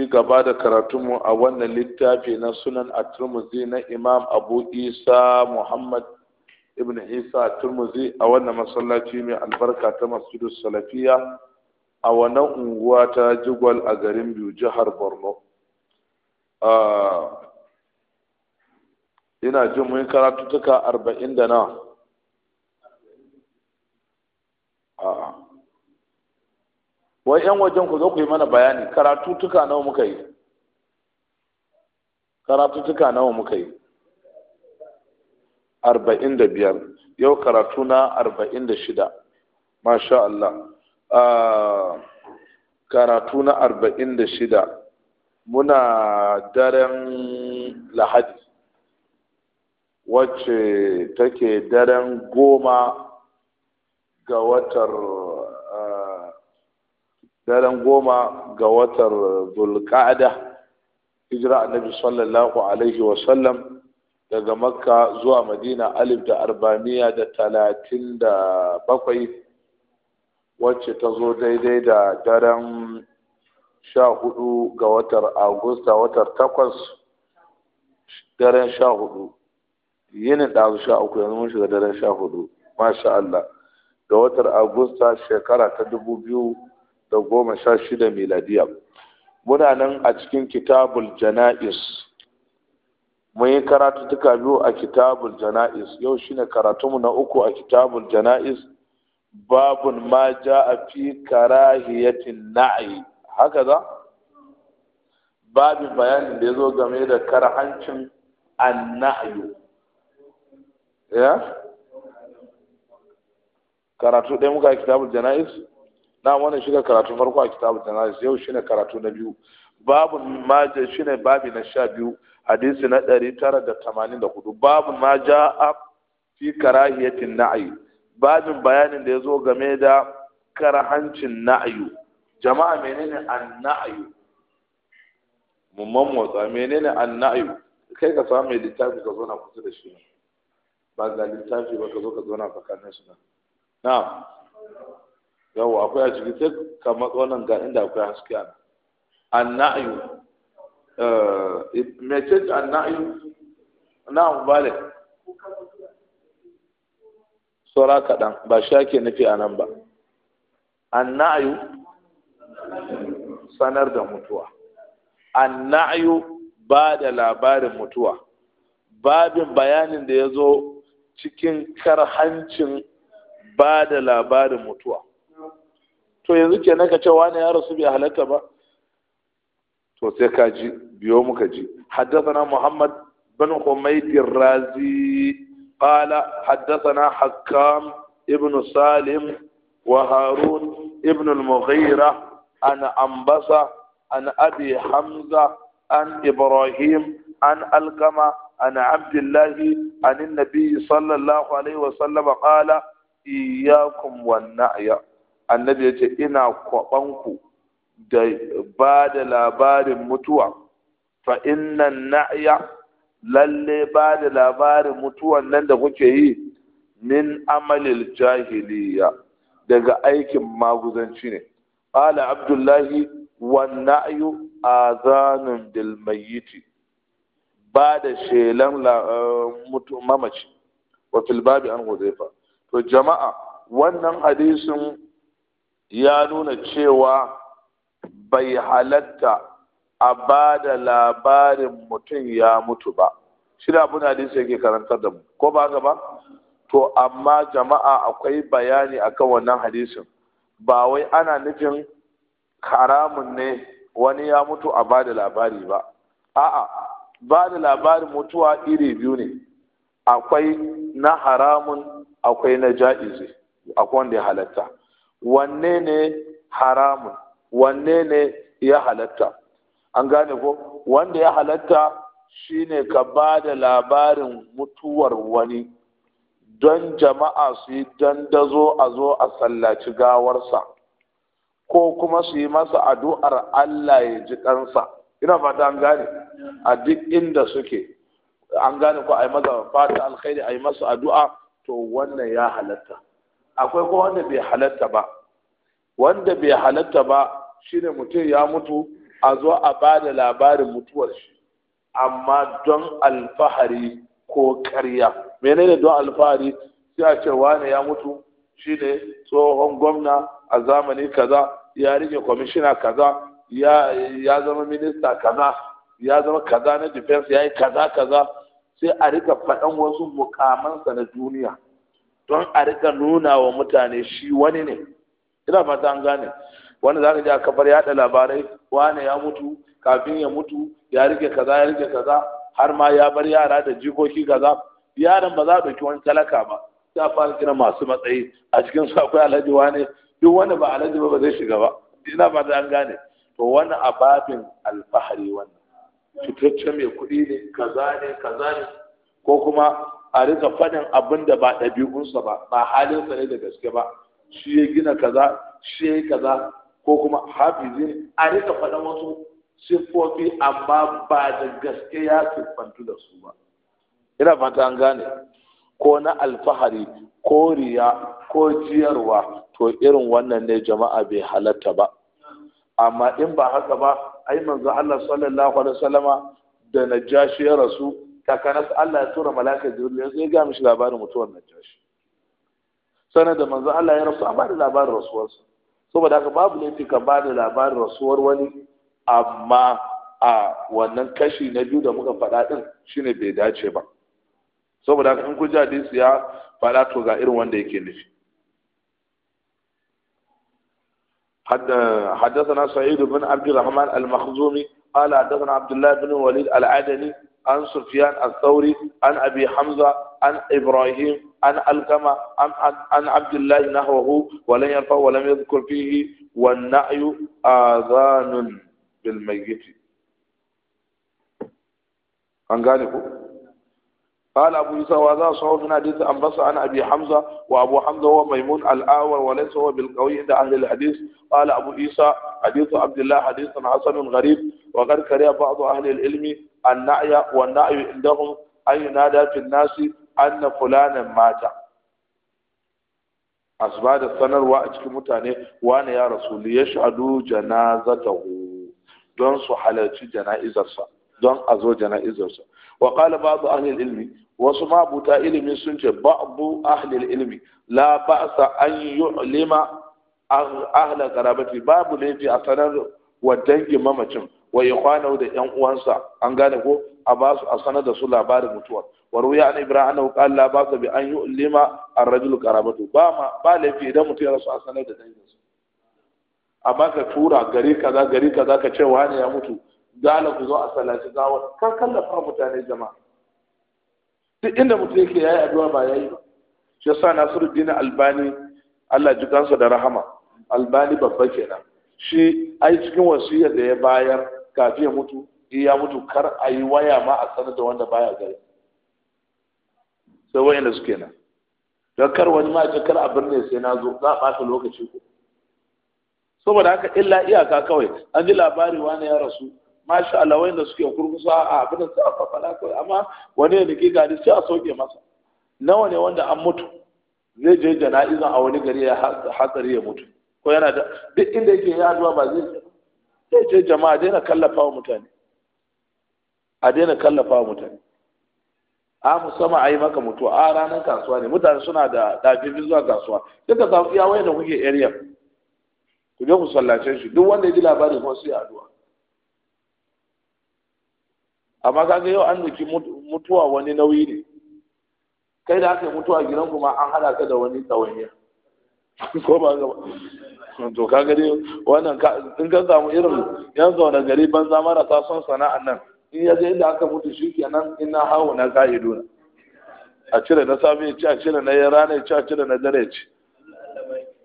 ci gaba da karatunmu a wannan littafi na sunan a turmuzi na imam abu isa muhammad ibn isa a turmuzi a wannan masallaci mai albarka ta masjidu salafiya a wannan unguwa ta jigwal a garin biyu jihar borno ina jin mun karatu tuka arba'in da na wai yan wajen ku zo ku yi mana bayani karatu tuka nawa muka yi Karatu tuka nawa muka yi arba'in da biyar yau karatu na arba'in da shida masha Allah ah, karatu na arba'in da shida muna daren lahadi wacce take daren goma ga watar daren goma ga watar zulqa'ada hijira annabi sallallahu alaihi wa sallam daga makka zuwa madina alif da arba'amiya da talatin da bakwai wacce ta zo daidai da daren sha hudu ga watar agusta watar takwas daren sha hudu yinin ɗazu sha uku yanzu mun shiga daren sha hudu masha Allah ga watar agusta shekara ta dubu biyu da goma sha shida miladiya muna nan a cikin kitabul jana'is mun yi duka biyu a kitabul jana'is yau shine karatunmu na uku a kitabul jana'is babun ma a fi karahiyatin na'i haka za babin bayanin da ya zo game da karhancin annayu ya karatu ɗaya muka kitabul jana'is na wani shi karatu farko a kitabun jana'iz yau shi ne karatu na biyu babu maja shi ne babi na sha biyu hadisi na ɗari tara da tamanin da hudu babu maja a fi karahiyatin na'ayi babin bayanin da ya zo game da karahancin na'ayu jama'a menene an na'ayu mumman motsa menene an na'ayu kai ka samu mai littafi ka zauna kusa da shi ba ga littafi ba ka zo ka zauna tsakanin su na na'am Yau akwai a ciki sai ka matsa wannan ga inda akwai haske a na'ayu eh, mece ce na'ayu na mubalik tsora kaɗan ba shi ake nufi a nan ba annayu sanar da mutuwa annayu ba da labarin mutuwa babin bayanin da ya zo cikin karhancin ba da labarin mutuwa to yanzu ke naka cewa ne ya rasu bai halatta ba to sai ka ji biyo muka ji haddathana muhammad bin humayd razi qala haddathana hakam ibn salim wa harun ibn al-mughira an ambasa an abi hamza an ibrahim an alkama عن عبد الله عن النبي صلى الله عليه وسلم قال إياكم annabi ya ce ina kwaɓanku da ba da labarin mutuwa fa innan na'ya lalle ba da labarin mutuwan nan da kuke yi min amalil jahiliya daga aikin maguzanci ne qala abdullahi wan na'yu azanun bil mayyiti ba da shelan eh, mutu mamaci wa fil babi an to jama'a wannan hadisin ya nuna cewa bai halatta a ba da labarin mutum ya mutu ba shi da abin hadisi yake karantar da mu ko ba haka ba to amma jama'a akwai bayani akan wannan hadisin ba wai ana nufin karamun ne wani ya mutu a ba da labari ba a'a ba da labarin mutuwa iri biyu ne akwai na haramun akwai na ja'izi akwai wanda ya halatta wanne ne haramun wanne ne ya halatta an gane ko wanda ya halatta shine ka ba da labarin mutuwar wani don jama'a su yi dandazo a zo a sallaci gawarsa ko kuma su yi masa addu'ar Allah ya ji kansa ina fata an gane a duk inda suke an gane ko a yi masa fata alkhairi a yi masa addu'a to wannan ya halatta akwai kuma wanda bai halatta ba wanda bai halatta ba shine mutum ya mutu a zo a ba da labarin mutuwar shi amma don alfahari ko karya menene don alfahari sai a ce wane ya mutu shine tsohon gwamna a zamani kaza ya rike kwamishina kaza ya zama minista kaza ya zama kaza na defense ya yi kaza kaza sai a rika faɗan wasu mukamansa na duniya don a rika nuna wa mutane shi wani ne ina fata an gane wanda za ka ji a kafar yada labarai wane ya mutu kafin ya mutu ya rike kaza ya rike kaza har ma ya bar yara da jikoki kaza yaran ba za a ɗauki wani talaka ba za a fara kira masu matsayi a cikin su akwai alhaji wane duk wanda ba alhaji ba ba zai shiga ba ina fata an gane to wani ababin alfahari wannan fitaccen mai kuɗi ne kaza ne kaza ne ko kuma a rika faɗin abin da ba ɗabi'unsa ba ba halinsa ne da gaske ba shi ya gina kaza shi ya yi kaza ko kuma hafizi ne a rika faɗin wasu siffofi amma ba da gaske ya siffantu da su ba ina fata an gane ko na alfahari ko riya ko jiyarwa to irin wannan ne jama'a bai halatta ba amma in ba haka ba ai manzo Allah sallallahu alaihi wasallama da najashi ya rasu takanas Allah ya tura malaka Jibril ya zai ga mishi labarin mutuwar Najashi sanar da manzo Allah ya rasu a bada labarin rasuwar su, saboda haka babu laifi ka bada labarin rasuwar wani amma a wannan kashi na biyu da muka faɗa din shine bai dace ba saboda haka in ku ji hadisi ya faɗa to ga irin wanda yake nufi حدثنا سعيد بن عبد الرحمن المخزومي قال حدثنا عبد الله بن وليد العدني عن سفيان الثوري عن أبي حمزة عن إبراهيم عن الكما عن, عن, عن عبد الله نحوه ولم يرفع ولم يذكر فيه والنعي آذان بالميت an gane ku قال أبو يوسف وهذا صحيح من حديث أنبس عن أبي حمزة وأبو حمزة هو ميمون الآور وليس هو بالقوي عند أهل الحديث قال أبو عيسى حديث عبد الله حديث حسن غريب وقد كره بعض أهل العلم annaya wa na'yu indahum an yunada fil nasi anna fulanan mata asba sanarwa a cikin mutane wani ya rasu li yashhadu janazatahu don su halarci jana'izarsa don a zo jana'izarsa wa qala ba'd ahli ilmi wasu mabuta ilimi sun ce ba'du ahli ilmi la ba'sa an yu'lima ahla qarabati babu laifi a sanar wa dangin mamacin wa ikhwanahu da yan uwansa an gane ko a ba su a sanar da su labarin mutuwar wa ruya an ibrahim annahu qala la ba bi an yu'lima ar rajul qarabatu ba ma ba laifi idan mutum ya rasu a sanar da danginsa amma ka tura gari kaza gari kaza ka ce wani ya mutu dala ku zo a salaci gawa kan kallafa mutane jama'a duk inda mutum yake yayi addu'a ba yayi ba shi yasa Nasiruddin Albani Allah ji kansa da rahama Albani babba kenan shi ai cikin wasiyar da ya bayar kafin ya mutu in ya mutu kar a yi waya ma a sanar da wanda baya gari sai wayanda suke nan don kar wani ma kar a birne sai na zo za a ɓata lokaci ko saboda haka illa iyaka kawai an ji labari wani ya rasu masha Allah wayanda suke kurkusa a abin da a fafala kawai amma wani ne ke gari sai a sauke masa nawa ne wanda an mutu zai je jana'izan a wani gari ya hatsari ya mutu ko yana da duk inda yake yaduwa ba zai sai ce jama'a daina kallafa wa mutane a daina kallafa wa mutane a musamman a yi maka mutuwa a ranar kasuwa ne mutane suna da ɗafifin zuwa kasuwa duka samu iya wayan da kuke area ku je ku sallace shi duk wanda ya ji labari kuma sai addu'a amma kaga yau an doki mutuwa wani nauyi ne kai da aka yi mutuwa gidan kuma an hada ka da wani tsawaniya ko ba gaba to ka gari wannan in ka samu irin yan zaune gari banza marasa son sana'an nan in ya je inda aka mutu shi kenan in na hawo na ka'iduna a cire na safe ci a cire na rana ci a cire na dare ya ci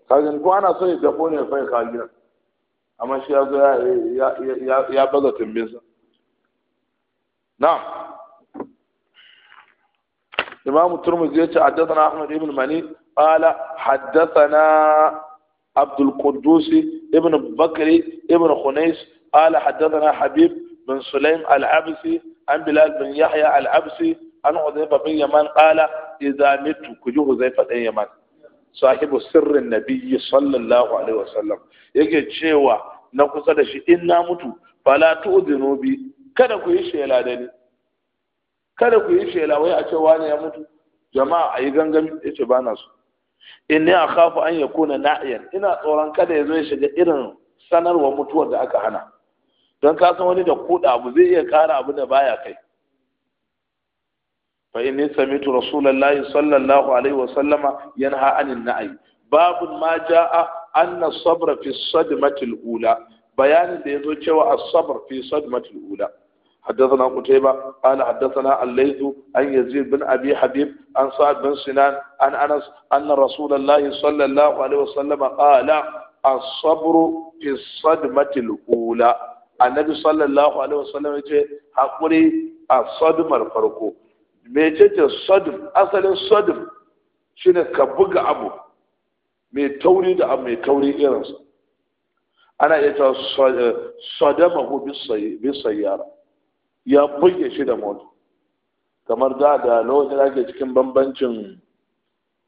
kajin ko ana so ya dafo ne fa ya kawo gidan amma shi ya zo ya baza tumbinsa Na. imam turmuzi ya ce a haddathana ahmad ibn mani قال حدثنا عبد القدوس ابن بكر ابن خنيس قال حدثنا حبيب بن سليم العبسي عن بلال بن يحيى العبسي عن حذيفة بن يمان قال إذا مت كجو حذيفة بن يمان صاحب سر النبي صلى الله عليه وسلم yake cewa na kusa da shi in na mutu fala tu'dinu bi kada ku yi shela da ni kada ku yi shela wai a ce wani ya mutu jama'a ayi gangami yace ba na so inni kafa an ya kuna na'iyar ina tsoron kada ya zo ya shiga irin sanarwar mutuwar da aka hana don ka san wani da kuɗa abu zai iya kara abu da baya kai fa inni samitu rasulullahi sallallahu alaihi wa sallama yanha anin na'i babun ma jaa anna sabra fi sadmatil ula bayanin da ya zo cewa as-sabr fi sadmatil ula حدثنا قتيبة قال حدثنا الليث عن يزيد بن أبي حبيب عن سعد بن سنان عن أنس أن رسول الله صلى الله عليه وسلم قال الصبر في الصدمة الأولى النبي صلى الله عليه وسلم يقول حقري الصدمة الفرقو mecece sadum asalin sadum shine ka buga abu mai tauri da abu mai tauri irinsa ana بالسيارة ya buge shi da mota kamar da da lokacin ake cikin bambancin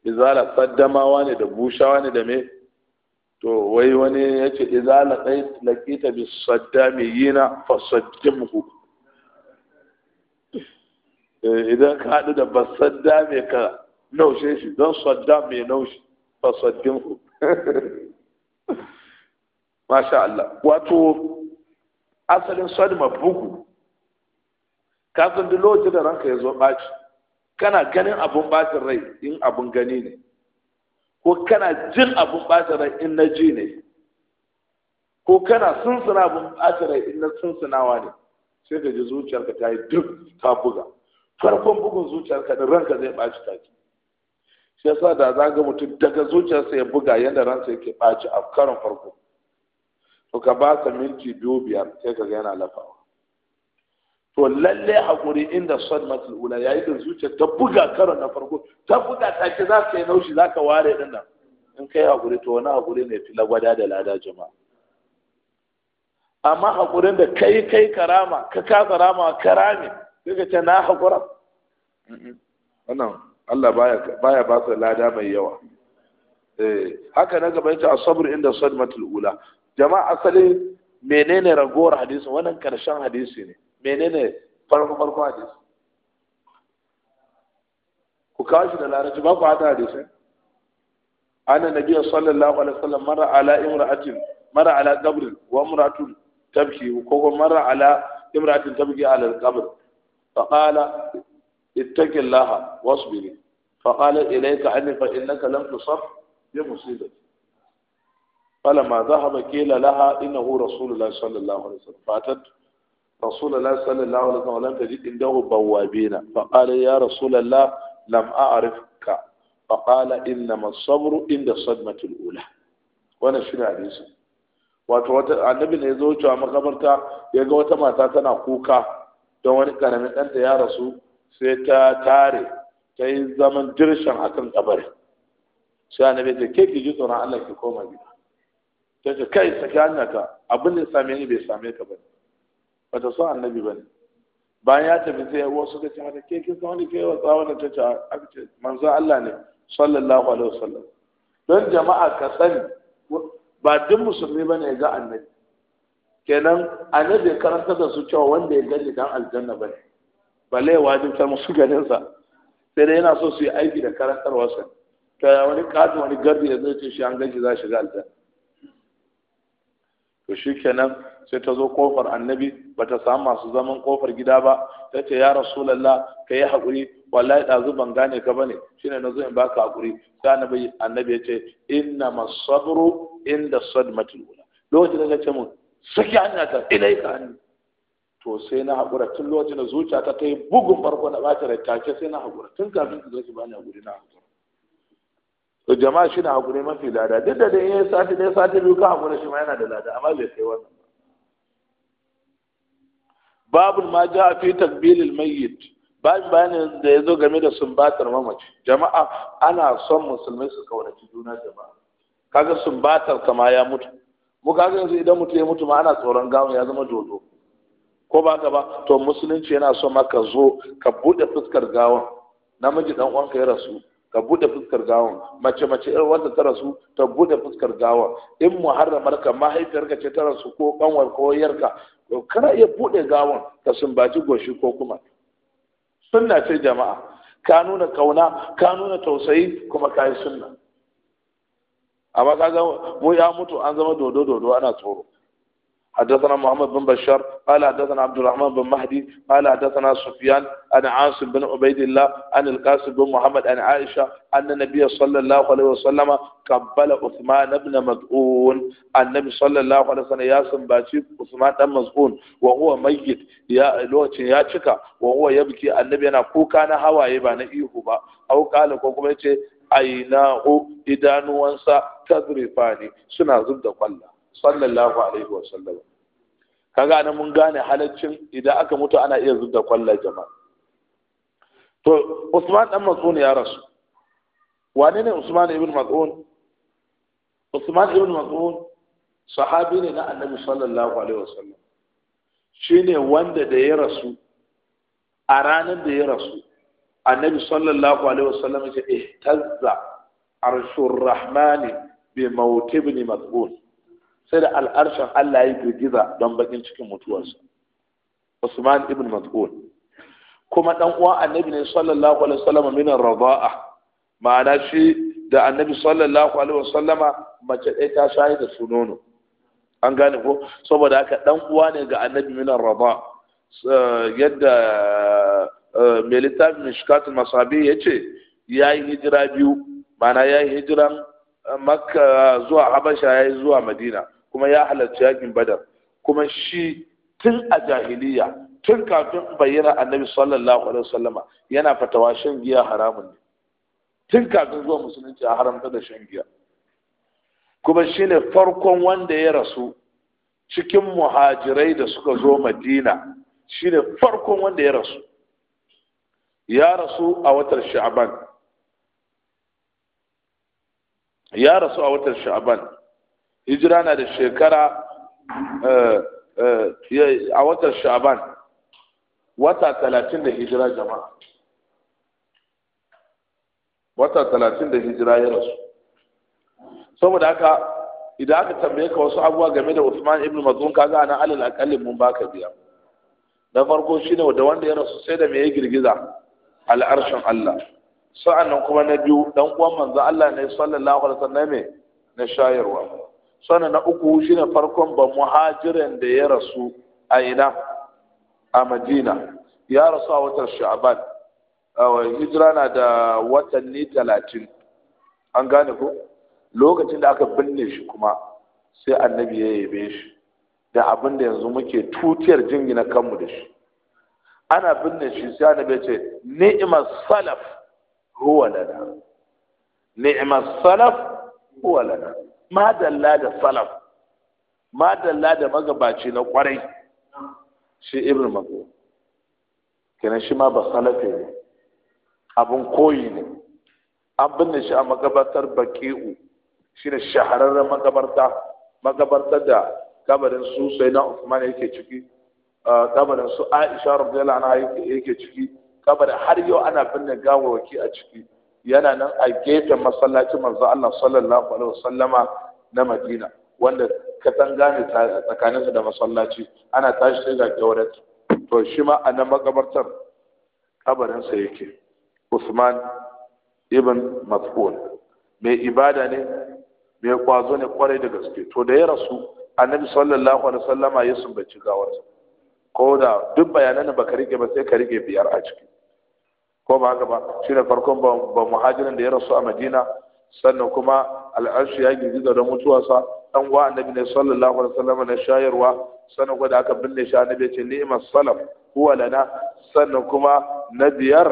izala saddamawa ne da bushawa ne da me to wai wani ya ce izala tsaye lakita bi saddamiyina fa saddamhu eh, idan ka haɗu da ba mai ka naushe shi don saddam mai naushe fa saddamhu masha Allah wato asalin sadma bugu Kafin san duk lokacin da ranka ya zo ɓaci kana ganin abun ɓacin rai in abun gani ne ko kana jin abun ɓacin rai in na ji ne ko kana sunsuna abun ɓacin rai in na sunsunawa ne sai ka ji zuciyarka ta yi duk ta buga farkon bugun zuciyarka da ranka zai ɓaci take shi yasa da za ga mutum daga zuciyarsa ya buga yadda ransa yake ɓaci a karon farko to ka ba ka minti biyu biyar sai ka ga yana lafawa to lalle hakuri inda son ula yayin da zuciya ta buga karo na farko ta buga ta ke za ka yi naushi za ka ware din nan in ka yi to wani hakuri ne fi lagwada da lada jama'a amma hakurin da kai kai karama ka kasa karama karame sai ta ce na haƙura wannan Allah baya ba su lada mai yawa eh, haka na gaba yace asabru inda sadmatul ula jama'a asali menene ragowar hadisi wannan karshen hadisi ne menene farkon farko a jisai ku kashi da larabci ba ku hada jisai ana nabi sallallahu alaihi wasallam mara ala imra'atin mara ala qabrin wa imra'atun tabki ko ko mara ala imra'atin tabki ala qabr fa qala ittaqillaha wasbir fa qala ilayka anni fa innaka lam tusaf bi musibah fa lama dhahaba kila laha innahu rasulullah sallallahu alaihi wasallam fatat رسول الله صلى الله عليه وسلم تجد عنده بوابين فقال يا رسول الله لم أعرفك فقال إنما الصبر عند الصدمة الأولى وانا شنو حديث wato wata annabi ne ya zo cewa makabarta ya ga wata mata tana kuka don wani karamin ɗanta ya rasu sai ta tare ta yi zaman dirshan kan kabari sai annabi ta ke ki ji tsoron Allah ki koma gida ta ce kai saki hanya ta abin da same ni bai same ka ba ne Bata so annabi ba ne bayan ya tafi sai wasu suka ce haka ke kin san wani kai wa tsawon ta ce aka manzo Allah ne sallallahu alaihi wasallam don jama'a ka sani ba duk musulmi bane ga annabi kenan annabi karanta da su cewa wanda ya gani dan aljanna ba ne balle ya wajibta musu ganinsa sai dai yana so su yi aiki da karantarwarsa ta wani kadu wani gardi da zai ce shi an gaji za shi ga aljanna to shi kenan sai ta zo kofar annabi bata samu masu zaman kofar gida ba ta ce ya rasulallah ka yi haƙuri wallahi ɗazu ban gane ka bane shine na zo in baka haƙuri sai annabi annabi ya ce inna masabru inda sadmatul ula lokacin da ka ce mun saki hanya ta ilai ka hannu to sai na haƙura tun lokacin da zuciyata ta yi bugun farko na ɓata rai take sai na haƙura tun kafin ki zo ki bani haƙuri na haƙura to jama'a shi na haƙuri mafi lada duk da dai sati ne sati biyu ka haƙura shi ma yana da lada amma bai sai wannan babu ma ja fi takbilil mayyit babu bayanin da ya zo game da sumbatar mamaci jama'a ana son musulmai su kaunaci juna jama'a kaga sumbatar kama ya mutu mu kaga yanzu idan mutu ya mutu ma ana tsoron gawon ya zama dodo ko ba ka ba to musulunci yana so maka zo ka bude fuskar gawon namiji dan uwanka ya rasu ta bude fuskar gawan mace mace irin wanda ta rasu ta bude fuskar gawon in muharramar ka mahaifiyarka ce ta rasu ko kanwar ko yarka kana iya bude gawan ta sumbaci goshi ko kuma sunna ce jama'a ka nuna kauna ka nuna tausayi kuma ka yi sunna amma ga mu ya mutu an zama dodo dodo ana tsoro حدثنا محمد بن بشار قال حدثنا عبد الرحمن بن مهدي قال حدثنا سفيان عن عاصم بن عبيد الله عن القاسم بن محمد عن عائشة أن النبي صلى الله عليه وسلم قبل عثمان بن مدعون النبي صلى الله عليه وسلم ياسم باتي عثمان بن مزعون وهو ميت يا لوتي يا تشكا وهو يبكي النبي أنا كوكا أنا هواي بنا إيهوبا أو قال كوكو ainahu idanuwansa tazrifani suna zub da kwalla sallallahu alaihi wa sallam kaga nan mun gane halaccin idan aka mutu ana iya zubda kwalla jama'a to Usman dan Mas'ud ya rasu wane ne Usman ibn Mas'ud Usman ibn Mas'ud sahabi ne na Annabi sallallahu alaihi wa sallam shine wanda da ya rasu a ranar da ya rasu annabi sallallahu alaihi wa sallam ya ce ihtazza arshur rahmani bi mawtibni ibn sai da al'arshen Allah ya girgiza don bakin cikin mutuwarsa Usman ibn Mas'ud kuma dan uwa annabi ne sallallahu alaihi wasallam min ar-rida'a ma'ana shi da annabi sallallahu alaihi wasallama mace ɗaya ta shayi da su nono an gane ko saboda haka dan uwa ne ga annabi min ar-rida'a yadda e, mai littafin mishkatul masabi yace yayi hijira biyu ma'ana yayi hijiran makka zuwa habasha yayi zuwa madina kuma ya halarci yakin badar kuma shi tun a jahiliya tun kafin bayyana annabi sallallahu alaihi wasallama yana fatawa shan giya haramun ne tun kafin zuwa musulunci a haramta da shan giya kuma shi ne farkon wanda ya rasu cikin muhajirai da suka zo madina shi ne farkon wanda ya rasu ya rasu a watar sha'aban ya rasu a watar sha'aban hijira na da shekara eh, eh, a watan sha'ban wata talatin da hijira jama'a wata talatin da hijira ya rasu saboda haka idan aka tambaye ka wasu abubuwa game da Uthman ibn Mazun kaga ana alal aqallin mun baka biya na farko shine da wanda ya rasu sai da me ya girgiza al'arshin Allah sa'annan kuma na biyu dan uwan manzo Allah ne sallallahu alaihi wasallam ne na shayarwa sannan na uku shi ne farkon ba muhajirin da ya rasu a ina a madina ya rasu a watan sha'ban hijira na da watanni talatin an gane ko lokacin da aka binne shi kuma sai annabi ya yabe shi da abin da yanzu muke tutiyar jingina kanmu da shi ana binne shi sai annabi ya ce ni'imar salaf huwa lana ni'imar salaf huwa lana madalla da salaf madalla da magabaci na kwarai shi ibn mabu kenan shi ma ba salafe ne abin koyi ne an binne shi a magabatar baki'u shi ne shahararren magabarta magabarta da kabarin su sai na usman yake ciki kabarin su aisha radiyallahu anha yake ciki kabarin har yau ana binne gawawaki a ciki yana nan a gefen masallacin manzo Allah sallallahu alaihi wasallama na Madina wanda katanga ne tsakaninsa da masallaci ana tashi sai ga to shi ma a nan makabartar sa yake Usman ibn Mas'ud mai ibada ne mai kwazo ne kwarai da gaske to da ya rasu annabi sallallahu alaihi wasallama ya sumbaci gawarsa ko da duk bayanan da baka rike ba sai ka rike biyar a ciki ko ba haka ba shi ne farkon ba muhajirin da ya rasu a madina sannan kuma al'arshi ya girgiza da mutuwarsa dan wa annabi ne sallallahu alaihi wasallam na shayarwa sannan kuma da aka binne shi annabi ya ce ni'mas salaf huwa lana sannan kuma na biyar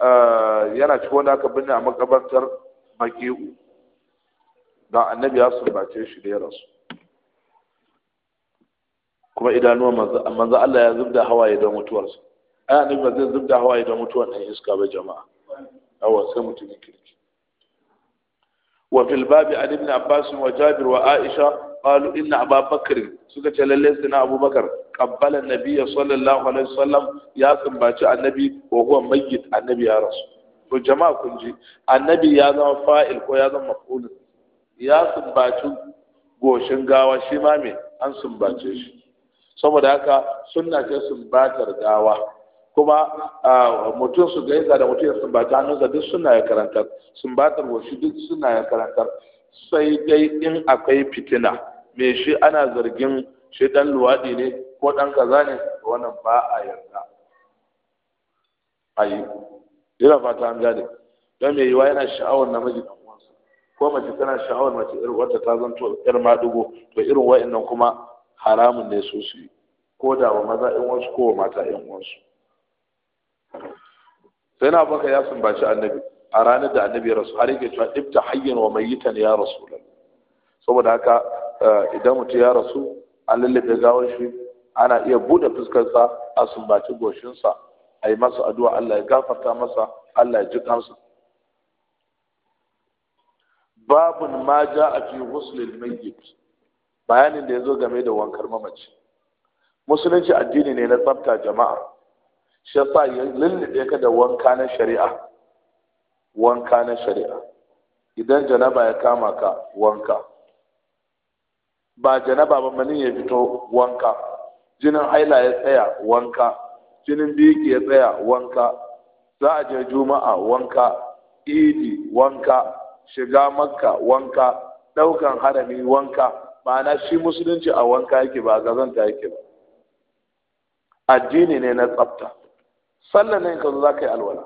eh, yana cikin wanda aka binne a makabartar maki'u da annabi ya sumbace shi da ya rasu kuma idanuwa manzo Allah ya zubda hawaye don mutuwarsa ai annabi ba zai zubda hawaye da mutuwan ɗan iska ba jama'a Yawa sai ya kirki wa fil babi an ibn abbas wa jabir wa aisha qalu inna aba bakr suka ce lalle sina abubakar qabbala nabiyya sallallahu alaihi wasallam ya sumbaci annabi wa huwa mayyit annabi ya rasu to jama'a kun ji annabi ya zama fa'il ko ya zama maf'ul ya sumbaci goshin gawa shi ma me an sumbace shi saboda haka sunna ce sumbatar gawa kuma mutum su gaisa da mutum ya sumbata hannunsa duk suna ya karantar sumbatar wasu duk suna ya karantar sai dai in akwai fitina me shi ana zargin shi dan luwaɗi ne ko dan kaza ne wannan ba a yarda ayi ina fata an gane don me yiwa yana sha'awar namiji dan uwansa ko mace tana sha'awar mace irin wata ta zanto yar madugo to irin wa'annan kuma haramun ne su su yi ko da wa maza ƴan wasu ko wa mata ƴan wasu sai na baka ya sumbaci annabi a ranar da annabi ya rasu har yake cewa ibta hayyan wa mai mayyitan ya rasu saboda haka eh, idan mutum ya rasu an lallabe gawar shi ana iya buɗe fuskarsa a sumbaci goshinsa a yi masa addu'a Allah ya gafarta masa Allah ya ji kansa babun ma ja a fi huslil mayyit bayanin da ya zo game da wankar mamaci musulunci addini ne na tsafta jama'a shi yasa ya lullube ka da wanka na shari'a wanka na shari'a idan janaba ya kama ka wanka ba janaba ba manin ya fito wanka jinin haila ya tsaya wanka jinin biki ya tsaya wanka za a je juma'a wanka idi wanka shiga makka wanka daukan harami wanka ma'ana shi musulunci a wanka yake ba gazanta yake ba addini ne na tsafta sallar nan ka zo za ka yi alwala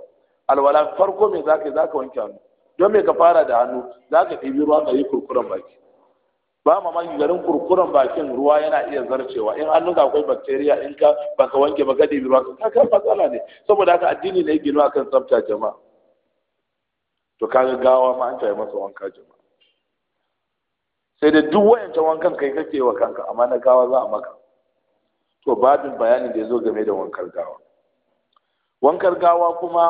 alwala farko me za ka yi za ka wanke hannu don me ka fara da hannu za ka ɗibi ruwa ka yi kurkuren baki ba mamaki garin kurkuren bakin ruwa yana iya zarcewa in hannu ka akwai bacteria in ka ka wanke ba ka ɗibi ruwa ka kan matsala ne saboda haka addini ne gino akan tsafta jama'a to kaga gawa ma an tayi masa wanka jama'a sai da duk wayancan wankan kai kake wa kanka amma na gawa za a maka to babin bayanin da ya zo game da wankar gawa wankar gawa kuma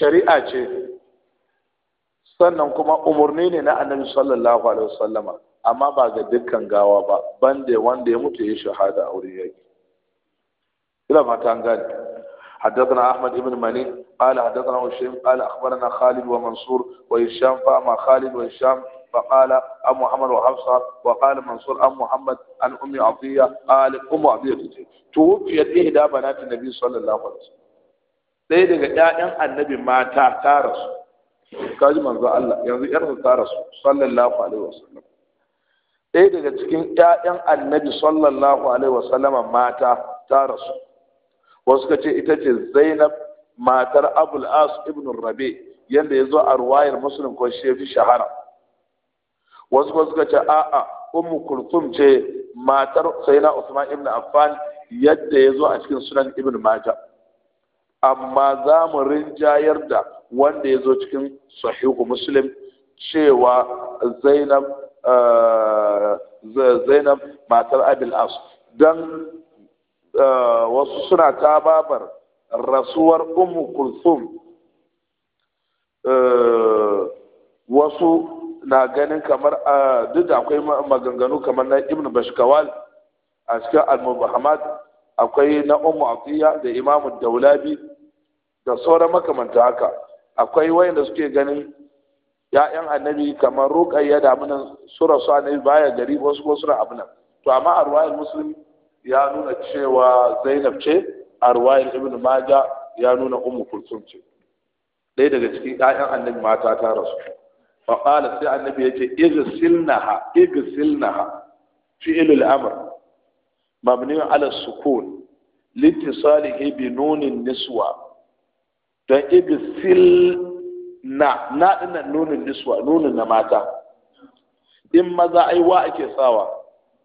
shari'a ce sannan kuma umarni ne na annabi sallallahu alaihi wasallama amma ba ga dukkan gawa ba bande wanda ya mutu ya shahada a wurin yaki ila fata an gane حدثنا أحمد بن مني قال حدثنا هشام قال أخبرنا خالد ومنصور وهشام فأما خالد وهشام فقال أم محمد وحفصة وقال منصور أم محمد عن أم عطية قال أم عطية توفيت إحدى بنات النبي صلى الله عليه وسلم ɗaya daga ‘ya'yan annabi mata ta rasu kaji manzo Allah yanzu ‘yarsa ta rasu sallallahu alaihi ɗaya daga cikin ‘ya'yan annabi sallallahu alaihi wasallama mata ta rasu wasu ka ce ita ce zainab matar abul as ibn rabi yadda ya zo a ruwayar muslim ko shefi shahara wasu kuma suka ce a'a ummu kulsum ce matar sayyidina usman ibn affan yadda ya zo a cikin sunan ibn maja amma za mu rinjayar da wanda ya zo cikin sahihu muslim cewa zainab eh, zainab matar abil as don eh, wasu suna tababar rasuwar ummu kulsum eh, wasu na ganin kamar duk da akwai maganganu kamar na ibn bashkawal a cikin al-muhammad akwai na umu atiya da imamu daulabi da sauran makamanta haka akwai wayanda suke ganin ya'yan annabi kamar ruqayya da abunan sura su annabi baya gari wasu ko sura abunan to amma arwayin muslim ya nuna cewa zainab ce arwayin ibn majah ya nuna umu kulsum ce ɗaya daga cikin ya'yan annabi mata ta rasu fa qala sai annabi yace igsilnaha igsilnaha fi'l al-amr mabni ala sukun litisalihi bi nunin niswa dan igsil na na dinnan nunin niswa nunin na mata in maza ai wa ake sawa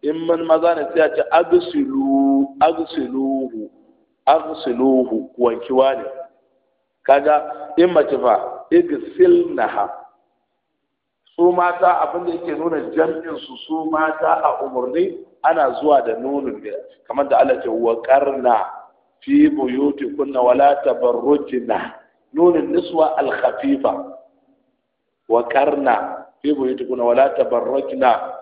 in maza ne sai a ce agsilu agsiluhu agsiluhu wankiwa ne kaga in mace fa igsilnaha su mata abin da yake nuna jam'in su su mata a umarni ana zuwa da nunun da kamar da Allah ce waƙarna fi buyuti kunna wala tabarrujna nunun niswa al khafifa wa fi buyuti kunna wala tabarrujna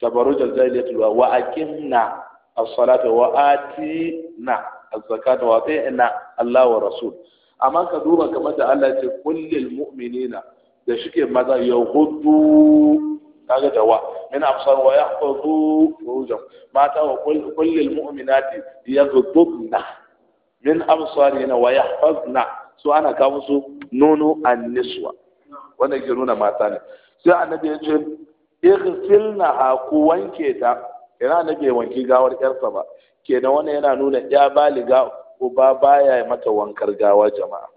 tabarruj al zailatul wa aqimna as-salata wa atina az-zakata wa atina Allah wa rasul amma ka duba kamar da Allah ya ce kullil mu'minina da shike maza ya hudu kaga ga dawa. min afsar wa yahfazu rujum mata wa kullil mu'minati yaghdubna min absarina wa yahfazna su ana ka musu nono anniswa wannan ke nuna mata ne sai annabi ya ce ighsilna ku wanke ta ina annabi ya wanki gawar yarsa ba kenan wannan yana nuna ya baliga uba baya mata wankar gawa jama'a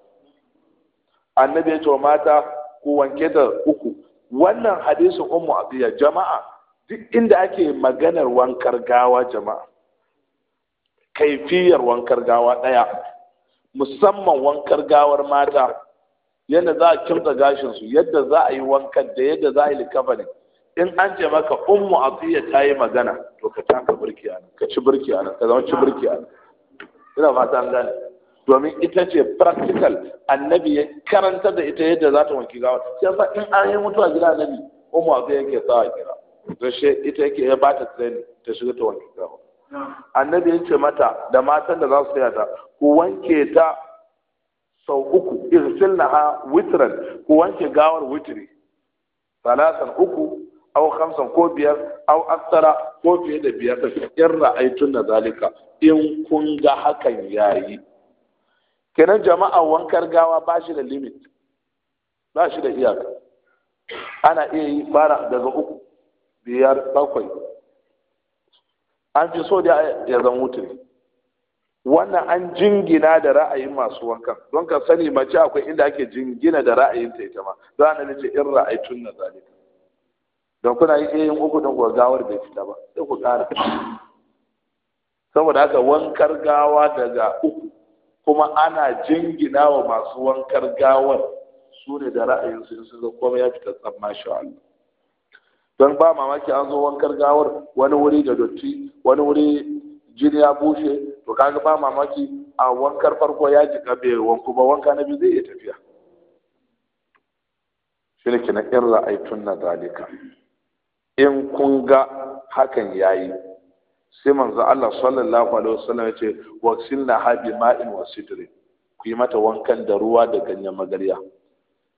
annabi ya ce mata ku wanke da uku wannan hadisin ummu abiya jama'a duk inda ake maganar wankar gawa jama'a kaifiyar wankar gawa ɗaya musamman wankar gawar mata yadda za a kimta gashinsu yadda za a yi wankan da yadda za a yi likafani in an ce maka ummu abiya ta yi magana to ka taka birki ka ci birki a nan ka zama ci birki a nan ina fata an gane domin ita ce practical annabi ya karanta da ita yadda za ta wanki gawa sai yasa in an yi mutuwa gida annabi mu azai yake sawa kira to she ita yake ya ba ta training ta shiga ta wanki gawa annabi ya ce mata da matan da za su tsaya ta ku wanke ta sau uku irsilnaha witran ku wanke gawar witri salasan uku aw khamsan ko biyar aw aksara ko fiye da biyar in ra'aytun na zalika in kun ga hakan yayi kenan jama'a wankar gawa ba shi da limit ba shi da iyaka ana iya yi fara daga uku biyar bakwai an fi so da ya zan mutum wannan an jingina da ra'ayin masu wankan don ka sani mace akwai inda ake jingina da ra'ayin ta ita ma za na nace in ra'aitun na zalika don kuna yi yin uku don gawar bai fita ba sai ku kara saboda haka wankar gawa daga uku kuma ana jingina wa masu wankar gawar su ne da ra'ayin su sun zo kuma ya fita tsamma masha Allah don ba mamaki an zo wankar gawar wani wuri da dotti wani wuri jini ya bushe to kaga ba mamaki a wankar farko ya jika bai wanku ba wanka na biyu zai iya tafiya shi ne kina in ra'aitun na dalika in kun ga hakan yayi sai manzo Allah sallallahu alaihi wasallam yace na habi ma'in wa sidrin ku yi mata wankan da ruwa da ganyen magarya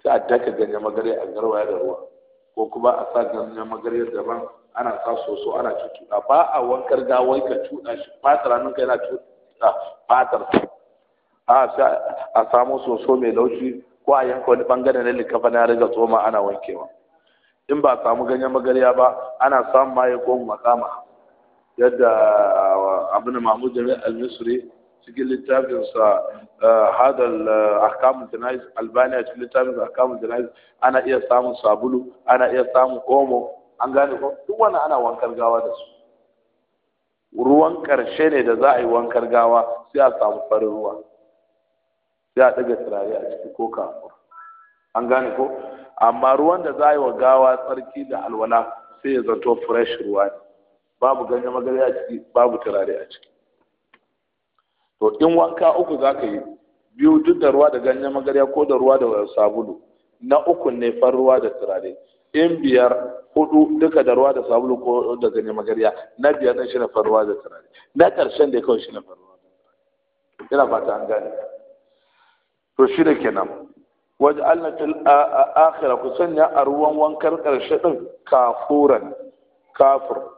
sai a daka ganyen magarya a garwaya da ruwa ko kuma a sa ganyen magarya daban ana sa soso ana cutuɗa ba a wankar gawai ka cuɗa shi fatar kai yana cuɗa fatar a a samu soso mai laushi ko a yanka wani bangare na likafa na riga tsoma ana wankewa in ba samu ganyen magarya ba ana samun maye ko makama yadda uh, abin mahmud jami al-misri cikin littafinsa uh, hadar uh, ahkamun jana'iz albani a cikin littafinsa ahkamun jana'iz ana iya samun sabulu ana iya samun omo an gane ko duk wani ana wankar gawa da su ruwan karshe ne da za a yi wankar gawa sai a samu farin ruwa sai a ɗaga turare a ciki ko kafur an gane ko amma ruwan da za a yi wa gawa tsarki da alwala sai ya zanto fresh ruwa ne babu ganye magarya a ciki babu turare a ciki to in wanka uku za ka yi biyu duk da ruwa da ganye magarya ko da ruwa da sabulu na uku ne far ruwa da turare in biyar hudu duka da ruwa da sabulu ko da ganye magarya na biyar ne shi na far ruwa da turare na karshen da kawai shi na far ruwa da turare ina fata an gane to shi da kenan waje allah fil akhira ku sanya a ruwan wankar karshe din kafuran kafur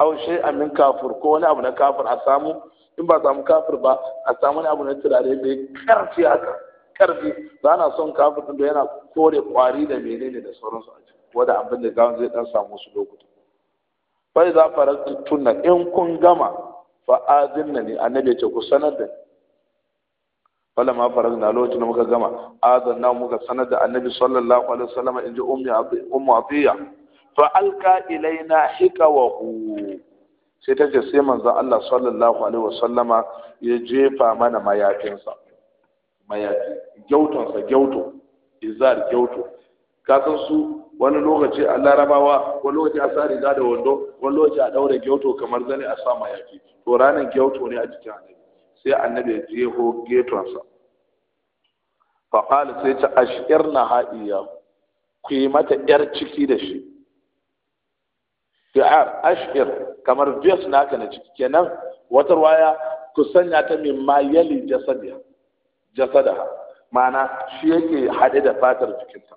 aw shay'an min kafur ko wani abu na kafur a samu in ba samu kafir ba a samu wani abu na turare mai karfi haka karfi ba na son kafir din da yana kore kwari da menene da sauransu a cikin wanda abin da gawan zai dan samu su lokuta fa idza tunna in kun gama fa azinna ni annabi ya ce ku sanar da falamma faragna lokacin da muka gama azanna muka sanar da annabi sallallahu alaihi wasallam inji ummi ummu afiya fa alqa ilaina hikawahu sai ta ce sai manzan Allah sallallahu alaihi wasallama ya jefa mana mayafinsa mayafi gyautonsa gyauto izar gyauto kasan su wani lokaci a larabawa wani lokaci a sa riga da wando wani lokaci a daure gyauto kamar zane a sa mayafi to ranar gyauto ne a jikin annabi sai annabi ya jeho gyautonsa. faƙali sai ta ashirna ha'iya ku yi mata yar ciki da shi shi'ar ashir kamar jes naka na ciki kenan wata waya ku sanya ta mai ma yali jasadiya ma'ana shi yake haɗe da fatar jikinta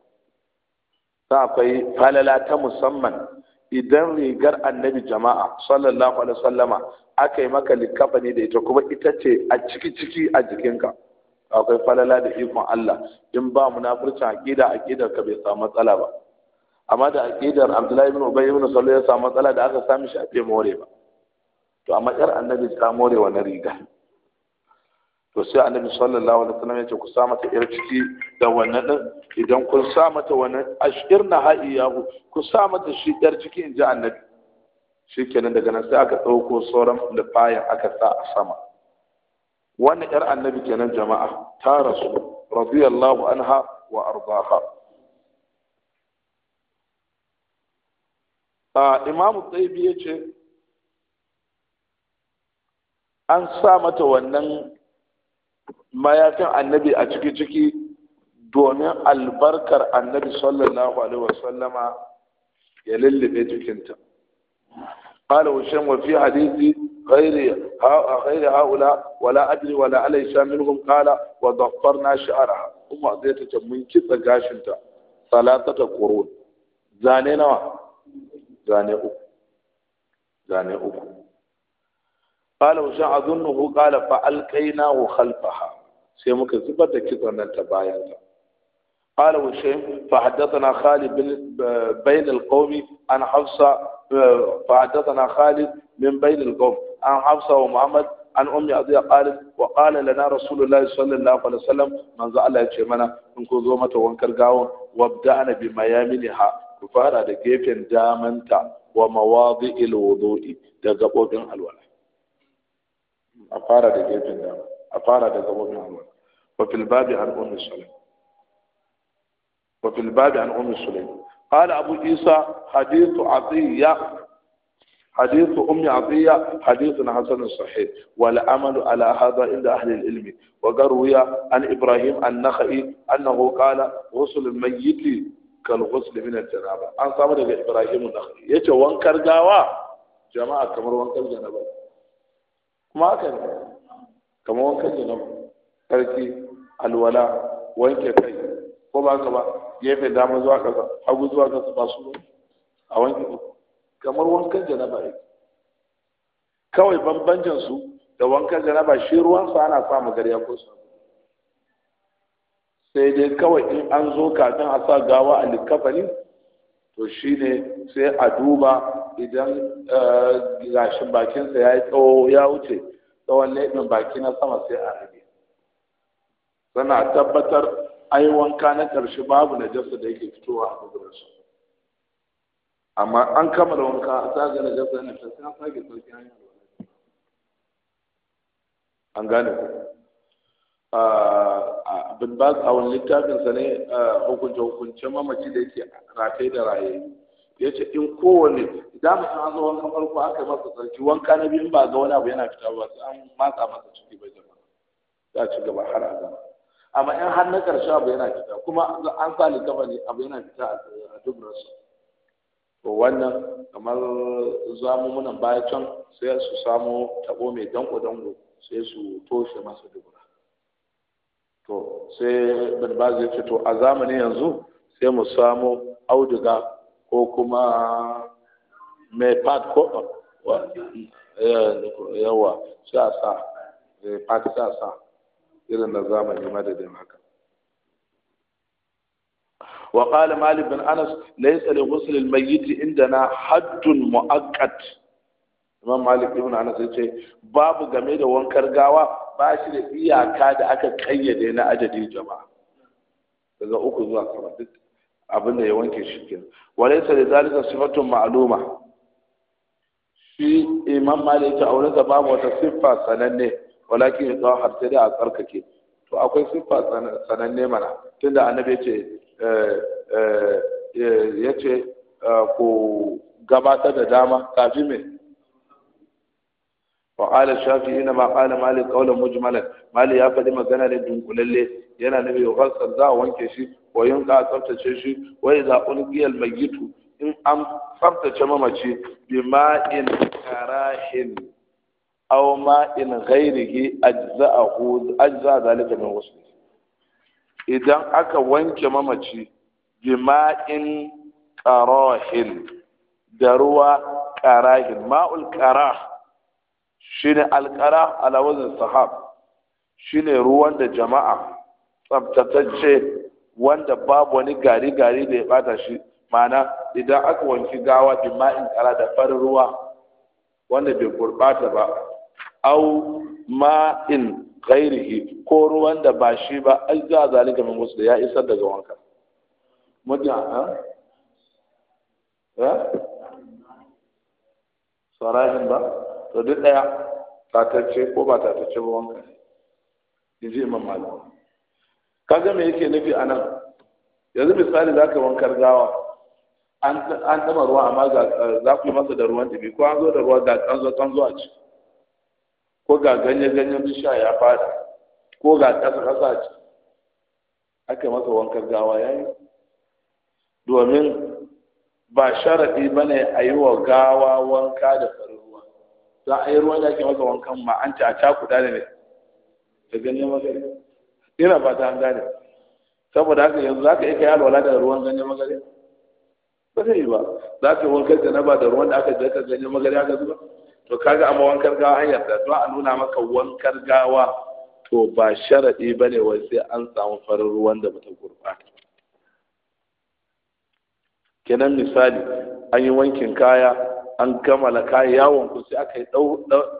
ta akwai falala ta musamman idan rigar annabi jama'a sallallahu alaihi sallama, aka yi maka likafa ne da ita kuma ita ce a ciki ciki a jikinka akwai falala da ikon Allah in ba munafurcin aƙida, aƙidar ka bai samu matsala ba amma da aqidar Abdullahi ibn Ubay ibn Salul ya samu matsala da aka sami shi a fe more ba to amma yar annabi ta more wannan riga to sai annabi sallallahu alaihi wasallam ya ce ku samu mata yar ciki da wannan din idan kun sa mata wannan ashirna ha'iyahu ku sa mata shi yar ciki in ji annabi shikenan daga nan sai aka dauko sauran lifayan aka sa a sama wannan yar annabi kenan jama'a ta rasu radiyallahu anha wa ardaha imamu tsaibi ya ce an sa mata wannan mayakan annabi a ciki-ciki domin albarkar annabi sallallahu alaihi wasallama ya lullube jikinta قال وشم وفي حديث غير ها غير هؤلاء ولا ادري ولا اليس منهم قال وضفرنا شعرها ثم اعطيتك من كتب غاشنتا ثلاثه قرون زانينا zane uku zane uku qala wa sha'adunhu qala fa alqaynahu khalfaha sai muka zubar da kitson nan ta bayan ta قال وشيم فحدثنا خالد بن بين القوم عن حفصة فحدثنا خالد من بين القوم عن حفصة ومحمد عن أم أضياء قالت وقال لنا رسول الله صلى الله عليه وسلم من زعل يتشمنا من كذومة وانكر قاون وابدأنا بما يامنها ku da gefen damanta wa mawadi'il wudu'i da gabobin alwala a fara da gefen dama a fara da gabobin alwala wa fil babi an ummi sulaim wa fil babi an ummi sulaim qala abu isa hadithu atiya حديث أم عطية حديث حسن صحيح والعمل على هذا عند أهل العلم وقروي عن إبراهيم النخعي أنه قال غسل الميت kalghusl min al-janaba an samu daga Ibrahim an-Nakhai yace wankar gawa jama'a kamar wankar janaba kuma haka ne kamar wankar janaba sarki alwala wanke kai ko ba ka ba gefe dama zuwa kasa hagu zuwa kasa ba su a wanke kamar wankar janaba ne kawai bambancin su da wankar janaba shi ruwan sa ana samu gariya ko su sai dai kawai in an zo kafin a sa gawa a likafani to shi ne sai a duba idan eh, gashin bakinsa ya yi tsawo ya wuce tsawon laifin baki na sama sai a rage sana tabbatar ai wanka na ƙarshe babu jasa da yake fitowa a gudunar amma an kamar wanka a tsaga jasa yana tafiya sai an sake sauki hanyar an gane ku bin baz a wani littafinsa ne hukunce hukunce mamaci da yake rafe da raye ya ce in kowane za mu san zo wankan farko aka masa sarki wanka na biyu ba ga wani abu yana fita ba sai an matsa masa ciki ba jama za ci gaba har a gama amma in har na karshe abu yana fita kuma an sa gaba ne abu yana fita a duk rasu to wannan kamar zamu munan baya can sai su samu tabo mai danko danko sai su toshe masa dubura to sai bin baz ya ce to a zamani yanzu sai mu samu auduga ko kuma mai pad ko eh, yawa sai a sa eh, pad sai a sa irin na zamani madadin haka وقال مالك بن انس ليس لغسل الميت عندنا حد مؤقت امام مالك بن انس yace باب game da wankar gawa ba shi da iyaka da aka kayyade na adadin jama'a daga uku zuwa sama duk abin da ya wanke shi ke walaysa da zalika sifatun ma'aluma? shi imam malik a wurin mu wata siffa sananne walakin ya tsawo har sai da a tsarkake to akwai siffa sananne mana tunda annabi ya ce eh, eh, ya ce eh, ko gabatar da dama kafin mai وقال الشافعي إنما قال مالك قولا مجملا ya faɗi magana مغانا ne dunkulalle yana nabi yughsal za wanke shi wa yunqa tsaftace shi wa idza ulqiya almayyitu in an tsaftace mamaci bi ma'in karahin aw ma'in ghairihi ajza'ahu ajza idan aka wanke mamaci bi ma'in karahin da ruwa karahin ma'ul shine alqara ala wazn sahab shine ruwan da jama'a tsabtatacce wanda babu wani gari gari da ya bata shi ma'ana idan aka wanki gawa bi ma'in kara da farin ruwa wanda bai gurbata ba au ma'in ghairihi ko ruwan da ba shi ba ai za zalika min wasu ya isar daga wanka mutum a ha sarahin ba to duk ɗaya tatacce ko ba tatacce ba wanka ne in ji imam malik ga me yake nufi a nan yanzu misali za ka wankar gawa an tama ruwa amma za ku yi masa da ruwan dubi ko an zo da ruwa ga kanzo kanzo a ci ko ga ganye ganyen bishiya ya fada ko ga ƙasa ƙasa a ci aka masa wankar gawa ya yi domin ba sharaɗi ba ne a yi wa gawa wanka da za a yi ruwan da ake maka wankan ma an ta cakuda da ne da ganyen magari ina ba ta an gane saboda haka yanzu za ka iya kayan wala da ruwan ganye magari ba zai yi ba za ka wankar da na ba da ruwan da aka ta ganye magari aka zuba to kaga amma wankar gawa an yarda to a nuna maka wankar gawa to ba sharaɗi ba ne wai sai an samu farin ruwan da bata gurɓata kenan misali an yi wankin kaya an kammala kayan yawon ku sai aka yi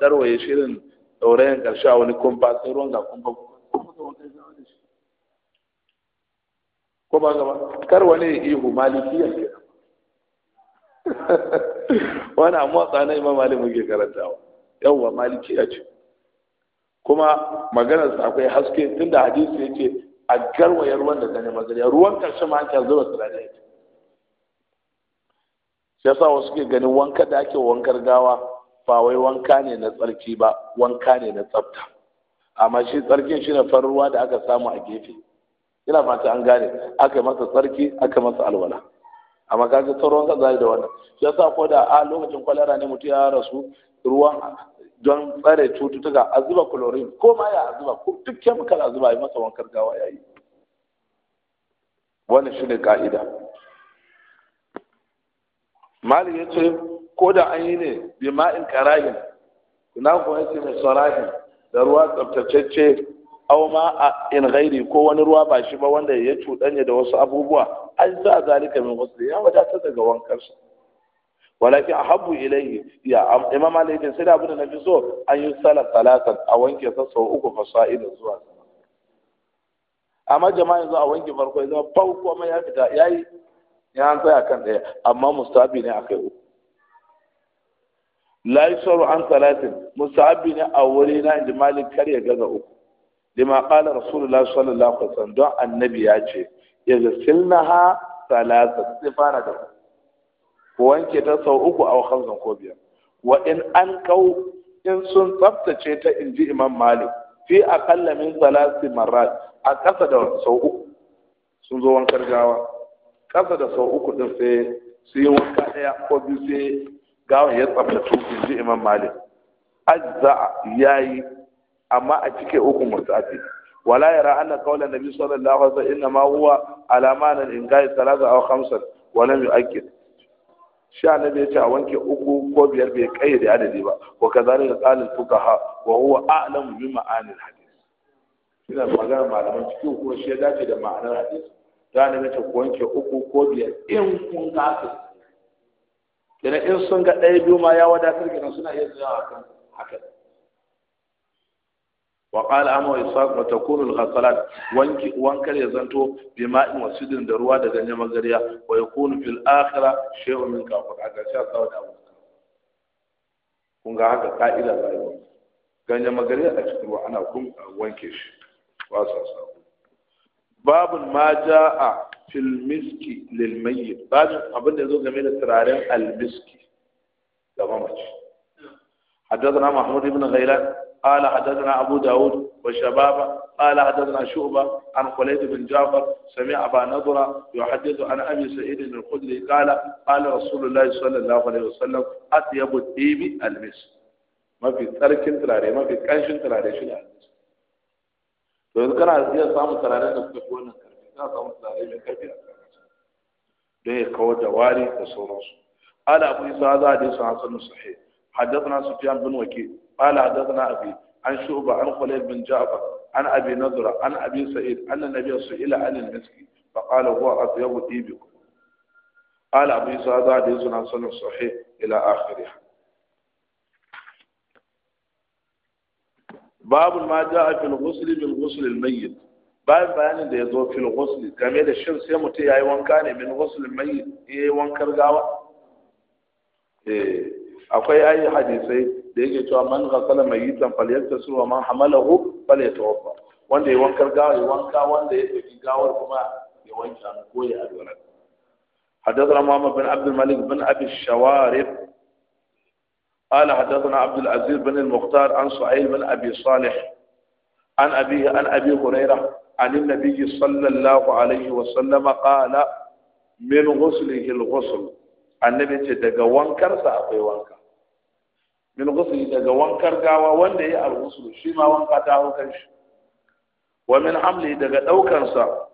darwaye shirin ɗaurayen karshe a wani kumfa sai ruwan ga kumfa ko ba gaba kar wani ihu malikiyar ke wani amma tsana imam malik muke karantawa yawwa malikiya ce kuma maganar sa akwai haske tunda hadisi yake a garwayar ruwan da gane magariya ruwan karshe ma an zuba turare ce. ya yasa wasu ke ganin wanka da ake wankar gawa ba wai wanka ne na tsarki ba wanka ne na tsafta amma shi tsarkin shi ne ruwa da aka samu a gefe ina fata an gane aka masa tsarki aka masa alwala amma kaga tsoron ka zai da wannan Ya sa ko da a lokacin kwalara ne mutum ya rasu ruwan don tsare cututtuka a zuba chlorine ko ma ya zuba ko duk kemikal a zuba a yi masa wankar gawa ya yi? wannan shine ka'ida malik ya ce ko da an yi ne bi ma'in karahin ina kuma yace mai sarahin da ruwa tsaftatacce au ma a in gairi ko wani ruwa ba shi ba wanda ya cuɗanya da wasu abubuwa an sa zalika min wasu ya wadatar daga wankarsa walakin Habu ilayhi ya imam malik sai da abin da nafi so an yi salat salatan a wanke sa sau uku fasa'ilin zuwa amma jama'a yanzu a wanke farko yanzu farko ma ya fita yayi ya an tsaya kan ɗaya amma mustahabi ne akai uku la yusaru an salatin mustahabi ne a wuri na inji malik kar ya gaza uku lima qala rasulullah sallallahu alaihi wasallam don annabi ya ce ha salasa sai fara da ko wanke ta sau uku a khamsan ko biyar wa in an kau in sun tsaftace ta inji imam malik fi aqalla min salasi marrat a kasa da sau uku sun zo wankar gawa ƙasa da sau uku ɗin sai su yi wanka ɗaya ko biyu sai gawon ya tsaftatu in ji imam malik ajza ya yi amma a cike uku musafi wala yara anna qawla nabi sallallahu alaihi wasallam inna ma huwa alama na ingai salasa aw khamsan wa lam yu'akkid sha annabi ya ce a wanke uku ko biyar bai kayyade adadi ba wa kazalika qala al-fuqaha wa huwa a'lamu bi ma'ani al-hadith ina magana malaman cikin ko shi ya dace da ma'anar hadisi za ni nace ku wanke uku ko biyar in kun ga haka in sun ga ɗaya biyu ma ya wadatar gidan suna iya zuwa kan haka wa qala amma isaq wa takunu al-ghasalat wanki wankar ya zanto bi ma'in wasidin da ruwa daga ganyen magariya wa yakunu fil akhirah shay'un min kafir a ga sha sawa da kun ga haka ka'ida rayuwa ganye magariya a cikin ruwa ana kun wanke shi ba sa sawa باب ما جاء في المسك للميت بعد ابن abin جميل yazo المسك da حدثنا محمود بن غيلان قال حدثنا أبو داود وشبابه قال حدثنا شعبة عن خليد بن جعفر سمع أبا نضرة يحدث عن أبي سعيد الخدري قال قال رسول الله صلى الله عليه وسلم أطيب الديب المسك ما في ترك تراري ما في كنش تراري شنو المسك to yanzu kana iya samun turaren da kuka fi wannan karfi kana samun turare mai karfi a karkashin don ya kawar da wari da sauransu قال أبو إسحاق حديث حسن صحيح حدثنا سفيان بن وكيع قال حدثنا أبي عن شعبة عن خليل بن جعفر عن أبي نضرة عن أبي سعيد أن النبي سئل عن المسك فقال هو أطيب طيبكم قال أبو إسحاق حديث حسن صحيح إلى آخره babu ma ja'a fil ghusl bil ghusl al mayyit bayan bayanin da ya zo fil ghusl game da shin sai mutum yayi wanka ne min ghusl al mayyit yayi wankar gawa eh akwai ayi hadisai da yake cewa man ghasala mayyitan falyaghtasil wa man hamalahu falyatawaffa wanda ya wankar gawa ya wanka wanda ya tafi gawar kuma ya wanka hannu ko ya alwala حدثنا محمد بن عبد malik bin ابي الشوارب قال حدثنا عبد العزيز بن المختار عن سعيد بن أبي صالح عن أبيه عن أبي هريرة عن النبي صلى الله عليه وسلم قال من غسله الغسل annabi ce daga wankarsa akwai wanka min ghusli daga wankar gawa wanda ya alghuslu shi ma wanka ta hau kan shi wa min amli daga daukar sa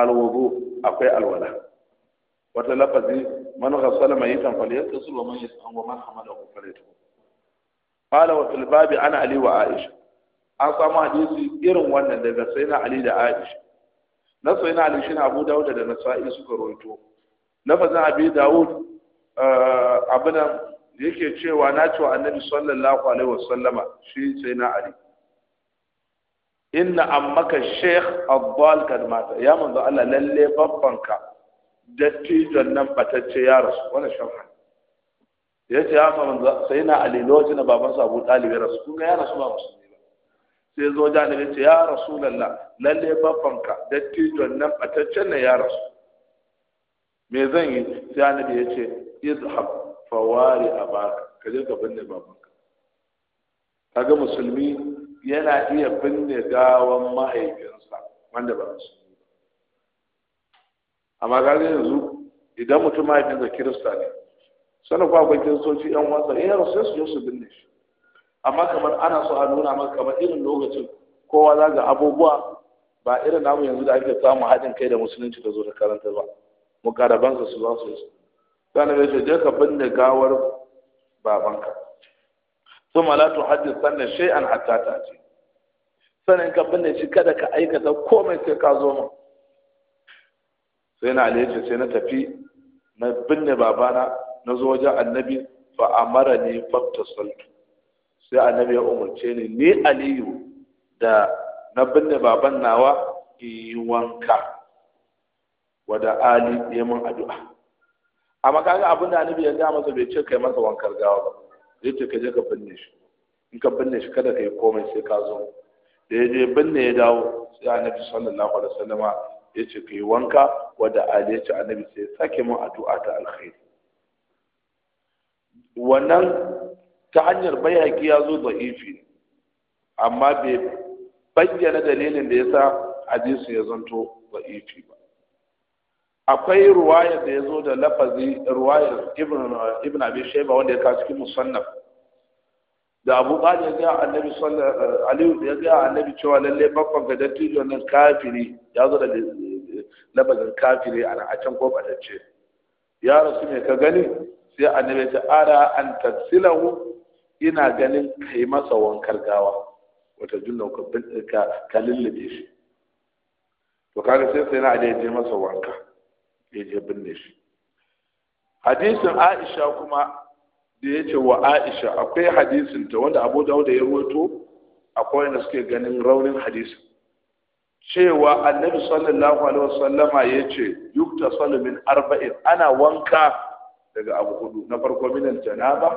alwudu akwai alwala wata lafazi man ghassala mayitan falyaghsil wa man yas'al wa man hamalahu falyatawab qala wa fil babi ana ali wa aisha an samu hadisi irin wannan daga sayyidina ali da aisha na sayyidina ali shine abu dawud da nasa'i suka rawaito lafazin abi dawud eh, abuna yake cewa na wa annabi sallallahu alaihi wasallama shi sayyidina ali inna ammaka sheikh abdal kadmata ya manzo Allah lalle babbanka dattijon nan batacce ya rasu wannan sharhan ya ce ya samu sai na ali na baban sa Abu ya rasu kun ga ya rasu ba musulmi ba sai zo jani ya ce ya rasu lalla lalle babbanka dattijon nan batacce na ya rasu me zan yi sai nabi ya ce izhab fawari baka ka je ka binne babanka kaga musulmi yana iya binne gawan mahaifinsa wanda ba musulmi amma ga yanzu idan mutum ma yake kirista ne sanin kwa akwai kiristoci yan wasa eh sai su yi su binne shi amma kamar ana so a nuna maka kamar irin lokacin kowa za ga abubuwa ba irin namu yanzu da ake samun haɗin kai da musulunci da zo da karanta ba karaban su za su yi sanin ya ce je ka binne gawar babanka ثم لا تحدث سنة شيئا حتى تأتي sanin ka binne shi kada ka aikata komai sai ka zo mu sai na ali sai na tafi na binne babana na zo wajen annabi fa amara ni saltu sai annabi ya umarce ni ni aliyu da na binne baban nawa yi wanka wada ali ya mun addu'a amma kaga abin da annabi ya ga masa bai ce kai masa wankar gawa ba zai ce ka je ka binne shi in ka binne shi kada ka yi komai sai ka zo da ya je binne ya dawo sai annabi sallallahu alaihi wasallama ya ce ka yi wanka wadda adalci annabi sai sake mun addu'a ta alkhairi wannan ta hanyar bayyaki ya zo da'ifi amma bai bayyana dalilin da yasa hadisi ya zanto da'ifi ba akwai ruwayar da ya zo da lafazi ruwayar ibn abi shaiba wanda ya kawo cikin musannaf da abu ɗali ya ga annabi aliyu ya ga annabi cewa lalle bakon ga dattijo nan kafiri ya zo da Labarin kafiri ana a can ko batacce ya rasu ne ka gani sai annabi ta ara an tafsilahu ina ganin kai masa wankar gawa wata junna ka ka lullube shi to kaga sai sai na aje je masa wanka ya je binne shi hadisin Aisha kuma da ce wa Aisha akwai hadisin ta wanda Abu dawuda ya rawaito akwai wanda suke ganin raunin hadisin cewa annabi sallallahu alaihi wasallama yace salu min arba'in ana wanka daga abu hudu na farko min janaba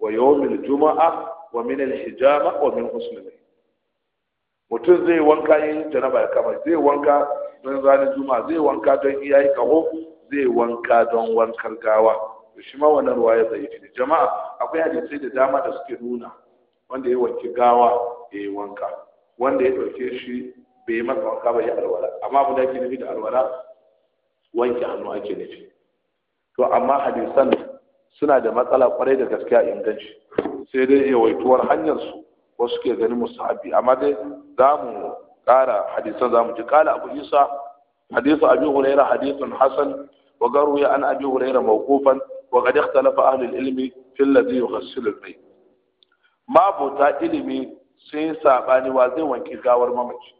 wa yawmil juma'a wa min alhijama wa min husnul mutum zai wanka yin janaba ya kama zai wanka don ranar juma'a zai wanka don iyayi kaho zai wanka don wankan gawa shi ma wannan ruwaya zai yi jama'a akwai hadisai da dama da suke nuna wanda ya wanki gawa ya yi wanka wanda ya ɗauke shi bai yi masa wanka ba ya alwala amma abu da ake nufi da alwala wanke hannu ake nufi to amma hadisan suna da matsala kwarai da gaskiya inganci sai dai yawaituwar hanyar su wasu ke ganin musahabi amma dai za mu ƙara hadisan za mu ji kala abu isa hadisu abi huraira hadisun hasan wa garu ya an abi huraira mawqufan wa qad ikhtalafa ahli al-ilmi fi alladhi yughassil al-bayt ma ilimi sun yi sabani wa zai wanke gawar mamaci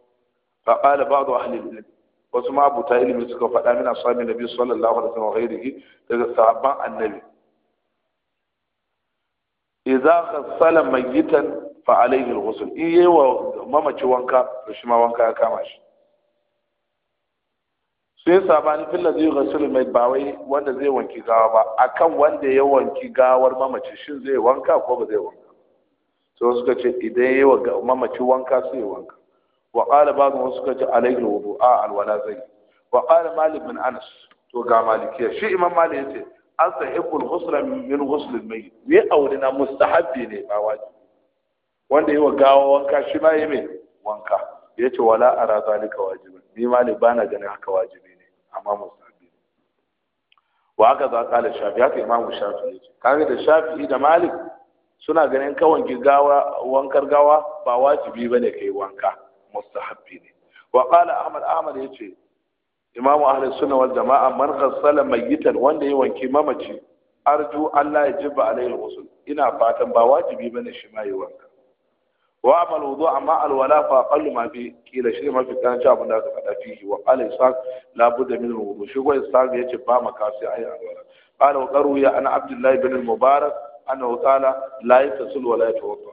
فقال بعض ba'd العلم وسمع wasu ma من ilimi suka faɗa min النبي صلى الله عليه وسلم وغيره daga sahabban annabi idza khassala ميتا فعليه الغسل alghusl in yayi wa mamaci wanka shi wanka ya kama shi sai sabani fil ladhi ghasala mai bawai wanda zai wanki gawa ba akan wanda ya wanki gawar mamaci shin zai wanka ko ba zai wanka to suka ce idan yayi wa mamaci wanka sai wanka وقال بعض مسكت عليه الوضوء ce alayhi wudu'a alwala zai wa qala malik anas to ga malikiya shi imam malik yace astahiqu al-ghusl min ghusl al-mayyit ne ba wanda yawa gawa wanka shi ma yi mai wanka ce, wala ara zalika wajibi ni malik bana ganin haka wajibi ne amma mustahabbi ne wa haka za qala shafi haka shafi da shafi da malik suna ganin kawan gawa wankar gawa ba wajibi bane kai wanka mustahabbi ne wa qala ahmad ahmad yace imamu ahli sunna wal jamaa man ghassala mayyitan wanda ya wanke mamaci arju Allah ya jiba alaihi usul ina fatan ba wajibi bane shi ma yi wanka wa amal wudu amma alwala fa aqallu ma fi kila shi ma fi kan abin da aka faɗa fihi wa qala isaq la budda min wudu shi ko isaq yace ba makasi ayi alwala qala wa qaru ya ana abdullahi bin al-mubarak annahu qala la yatasul wa la yatawadda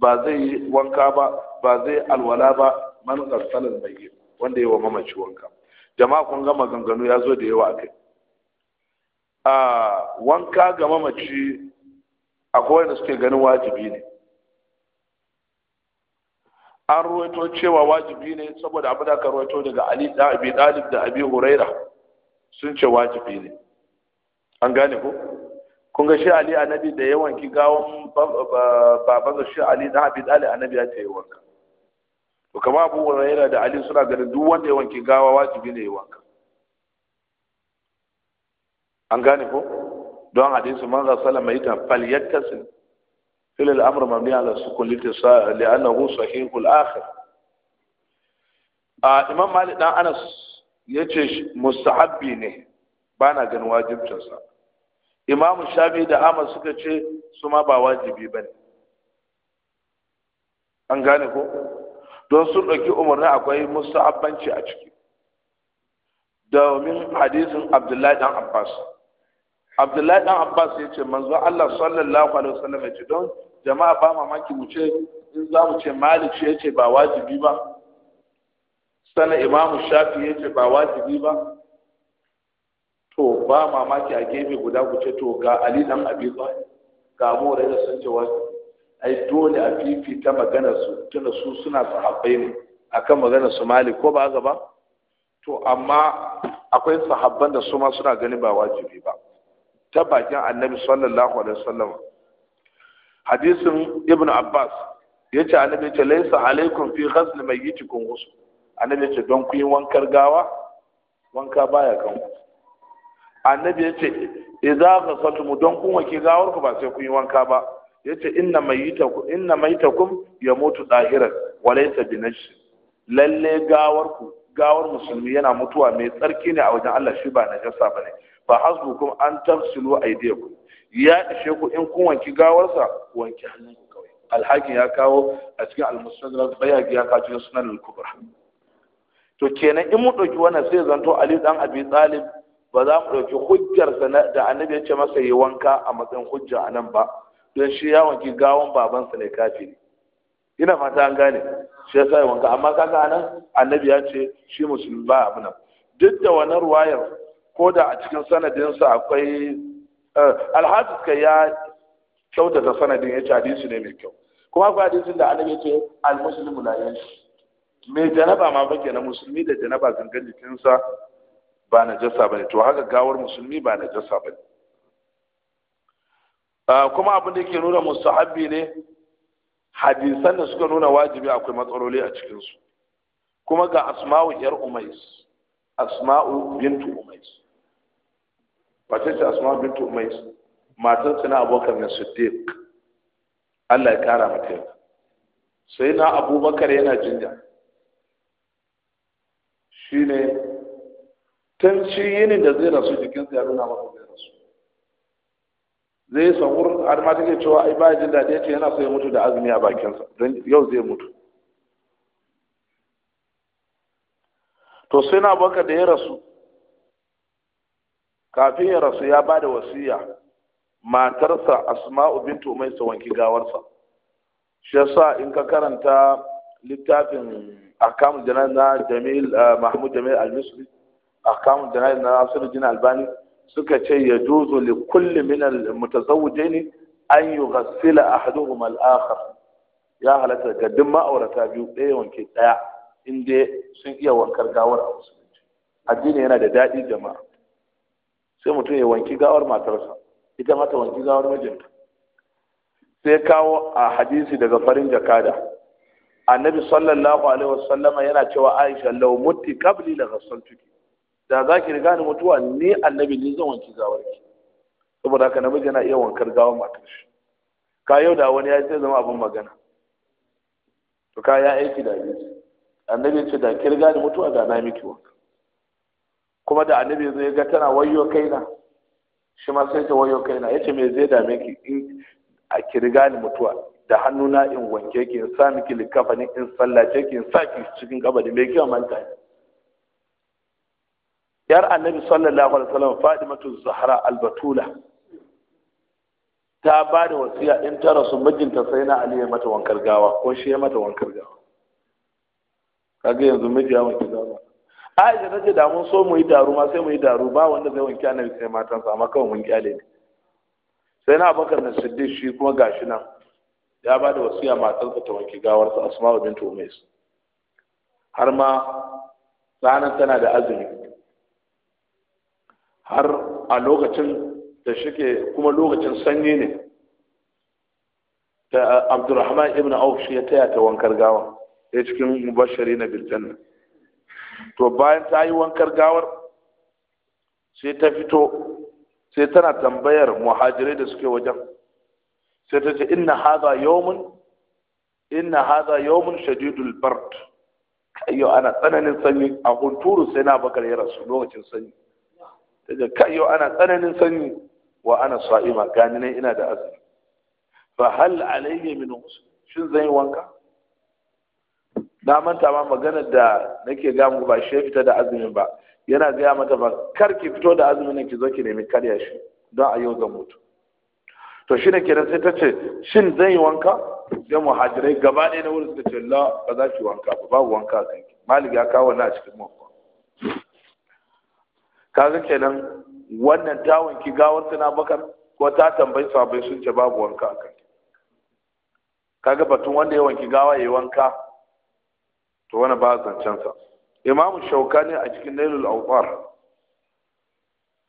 ba zai wanka ba ba zai alwala ba man gassalar mai wanda yi wa mamaci wanka jama'a kun gama ganganu ya zo da yawa kai a wanka ga mamaci akwai wanda suke ganin wajibi ne an ruwaito cewa wajibi ne saboda abu da aka ruwaito daga ali da abi dalib da abi huraira sun ce wajibi ne an gane ko kun ga shi ali annabi da yawan ki gawon baban shi ali da abi dalib annabi ya ce wanka to kama abu yana da ali suna ganin duk wanda ya wanke gawa wajibi ne ya wanka an gane ko don hadisi manzo sallama yita fal yattasil fil al-amr mabni ala sukun litisal li'annahu sahihul akhir a imam malik dan anas yace mustahabbi ne bana ganin wajibcinsa imam shafi da ahmad suka ce su ma ba wajibi bane an gane ko don sun ɗauki umarni akwai musa'abbanci a ciki domin hadisin abdullahi dan abbas abdullahi dan abbas ya ce manzo allah sallallahu alaihi wasallam ya ce don jama'a ba mamaki mu ce in za mu ce malik shi ya ce ba wajibi ba sana imamu shafi ya ce ba wajibi ba to ba mamaki a gefe guda ku ce to ga ali dan abi ga mu da sun ce wajibi ai dole a fifita magana su tunda su suna sahabbai ne akan magana su mali ko ba gaba? to amma akwai sahabban da su ma suna ganin ba wajibi ba ta bakin annabi sallallahu alaihi wasallam hadisin ibnu abbas yace annabi yace laysa alaikum fi ghasl mayyitikum ghusl annabi yace don ku yi wankar gawa wanka baya kan ku annabi yace idza ghasaltum don kun wake gawar ku ba sai kun yi wanka ba yace inna mayitakum inna mayitakum yamutu dahiran walaysa binash lalle gawar ku gawar musulmi yana mutuwa mai tsarki ne a wajen Allah shi ba najasa bane fa hasbukum an tafsilu aydiyakum ya ishe ku in kun wanki gawarsa wanki hannunku kawai alhakin ya kawo a cikin almusnad bayagi ya kawo cikin sunan al-kubra to kenan in mu dauki wannan sai zanto Ali dan Abi Talib ba za mu dauki hujjar da annabi ya ce masa yi wanka a matsayin hujja anan ba don shi ya wanke gawon babansa ne kafiri ina fata an gane shi ya sa wanka amma kaga anan annabi ya ce shi musulmi ba abu nan duk da wannan ruwayar ko da a cikin sanadinsa akwai eh, alhassus kai ya kyautata sanadin ya ce hadisi ne mai kyau kuma akwai hadisin da annabi ya ce almuslimu la yanshi mai janaba ma bake na musulmi da janaba gangan jikinsa ba na jasa bane to haka gawar musulmi ba na jasa bane Ah, kuma abin da yake nuna mustahabbi ne hadisan da suka nuna wajibi akwai matsaloli a cikinsu kuma ga asma'u yar umais asma'u bintu umais wace ce asma'u bintu umais matar tana abokan na siddiq Allah ya kara mata yau sai na abubakar yana jinja shine tun yini da zai rasu jikin ya nuna masa zai sahur har ma take cewa ai baya jin daɗi ce yana so ya mutu da azumi a bakinsa don yau zai mutu to sai na baka da ya rasu kafin ya rasu ya ba da wasiya matarsa asma'u bintu mai ta wanki gawarsa shi yasa in ka karanta littafin ahkamul Janar na jamil eh, mahmud jamil al-misri ahkamul Janar na Jina albani suka ce ya juzu li kulli min al mutazawwijain an yughassila ahaduhuma al akhar ya halatta ga duk ma'aurata biyu ɗaya wanke ɗaya in dai sun iya wankar gawar a musulunci addini yana da daɗi jama'a sai mutum ya wanki gawar matarsa ita ma ta wanki gawar mijinta sai kawo a hadisi daga farin jakada annabi sallallahu alaihi wasallama yana cewa aisha law mutti qabli la ghassaltuki da za ki riga ni mutuwa ni annabi ni zan wanki gawar ki saboda haka namiji yana iya wankar gawar matar shi ka yau da wani ya ce zama abin magana to ka ya aiki da ni annabi ce da ki riga ni mutuwa da na miki wanka kuma da annabi zai ga tana wayo kaina shi ma sai ta wayo kaina yace me zai dame ki in a ki riga ni mutuwa da hannuna in wanke ki in sa miki likafani in sallace ki in sa ki cikin kabari me kiwa manta yar annabi sallallahu alaihi wasallam fadimatu zahra albatula ta ba da wasiya in ta rasu mijinta sai na ali ya mata wankar gawa ko shi ya mata wankar gawa kaga yanzu miji ya wanke gawa Aisha ta ce da mun so mu yi daru ma sai mu yi daru ba wanda zai wanke annabi sai sa amma kawai mun kyale ne sai na abakar na siddiq shi kuma gashi nan ya ba da wasiya matarsa ta wanke gawar sa asma'u bintu umais har ma ranar tana da azumi har a lokacin da shike kuma lokacin sanyi ne ta abdurrahman ibn auf shi ya taya ta wankar gawar. ya cikin mubashari na biljanna to bayan ta yi wankar gawar sai ta fito sai tana tambayar muhajirai da suke wajen sai ta ce inna haza yawmun inna haza yawmun shadidul bard ayyo ana tsananin sanyi a hunturu sai na bakar ya rasu lokacin sanyi daga kayo ana tsananin sanyi wa ana sa'ima gani nan ina da azumi fa hal alayya min usul shin zan yi wanka na manta ma maganar da nake ga mu ba shi fita da azumin ba yana gaya mata ba kar ki fito da azumin nan ki zo ki nemi karya shi don a yau zan mutu to shi ne kenan sai ta ce shin zan yi wanka sai muhajirai gaba ɗaya na wurin suka ce la ba za ki wanka ba babu wanka a kanki Maliki ya kawo na a cikin mako. kaga kenan wannan ta wanki gawar tana bakar ko ta tambayi sabai sun ce babu wanka a kai kaga batun wanda ya wanki gawa ya yi wanka to wani ba zancen sa shauka shaukani a cikin nailul awtar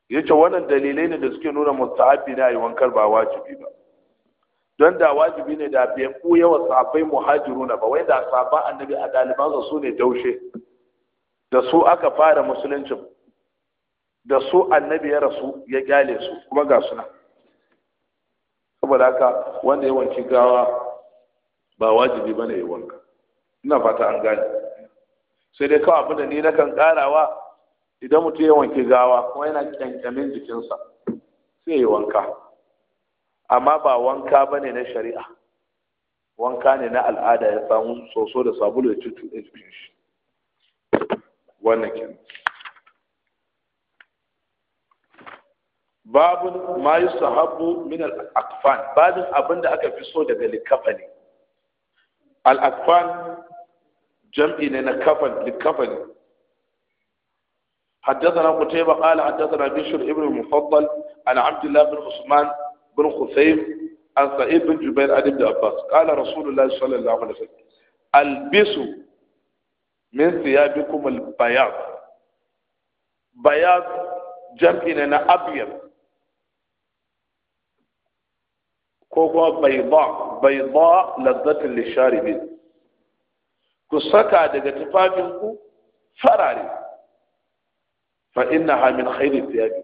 yace wannan dalilai ne da suke nuna mustahabi ne a yi wankar ba wajibi ba don da wajibi ne da bai ku yawa sahabbai na, ba wai da sahabba annabi a daliban su ne daushe da su aka fara musulunci da su annabi ya rasu ya kyale su kuma ga suna saboda haka wanda ya wanki gawa ba wajibi bane ya wanka ina fata an gane sai dai kawai abin da ni na kan karawa idan mutum ya wanki gawa kuma yana kyankyamin jikinsa sai ya wanka amma ba wanka ba ne na shari'a wanka ne na al'ada ya samu soso da sabulu ya cutu shi wannan kenan babun ma yusahabu min al-akfan babin abinda aka fi so daga likafani al-akfan jam'i ne na kafan likafani حدثنا قتيبة قال حدثنا بشر ابن المفضل عن عبد الله بن عثمان بن خثيم عن سعيد بن جبير عن ابن عباس قال رسول الله صلى الله عليه وسلم البسوا من ثيابكم البياض بياض جمعنا أبيض ko kuma bayda bayda lazzatul lisharibin ku saka daga tufafin ku farare fa innaha min khairin thiyabi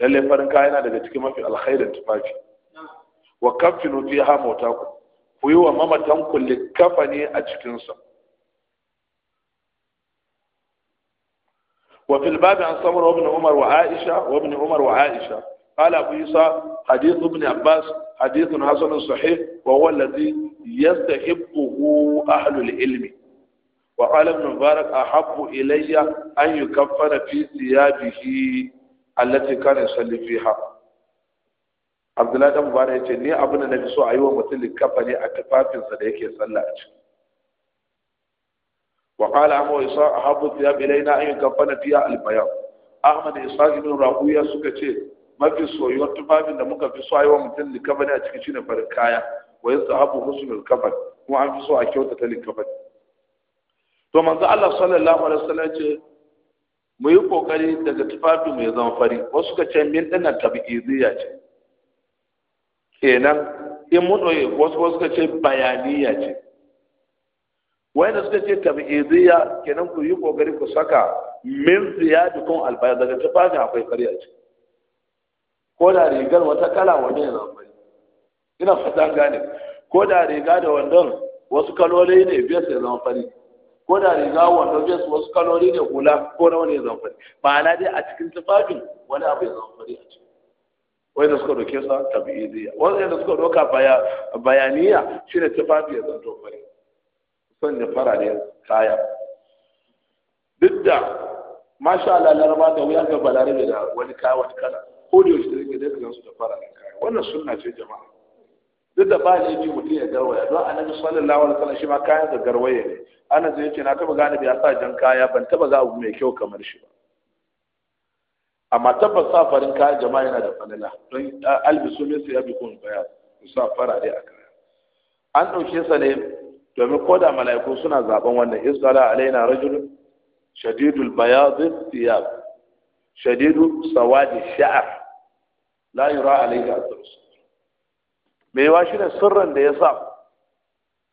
lalle farin kaya yana daga cikin mafi alkhairin tufafi wa kaffinu fiha mawtakum ku yi wa mamatan ku likafani a cikin sa وفي الباب عن سمر وابن عمر وعائشة وابن عمر وعائشة قال أبو عيسى حديث ابن عباس حديث حسن صحيح وهو الذي يستحبه أهل العلم وقال ابن مبارك أحب إلي أن يكفن في ثيابه التي كان يصلي فيها عبد الله بن مبارك yace ni abin da nafi so a yi wa mutum likkafa ne a tufafinsa da yake sallah a ciki wa qala abu isa ahabbu thiyab ilaina an yukaffana fiha al-bayan ahmad isa ibn rahuya suka ce mafi soyuwar tufafin da muka fi so yi wa mutum likafani a cikin shine farin kaya wa sahabu husnul kafan kuma an fi so a kyautata likafani to manzo Allah sallallahu alaihi wasallam ce mu yi kokari daga tufafi mu ya zama fari wasu ka ce min dinnan tabi'iziyya ce kenan in mu doye wasu wasu ka ce bayaniya ce da suka ce tabi'iziyya kenan ku yi kokari ku saka min ziyadikum albayad daga tufafi akwai fari a ciki ko da rigar wata kala wani ya zamfari ina fata gane ko da riga da wandon wasu kaloli ne biyar ya fari. ko da riga wandon biyar wasu kaloli ne hula ko na wani ya ba ma'ana dai a cikin tufafin wani abu ya zama fari a ciki Wani da suka doke sa tabi iziya wani da suka doka bayaniya shi ne tufafi ya zanto fari ya fara ne kaya duk da masha Allah larabata wuya ga balarabe da wani kaya kala ko da yaushe da zai ga su da fararen kaya wannan sunna ce jama'a duk da ba laifi mutum ya garwaya don annabi sallallahu alaihi wasallam shi ma kayan da garwaye ne ana zai ce na taba gane ya sa jan kaya ban taba ga abu mai kyau kamar shi ba amma tabbas sa farin kaya jama'a yana da falala don albisu min su ya bi kun baya su sa farare a kaya an ɗauke sa ne domin ko da mala'iku suna zaben wannan isdala alaina rajul shadidul bayad thiyab shadidu sawadi sha'r la yura alaihi asrus Me yawa shi sirrin da ya sa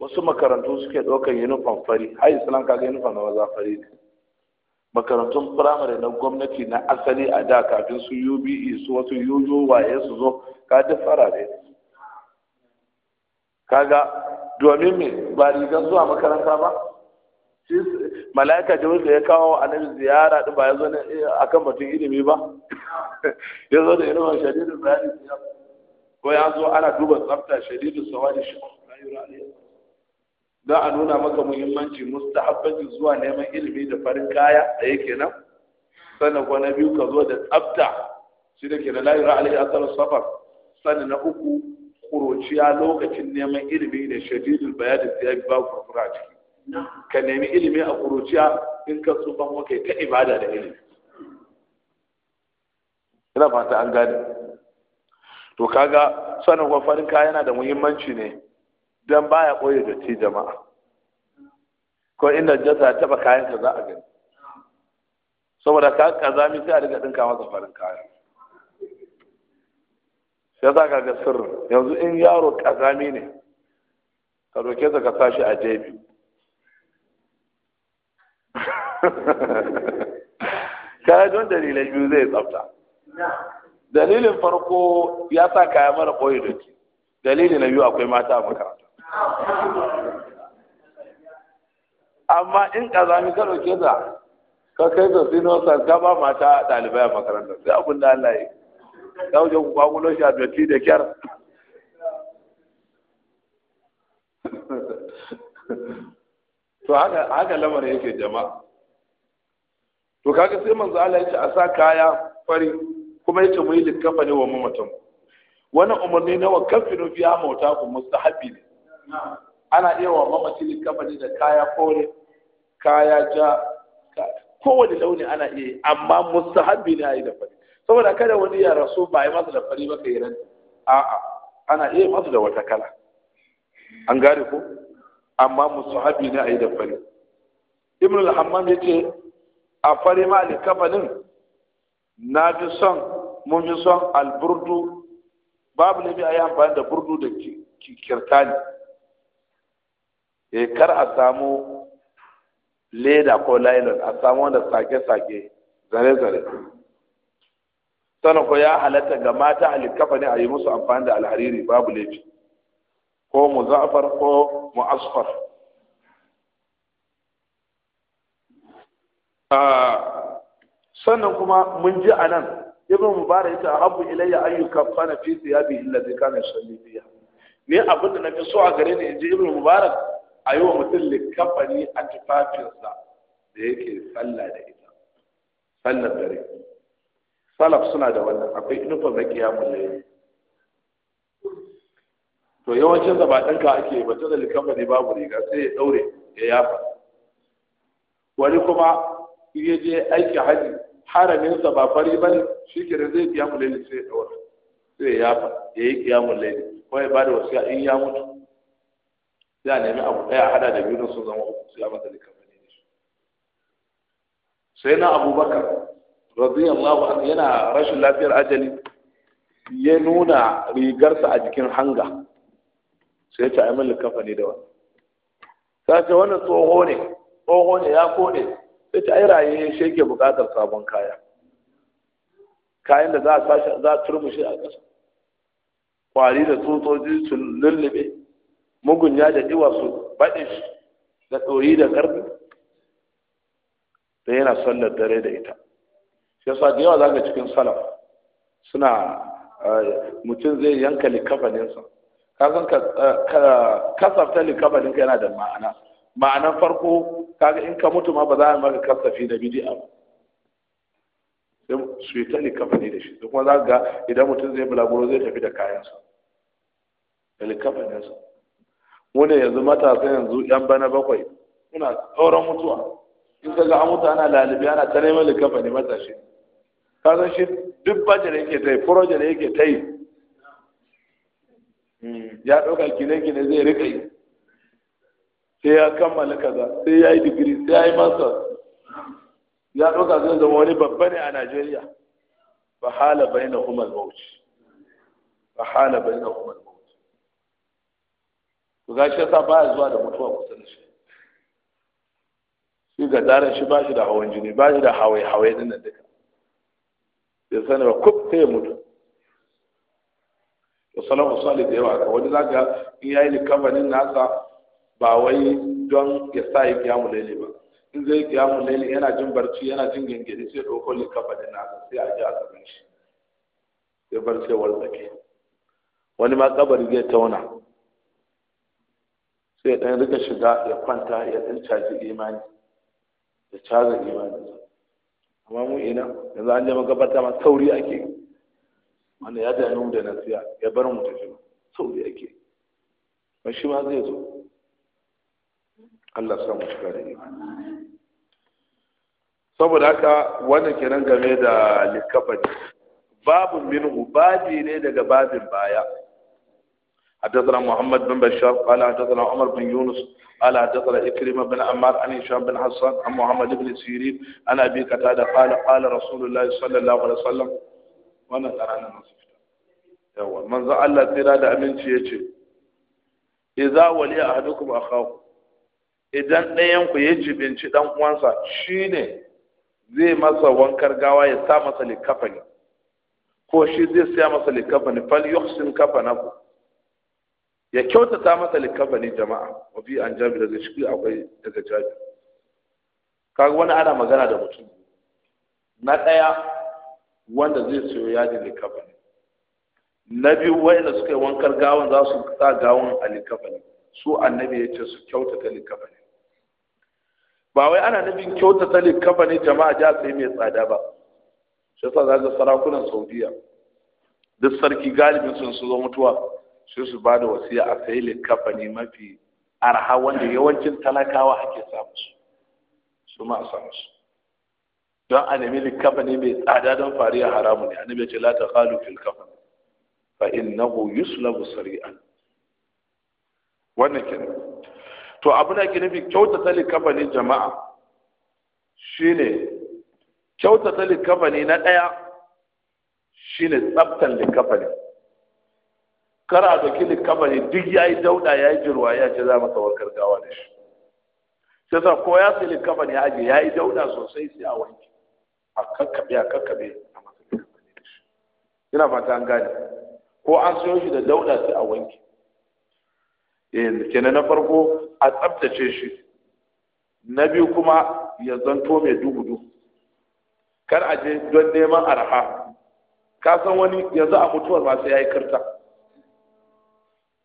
wasu makarantu suke ɗaukar yunifon fari har islam kaga yunifon na maza fari ne makarantun firamare na gwamnati na asali a da kafin su ube su wasu yujo waye su zo ka duk farare kaga domin me ba rigar zuwa makaranta ba mala'ika jibril da ya kawo anan ziyara din ba ya zo ne eh, akan batun ilimi ba ya zo da ilimin shadidin bayani ko ya zo ana duba tsafta shadidin da shi don a nuna maka muhimmanci mustahabbanci zuwa neman ilimi da farin kaya da yake nan sannan ko na biyu ka zo da tsafta shi da ke da layu ra'ayi asar safar sannan na uku kuruciya lokacin neman ilimi da shadidul bayani da ba kurkura ciki ka nemi ilimi a kuruciya in ka tsufan wake ta ibada da ilimi ina fata an gane to kaga sanin kuma farin kaya yana da muhimmanci ne dan baya da datti jama'a ko inda jasa taba kayan ka za a gani saboda ka zami sai a riga dinka masa farin kaya ya za ka ga sirrin yanzu in yaro kazami ne ka roke ka ka sashi a jebi kaya don dalilai biyu zai tsafta dalilin farko ya sa kaya mara koyi da ke dalilin na biyu akwai mata a makaranta amma in ƙazami ka ɗauke da ka kai da sinosar ka ba mata ɗalibai a makaranta sai abin da Allah yi ta wuce ku kwakulo shi a dotti da kyar to haka lamarin yake jama'a to kaga sai manzo Allah ya ce a sa kaya fari kuma yace mu yi likkafa ne wa mamatan wannan umarni na wa kafinu fi amauta ku mustahabi ne ana iya wa mamaci likkafa ne da kaya kore kaya ja kowane launi ana iya yi amma mustahabi ne a yi da fari saboda kada wani ya rasu ba yi masa da fari ba yi ran a'a ana iya masa da wata kala an gane ko amma mustahabi ne a yi da fari ibnu al-hammam yace a fari ma alikafanin na fi son mun fi son alburdu babu laifi a yi amfani da burdu da ne. e kar a samu leda ko lailon a samu wanda sake-sake zare-zare sannan ko ya halatta ga mata alkafa ne a yi musu amfani da alhariri babu laifi ko muzafar ko mu'asfar sannan kuma mun ji a nan, ibn mubarak ta abu ilayya an yukaffana fi thiyabi alladhi kana yusalli biha ne abinda na fi so a gare ni inji ibn mubarak a yi wa mutum likafani a tufafinsa da yake sallah da ita sallar dare salaf suna da wannan akwai inufar na kiyamun layi to yawancin da ba ɗanka ake ba ta da likafani babu riga sai ya ɗaure ya yafa wani kuma ya je aiki haji haraminsa ba fari ba ne shi ke zai biya mu laili sai ya wasu. sai ya fa ya yi kiyamun laili ko ya bada wasu in ya mutu sai a nemi abu ɗaya a hada da biyu sun zama uku sai a mata likafani da shi sai na abubakar radiyallahu anhu yana rashin lafiyar ajali ya nuna rigarsa a jikin hanga sai ta yi mallaka ne da wani ta ce wannan tsoho ne tsoho ne ya kone sai ai raye shi yake buƙatar sabon kaya kayan da za a sashi za a turmushi a ƙasa kwari da tsotsoji su lullube mugunya da jiwa su baɗe shi da ɗori da ƙarfi da yana sallar dare da ita shi yasa da yawa zaka cikin salaf suna eh, mutum zai yanka likafaninsa ka san ka eh, kasafta likafaninka yana da ma'ana Ma'anar farko kaga in ka mutu ma ba za a maka kasafi da bid'a ba su yi tali kamfani da shi kuma za ga idan mutum zai bulaguro zai tafi da kayansa da likafaninsa wani yanzu matasa yanzu yan bana bakwai muna tsoron mutuwa in ka ga an mutu ana lalibi ana ta neman likafani matashi ka san shi duk baje da yake ta yi furoje da yake ta yi hmm, ya ɗauka gine-gine zai rika yi sai ya kammala kaza sai ya yi digiri sai ya yi masters ya ɗauka zai zama wani babba ne a najeriya Ba hala bai na kuma mawuci Ba hala bai na kuma ga shi gashi ba baya zuwa da mutuwa kusa da shi shi ga tsarin shi ba shi da hawan jini ba shi da hawaye-hawaye din nan duka ya sani ba kuf sai ya mutu wasu salon usali da yawa ka wani ka in yayi likafanin nasa ba wai don ya sa yi kiyamu laili ba in zai kiyamu laili yana jin barci yana jin gengedi sai ɗauko kafa da nasa sai a ji a gaban shi sai barci wartsake wani ma kabari zai tauna sai ɗan rika shiga ya kwanta ya ɗan caji imani ya caza imani amma mu ina yanzu an nema gabata ma sauri ake wanda ya da mu da nasiya ya bar mu tafi sauri ake shi ma zai zo Allah ya samu shiga da imani saboda haka wannan kenan game da likafani babun minhu babi ne daga babin baya حدثنا محمد بن بشار قال حدثنا عمر بن يونس قال حدثنا إكرمة بن عمار عن هشام بن حسان عن محمد بن سيرين عن أبي قتادة قال قال رسول الله صلى الله عليه وسلم وانا ترى أنا نصفت يوه من ذا الله ترى ده أمين شيء إذا ولي أحدكم أخاه idan ɗayan ku ya jibinci ɗan uwansa shi ne zai masa wankar gawa ya sa masa likafani ko shi zai siya masa likafani fal yuhsin ku ya kyautata masa likafani jama'a wa bi an jabi daga ciki akwai daga jabi kaga wani ana magana da mutum na ɗaya wanda zai siyo yadin likafani na biyu wanda suka yi wankar gawan za su sa gawan a likafani su annabi ya ce su kyautata likafani ba wai ana nufin kyautata likafa ne jama'a ja sai mai tsada ba shi yasa za ga sarakunan saudiya duk sarki galibin sun su zo mutuwa sai su ba da wasiya a sayi likafa ne mafi arha wanda yawancin talakawa ake samu su su ma a samu su don a nemi likafa ne mai tsada don fariya haramu ne annabi ce la ta khalu fil kafa fa innahu yuslabu sari'an wannan kenan to abu da ke nufi kyautata likafanin jama'a shine kyautata likafani na ɗaya shine tsaftan likafani kar a doki likafani duk ya yi dauɗa ya yi jirwa ya ce za masa warkar gawa da shi sai sa ko ya sai likafani ya ajiye ya yi dauɗa sosai sai a wanke a kakkabe a kakkabe a masa likafani da shi ina fata an gane ko an sayo shi da dauɗa sai a wanke Eh, kenan na farko a tsabtace shi na biyu kuma ya zanto mai dubu kar a je don neman arha ka san wani yanzu a mutuwar ba sai ya yi karta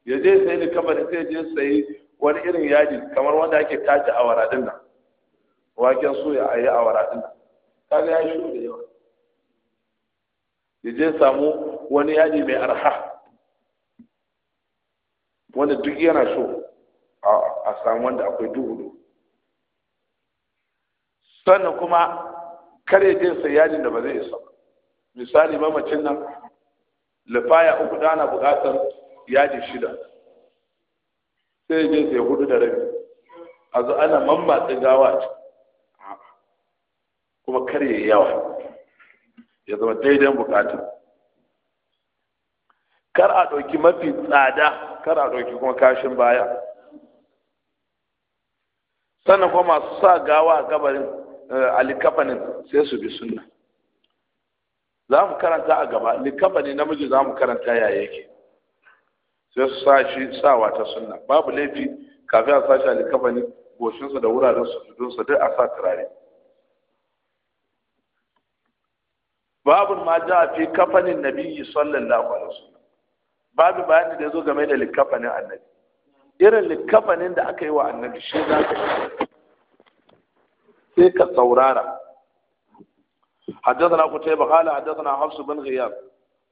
ya je sai ni kamar sai je sai wani irin yaji kamar wanda ake tace a waradin nan waken soya a yi a waradin nan ga ya shi da yawa ya je samu wani yaji mai arha wanda duk yana so a samu wanda akwai duhu sannan kuma kare jin sayyadin da ba zai isa misali mamacin nan lafaya uku da ana buƙatar yadi shida sai je sai hudu da rabi a zo ana mammatsi gawa kuma kare yawa ya zama daidai buƙatar kar a ɗauki mafi tsada kar a ɗauki kuma kashin baya sannan kuma masu sa gawa a gabarin eh, alikafanin sai su bi sunna za mu karanta a gaba likafani namiji za mu karanta ya yake sai su sa shi sawa ta sunna babu laifi kafin a sashi alikafani goshinsa da wuraren sujudunsa duk a sa turare babu ma ja fi kafanin nabiyyi sallallahu alaihi wasallam babu bayani da ya zo game da likafanin annabi irin likafanin da aka yi wa annabi shi za ka yi sai ka saurara حدثنا قتيبة قال حدثنا حفص بن غياب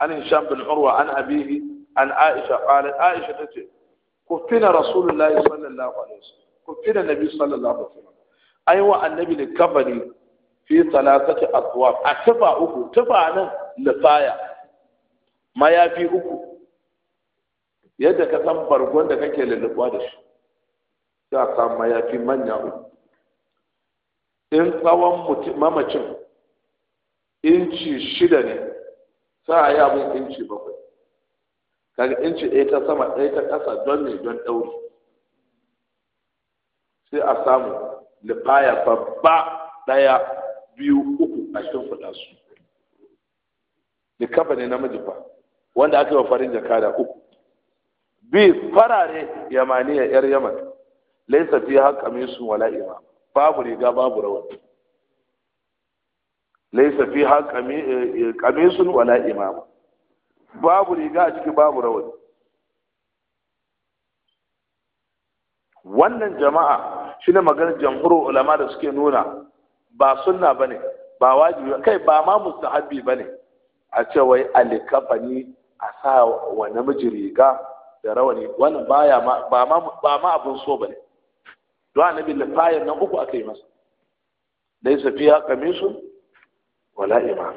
عن هشام بن عروة عن أبيه عن عائشة قالت عائشة تتي كفنا رسول الله صلى الله عليه وسلم كفنا النبي صلى الله عليه وسلم أيوة النبي لكفني في ثلاثة أطوار أتبع أكو تبع لفايا ما يفي أكو yadda ka san bargon da kake lulluɓa da shi sai a samu mayafi manya uku in tsawon mamacin inci shida ne sa a yi abin inci bakwai kaga inci ɗaya ta sama ɗaya ta ƙasa don ne don ɗauri sai a samu lifaya babba ɗaya biyu uku a shimfiɗa su likafa ne namiji fa wanda aka yi wa farin jaka da uku bi farare yamaniya yar yaman laisa fi haka misu wala imam babu riga babu rawani laisa fi haka kamisun eh, wala imam babu riga a ciki babu rawani wannan jama'a shine maganar jamhurul ulama da suke nuna ba sunna bane ba wajibi kai ba ma mustahabi bane a ce wai alikafani a sa wa namiji riga da rawani wannan baya ma ba ma ba ma abun so bane to annabi lafayan nan uku aka yi masa dai safiya kamisu wala imam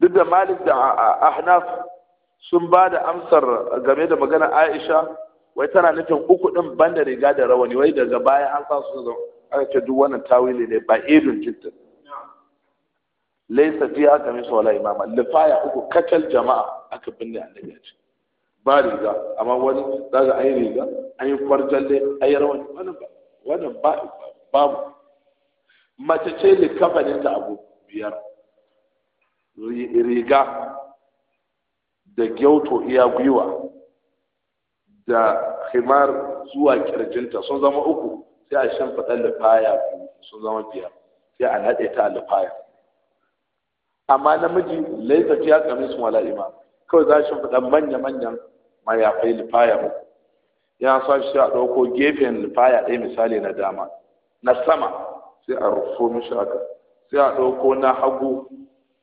duk da malik da ahnaf sun ba da amsar game da magana aisha wai tana nufin uku din banda riga da rawani wai daga baya an sa su zama aka ce duk wannan tawili ne ba idun jiddan laysa fiha qamisun wala imama. lifaya uku kacal jama'a aka binne annabi a ba riga amma wani zaga an yi riga an yi kwarjalle an yi rawani wannan ba wannan ba mu. mace ce kafanin ta abu biyar riga da gyauto iya gwiwa da himar zuwa kirjinta sun zama uku sai a shan faɗa lifaya sun zama biyar sai a naɗe ta lifaya amma namiji laifaci ya kame wala ima kawai za a shan faɗa manya-manyan mayafai lifaya ba. ya sa shi a ɗauko gefen lifaya ɗaya misali na dama na sama sai a rufo mishi haka sai a ɗauko na hagu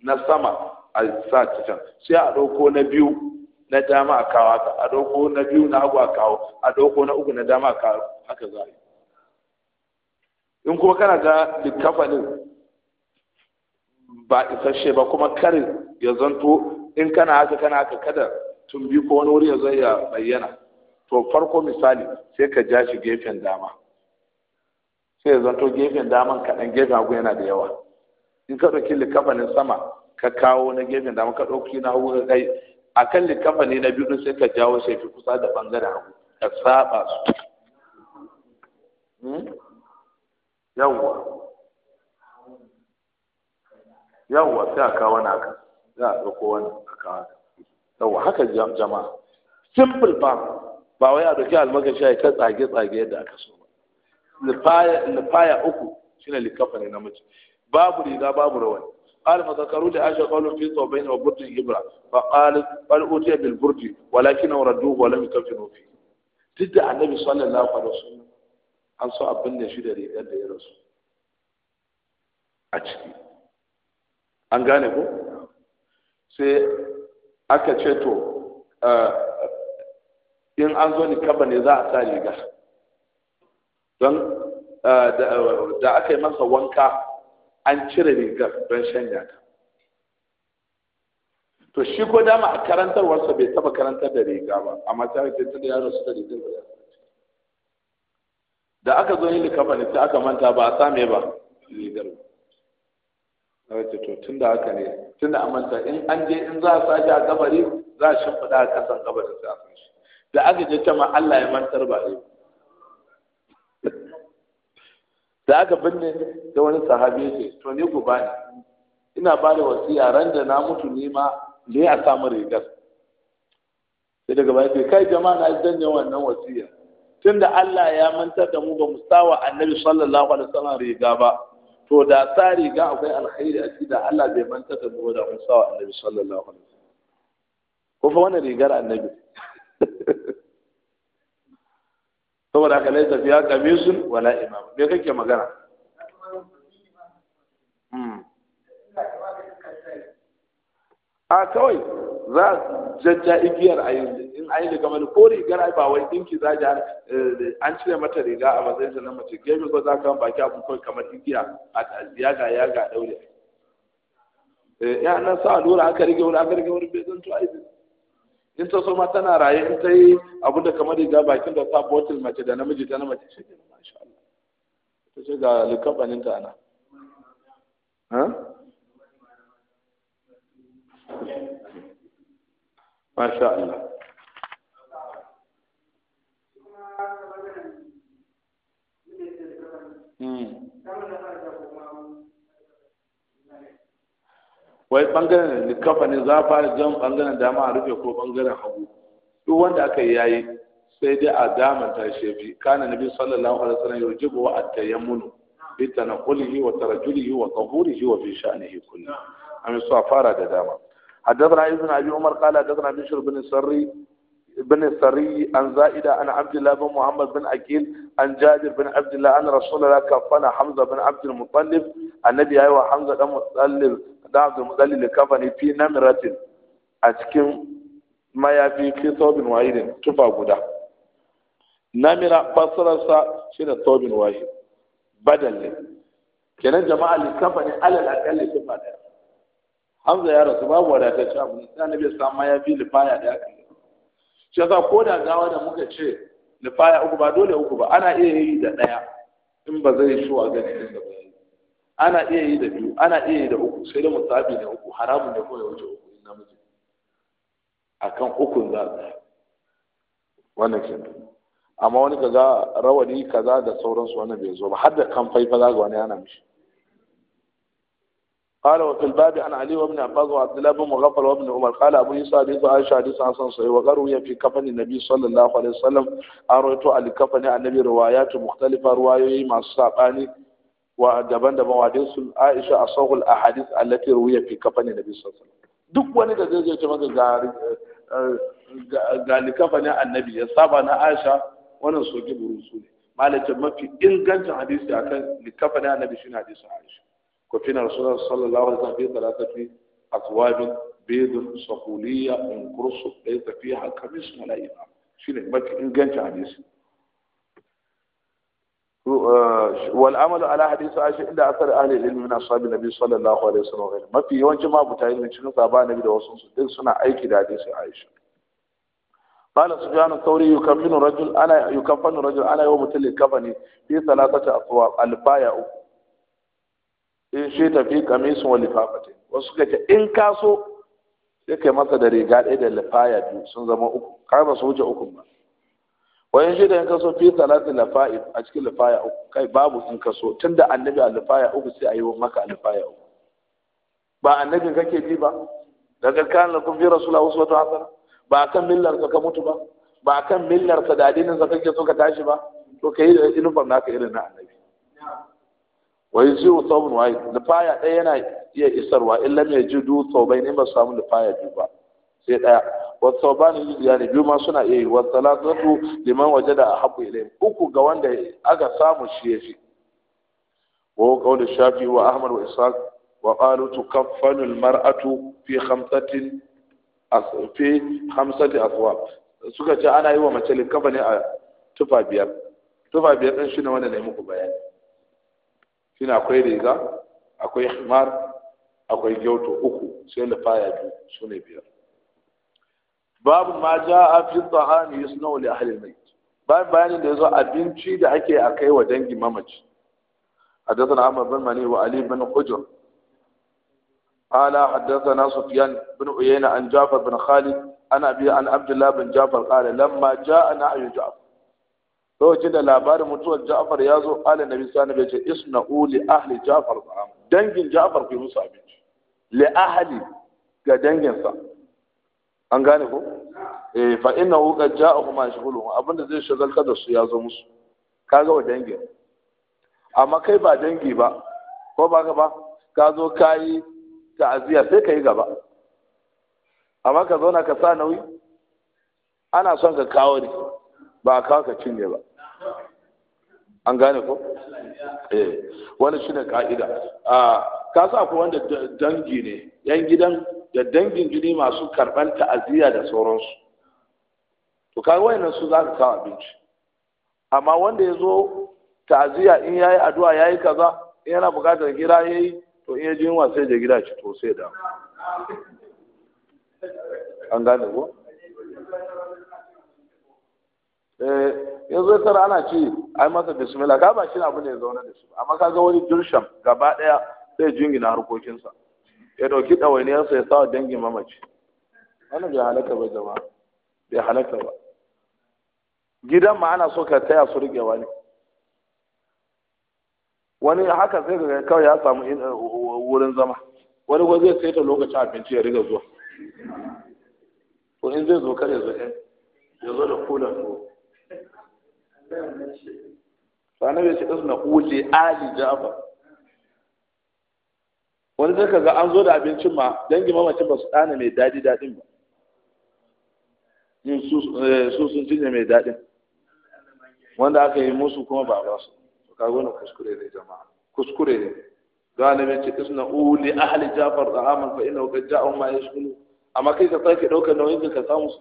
na sama a sa cikin sai a ɗauko na biyu na dama a kawo haka a ɗauko na biyu na hagu a kawo a ɗauko na uku na dama a kawo haka za a yi in kuma kana ga likafanin ba isasshe ba kuma karin ya zanto in kana haka kana haka kada bi ko wani wuri ya zai ya bayyana to farko misali sai ka ja shi gefen dama sai ya zanto gefen daman kaɗan gefen hagu yana da yawa in ka ɗauki likafanin sama ka kawo na gefen dama ka ɗauki na hagu ka kai a kan likafani na biyu sai ka jawo shi fi kusa da ɓangaren hagu ka saba su hmm? yawwa yawwa sai a kawo naka za a ɗauko wani a kawo yawa haka jama'a simple ba ba wai a dauki almakashi ya ta tsage tsage yadda aka so ba lifaya uku shine likafa ne namiji babu riga babu rawani قال فذكروا لعائشة قول في ثوبين وبرد إبرة فقال قال أوتي بالبرد ولكن ردوه ولم يكفنوا فيه تدعى النبي صلى الله عليه وسلم an so abin da shi da rigar da ya rasu a ciki an gane sai aka ce to ah, in an zo nikaba ne za a sa riga don ah, da aka yi masa wanka an cire rigar don shanya ta to shi ko dama a karantarwarsa bai taba karantar da riga ba amma ta yi tattalin yaro su da rigar ba da aka zo yin likaba ne sai aka manta ba a same ba rigar ba na to tun da haka ne tun da amanta in an je in za a sake a kabari za a shimfiɗa a kasan kabarin sai a sashi da aka je ta ma Allah ya mantar ba ne da aka binne da wani sahabi ya ce to ni ku bani ina ba da wasiya ran da na mutu ni ma me ya samu rigar sai daga baya ce kai jama'a na janye wannan wasiya tunda Allah ya mantar da mu ba mu sawa annabi sallallahu alaihi wasallam riga ba to da sa riga akwai alkhairi a ciki da Allah bai manta da mu da Musa wa Annabi sallallahu alaihi wasallam ko fa wannan rigar Annabi da kale laisa fiya kamisun wala imam me kake magana hmm. a kawai za a jajja igiyar a yanzu in a yi daga mani ko rigar ai ba wai dinki za a eh, an cire mata riga a matsayin sa na mace gefe ko za ka baki abin kawai kamar igiya a yaga yaga daure eh, ya nan sa lura aka rige wani aka rige wani bai zan tuwa aiki in ta so ma tana raye in ta yi abu da kamar riga bakin da sa botil mace da namiji ta na mace shi ne masha Allah ta ce ga likabanin ta ana masha Allah wai ɓangaren da ne za a fara jan ɓangaren dama a rufe ko ɓangaren hagu duk wanda aka yi yayi sai dai a damanta ta fi kana nabi sallallahu alaihi wasallam yujibu wa at na bi yi wa tarajulihi wa yi wa fi sha'nihi kulli amma su a fara da dama حدثنا ابن ابي عمر قال حدثنا بشر بن السري بن السري عن زائدة عن عبد الله بن محمد بن أكيل عن جابر بن عبد الله عن رسول الله كفن حمزة بن عبد المطلب النبي أيوة حمزة بن المطلب بن عبد المطلب كفن في نمرة أتكم ما يبي في ثوب واحد تفا قدا نمرة بصرة شنو ثوب واحد بدل kenan jama'a الكفن على alal akalli hamza ya rasu babu wadatacce abu sai annabi ya samu ya bi lifaya da aka yi shi yasa ko da gawa da muka ce lifaya uku ba dole uku ba ana iya yi da ɗaya in ba zai so a gani din da bayani ana iya yi da biyu ana iya yi da uku sai da musabi ne uku haramun ne ko ya wuce uku in a akan ukun za a tsaya wannan kenan amma wani kaza rawani kaza da sauransu wannan bai zo ba har da kan faifa za ga wani ana mishi قال وفي الباب عن علي وابن عباس وعبد الله بن مغفل وابن عمر قال ابو يوسف حديث عائشه حديث حسن صحيح وغيره في كفن النبي صلى الله عليه وسلم ارويت على كفن النبي روايات مختلفه روايه مع الصحاباني وجبان da mawadin su Aisha a sahul ahadith allati ruwiya fi kafani Nabi sallallahu duk wani da zai ce maka ga ga likafanin annabi ya saba na Aisha wannan soki burusu ne malaka mafi ingancin hadisi akan likafanin annabi shine hadisin Aisha كفينا رسول الله صلى الله عليه وسلم في ثلاثة أثواب بيض صقولية من قرص ليس فيها قميص ولا إمام شنو ما إن كانت حديث والعمل على حديث عائشة إلا أثر أهل العلم من أصحاب النبي صلى الله عليه وسلم وغيره ما في يوم جماعة بتعين من شنو طبعا النبي ده وصل صدق سنة أي كده حديث عائشة قال سفيان الثوري يكفن رجل أنا يكفن رجل أنا يوم تلي كفني في ثلاثة أطوار البايع in shi tafi kamisun wa lifafatin wasu suka ce in ka so kai masa da riga ɗaya da lafaya biyu sun zama uku kai ba su wuce uku ba Wa in shi da in ka so fi salatin lafa'i a cikin lafaya uku kai babu in ka so tunda annabi a lafaya uku sai a yi maka a lafaya uku ba annabin kake bi ba daga kan lakum fi rasulullah uswatu hasana ba kan millar ka mutu ba ba kan millar ka da addinin sa kake so ka tashi ba to kai da inufar naka irin na wa yuzu thawbun wahid lifaya ɗaya yana iya isarwa in lam yajidu thawbain in ba samu lifaya biyu ba sai ɗaya wa thawban yani biyu ma suna iya yi wa thalathatu liman wajada haɓu ilai uku ga wanda aka samu shi yafi wa qawlu shafi wa ahmad wa ishaq wa qalu tukaffanu Mar'atu fi khamsatin fi khamsati aswab suka ce ana yi wa mace likafa ne a tufa biyar tufa biyar din shine wanda ne muku bayani shine akwai riga akwai himar akwai gyoto uku sai lafaya biyu su ne biyar babu ma ja a fi tsohani yi suna wuli a halin mai bayan bayanin da ya zo abinci da ake a kai wa dangi mamaci a dasana amma bin mani wa ali bin hujur ala haddasana sufyan bin uyena an jafar bin khalid ana biya an abdullah bin jafar kare lamma ja'ana ayu ja'af lokacin da labarin mutuwar Ja'far ya zo ala nabi sani bai ce isna uli ahli Ja'far ta'am dangin Ja'far ku musu abinci li ahli ga danginsa an gane ko eh fa hu qad ja'ahu ma Abin abinda zai shagal da su ya zo musu kaga wa dangin amma kai ba dangi ba ko ba ka ba ka zo ta aziya sai ka yi gaba amma ka zauna ka sa nauyi ana son ka kawo ne ba a kawo ka cinye ba an gane ko eh wani shi ne ka'ida a ka sa ku wanda dangi ne yan gidan da dangin jini masu karban ta'aziyya da sauransu to kaga wayannan su za ka kawo abinci amma wanda ya zo ta'aziyya in yayi addu'a yayi kaza in yana buƙatar gida yayi to in ya ji yunwa sai ya gida ci to sai da an gane ko Eh, ya zo tara ana ce ai masa bismillah ka ba shi abu ne ya zauna da shi amma ka ga wani dirsham gaba daya sai jingina harkokinsa ya dauki ɗawainiyarsa ya sawa dangin mamaci wani bai halaka ba jama'a bai halaka ba gidan ma ana so ka taya su rike wani wani haka sai ga kawai ya samu eh, wurin zama wani kuma zai saita lokacin abinci ya riga zuwa to in zai zo kare zo eh, ya zo da kula ko sanar ya ce ɗansu na ƙuli ali jafar wani zai kaga an zo da abincin ma dangi mamacin ba su ɗana mai daɗi daɗin ba eh, su sun cinye mai daɗin wanda aka yi musu kuma ba ba su kaga gona kuskure ne jama'a kuskure ne don ana mai ce ɗansu na ƙuli ahli jafar da aman fa ina ga ja'un ma ya shi amma kai ka sake ɗaukar nauyin ka samu su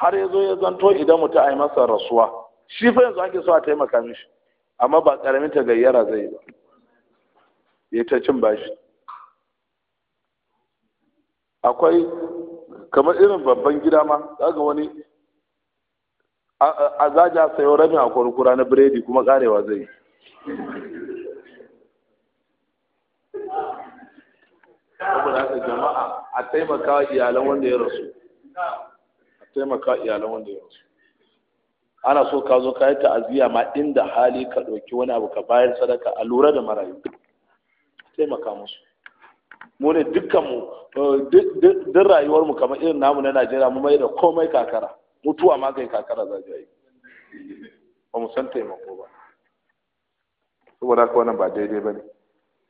har ya zo ya zanto idan mutum a yi masa rasuwa shi fa yanzu ake so a taimaka mishi amma ba karamin ta gayyara zai ba ya ta cin bashi akwai kamar irin babban gida ma daga wani a zaja sayo rami a kurkura na biredi kuma karewa zai saboda haka jama'a a taimaka iyalan wanda ya rasu taimaka iyalan wanda ya rasu ana so ka zo ka yi ta'aziyya ma inda hali ka ɗauki wani abu ka bayar sadaka a lura da marayu taimaka musu mu ne dukkan mu eh, duk rayuwar mu kamar irin namu na Najeriya mu mai da komai kakara mutuwa ma kai kakara za ta yi ba mu san taimako ba saboda haka wannan ba daidai ba ne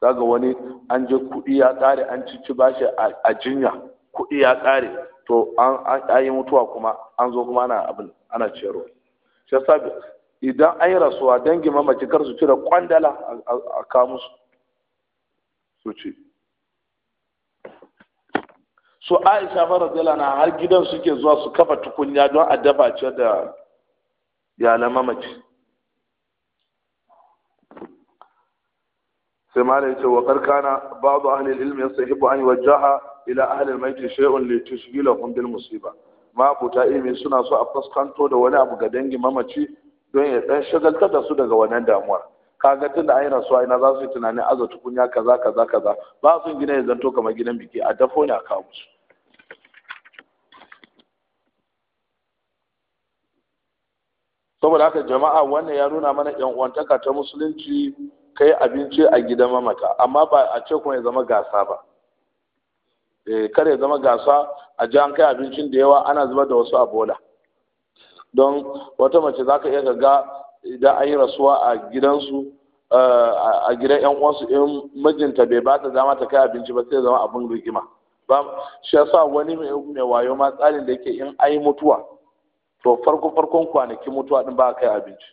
zaga wani an je kuɗi ya ƙare an cici bashi a jinya kuɗi ya ƙare to an yi mutuwa kuma an zo kuma ana abin ana ciyarwa shi yasa idan an yi rasuwa dangin mamaci kar su cire kwandala a kawo musu su ce su aisha fara zala na har gidan suke zuwa su kafa tukunya don a dafa ce da yalan mamaci sai malai ce wa karkana babu ahlil ilmi yasahibu an wajaha ila ahlil maiti shay'un li tushghilahum bil musiba ma abuta ilimi suna so a fuskanto da wani abu ga dangin mamaci don ya dan shagaltar da su daga wannan damuwar kaga tun da ayyana rasuwa ina za su yi tunanin aza tukunya kaza kaza kaza ba su gina ya zanto kamar gidan biki a dafo ne a kawo musu saboda haka jama'a wannan ya nuna mana yan uwantaka ta musulunci kai abinci a gidan mamata amma ba a ce kuma ya zama gasa ba Eh, kar ya zama gasa a ji an kai abincin da yawa ana zubar da wasu a bola don wata mace za ka iya ga idan an yi rasuwa a gidansu eh, a gidan yan uwansu in mijinta bai ba ta dama ta kai abinci ba sai zama abin rigima ba shi sa wani mai wayo ma tsarin da yake in ai mutuwa to farko farkon kwanakin mutuwa din ba a kai abinci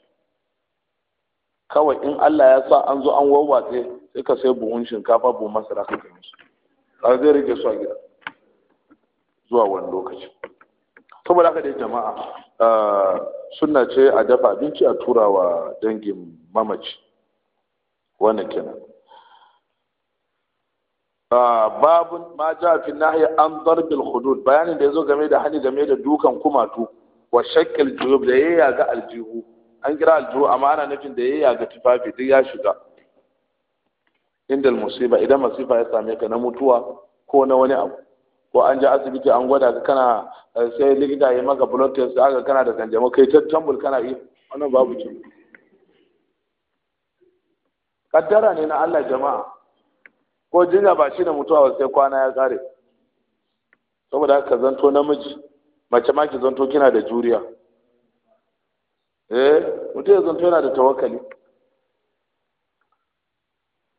kawai in Allah ya sa an zo an wawwatse sai ka sai buhun shinkafa buhun masara ka kai musu a zai rage su a gida zuwa wani lokaci saboda aka dai jama'a ah, suna ce a dafa abinci a tura wa dangin mamaci wannan kenan ah, babun ma ja fi nahi an zarbil hudud bayanin da yazo game da hani game da dukan kumatu wa shakkil juyub da ya ga aljihu an kira aljihu amma ana nufin da ya ga tufafi duk ya shiga inda musiba idan masifa ya same ka na mutuwa ko na wani abu ko an je asibiti an gwada ka kana eh, sai likita ya maka blood test aka kana da kanjamau kai ta tambul kana yi wannan babu ce kaddara ne na Allah jama'a ko jinya ba shi da mutuwa ba sai kwana ya kare saboda haka zanto namiji mace ma ki zanto kina da juriya eh mutum ya zanto yana da tawakkali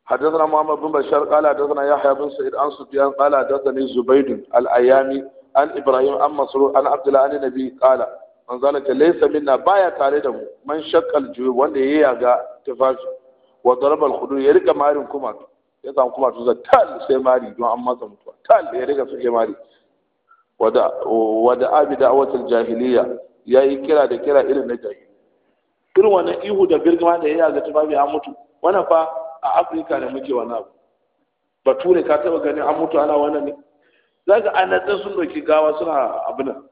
حدثنا محمد بن بشار قال حدثنا يحيى بن سعيد عن سفيان قال حدثني زبيد الايامي عن ابراهيم عن مسرور عن عبد الله عن النبي قال من ذلك ليس منا بايا تare da mu man shakkal juyu wanda yayi yaga tufafi wa daraba al ya rika marin kuma ya samu kuma tuza tal sai mari don an masa mutuwa tal ya rika suke mari wada wada abi da'watul jahiliya yayi kira da kira irin na jahiliya irin wannan ihu da birgima da yayi yaga tufafi an mutu wannan fa a afirka ne muke wani abu bature ka taba ganin an mutu ana wannan ne za ka an natsa sun doki gawa suna abuna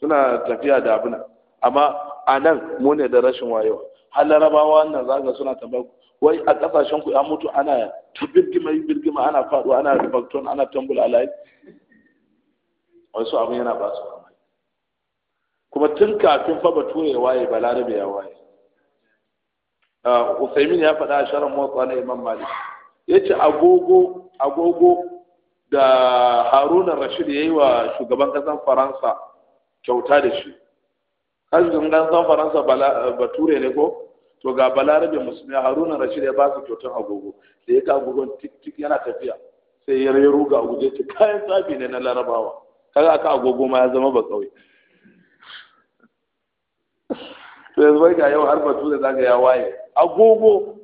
suna tafiya da abuna amma a nan mu ne da rashin wayewa har larabawa wannan za ka suna ku. wai a kasashen ku an mutu ana ta birgima birgima ana faɗo ana rubakton ana tambul layi wasu abin yana ba su kuma tun kafin fa bature ya waye balarabe ya waye usaimin ya faɗa a sharan motsa na imam malik ya ce agogo agogo da haruna rashid ya yi wa shugaban ƙasar faransa kyauta da shi kashin ƙasar faransa bature ne ko to ga balarabe musulmi haruna rashid ya ba su kyautar agogo da ya ka agogon tik yana tafiya sai ya rero ga agogo ce kayan tsafi ne na larabawa kaga aka agogo ma ya zama ba kawai to yanzu bai ga yau har bature zaga ya waye agogo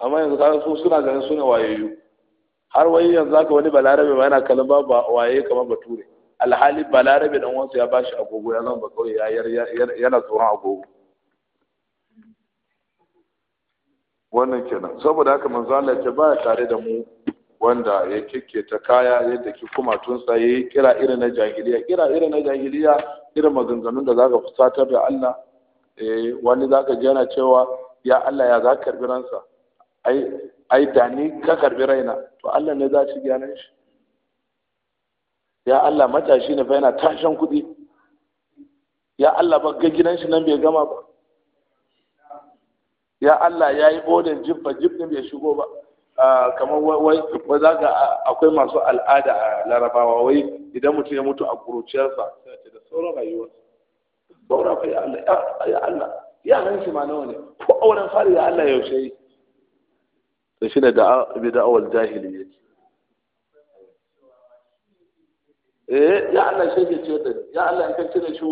amma yanzu ka so suna ganin suna wayayyu har wai yanzu ka wani balarabe ma yana kallon ba waye kamar bature alhali balarabe dan wansu ya bashi agogo ya zama kawai yana tsoron agogo wannan kenan saboda haka manzo Allah ya ba tare da mu wanda ya ta kaya yadda ki kuma tun sai kira irin na jahiliya kira irin na jahiliya irin maganganun da zaka fusatar da Allah Eh, wani zaka ka jana cewa ya Allah ya za karbi ransa ai da ni ka karbi raina to Allah ne za shi gyanan shi ya Allah matashi ne fa yana tashan kuɗi ya Allah ba ga gidan shi nan bai gama ba ya Allah ya yi odin jibba jibba bai shigo ba ah, kamar wai wai za ga akwai masu al'ada a larabawa wai idan mutum ya mutu a kuruciyarsa sai da sauran rayuwarsa baura fa ya Allah ya Allah shi ma nawa ne ko auren fari ya Allah yaushe yi to shi ne da bi da'awal jahiliya eh ya Allah shi ke ce da ya Allah in ka cire shi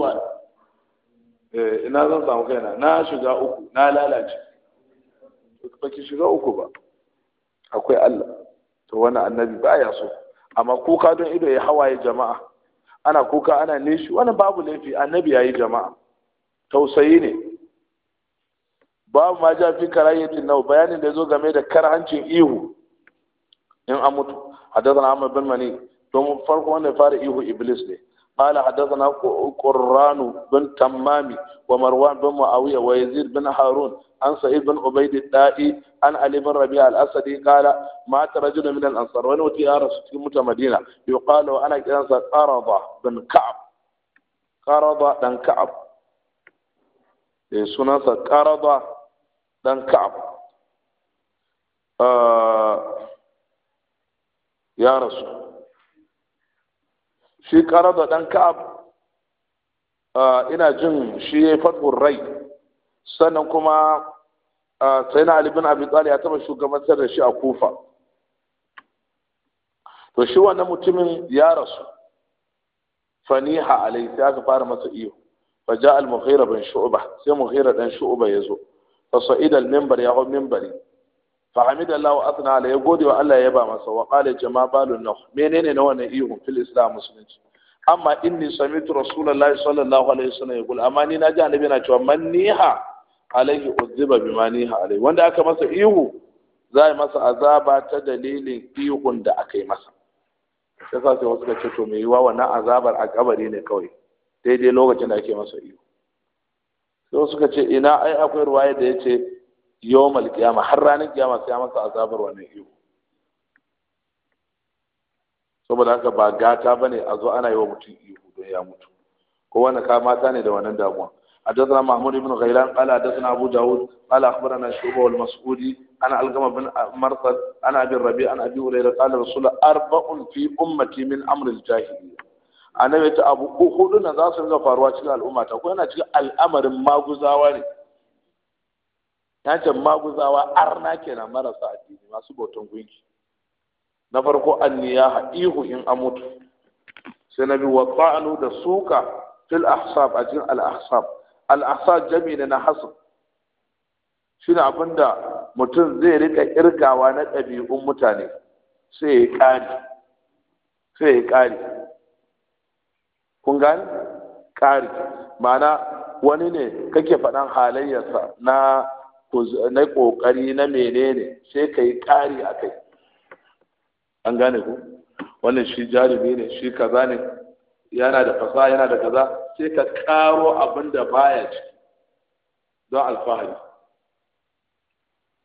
eh ina zan samu kaina na shiga uku na lalace ba ki shiga uku ba akwai Allah to wani annabi ba ya so amma kuka don ido ya hawaye jama'a ana kuka ana nishi wannan babu laifi annabi yayi jama'a tausayi ne babu ma ja fi karayyatin nau bayanin da ya zo game da karhancin ihu in an mutu hadathana amma bin Mani domin farko wanda fara ihu Iblis ne قال حدثنا قران بن تمام ومروان بن معاوية ويزيد بن هارون عن سعيد بن عبيد الدائي عن علي بن ربيع الأسدي قال مات رجل من الأنصار ونوتي أرس في متمدينة يقال وأنا كأنسى قرض بن كعب قرض بن كعب سنة قرض بن كعب آه يا رسول shi da ɗan ka'ab ina jin shi ya fatwar rai sannan kuma sai na alibin abin tsari, ya taba shugabantar da shi a Kufa to shi wannan mutumin ya rasu faniha alai sai aka fara masa iyo fa ja al mughira bin shu'ba sai mughira dan shu'ba yazo fa sa'id al minbar ya hu minbari fa hamida Allah wa asna ya gode wa Allah ya ba masa wa qala jama balun nah menene na wannan ihu fil islam musulunci amma inni sami'tu rasulullahi sallallahu alaihi wasallam yaqul amma ni na ji annabi na cewa man niha alaihi uzziba bima niha alaihi wanda aka masa ihu za a masa azaba ta dalilin ihun da aka yi masa sai sa sai wasu ka ce to me yiwa wannan azabar a kabari ne kawai daidai lokacin da ake masa ihu sai suka ce ina ai akwai ruwaya da yace yawmal qiyama har ranar kiyama sai masa azabar wannan ihu saboda haka ba gata bane a zo ana yi wa mutum ihu don ya mutu ko wani ka mata ne da wannan damuwa حدثنا محمود بن غيلان قال حدثنا ابو داود قال اخبرنا شعبه والمسعودي انا القم بن مرصد انا ابي الربيع انا ابي هريره قال رسول اربع في امتي من امر الجاهليه انا بيت ابو احد na za su ga faruwa cikin al'umma ta ko yana cikin al'amarin maguzawa ne ya ce maguzawa arna kenan marasa addini masu bautan gunki na farko anniyaha ihu in amutu sai na biyu da suka fil ahsab a cikin al ahsab al ahsab jami'i na hasab shine da mutum zai rika irgawa na ɗabi'un mutane sai ya ƙari sai ya ƙari kun ƙari ma'ana wani ne kake faɗan halayyarsa na na ƙoƙari na menene sai ka yi ƙari a kai an gane ku wannan shi jarumi ne shi kaza ne yana da fasa yana da kaza sai ka ƙaro abin da baya ci don alfahari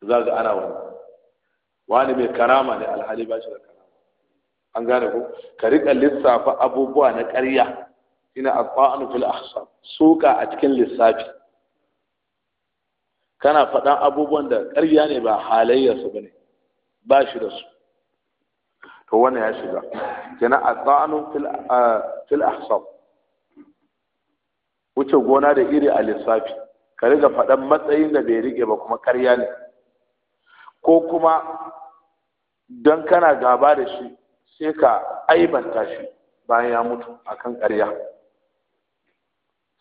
za ga ana wani wani mai karama ne alhali ba shi da karama an gane ku ka riƙa lissafa abubuwa na ƙarya ina alfa'anu fil ahsan suka a cikin lissafi kana faɗan abubuwan da ƙarya ne ba halayyarsu ba ne ba shi da su to wannan ya shiga kenan a tsanu fil ahsab wuce gona da iri a lissafi ka riga faɗan matsayin da bai rike ba kuma ƙarya ne ko kuma don kana gaba da shi sai ka aibanta shi bayan ya mutu a kan ƙarya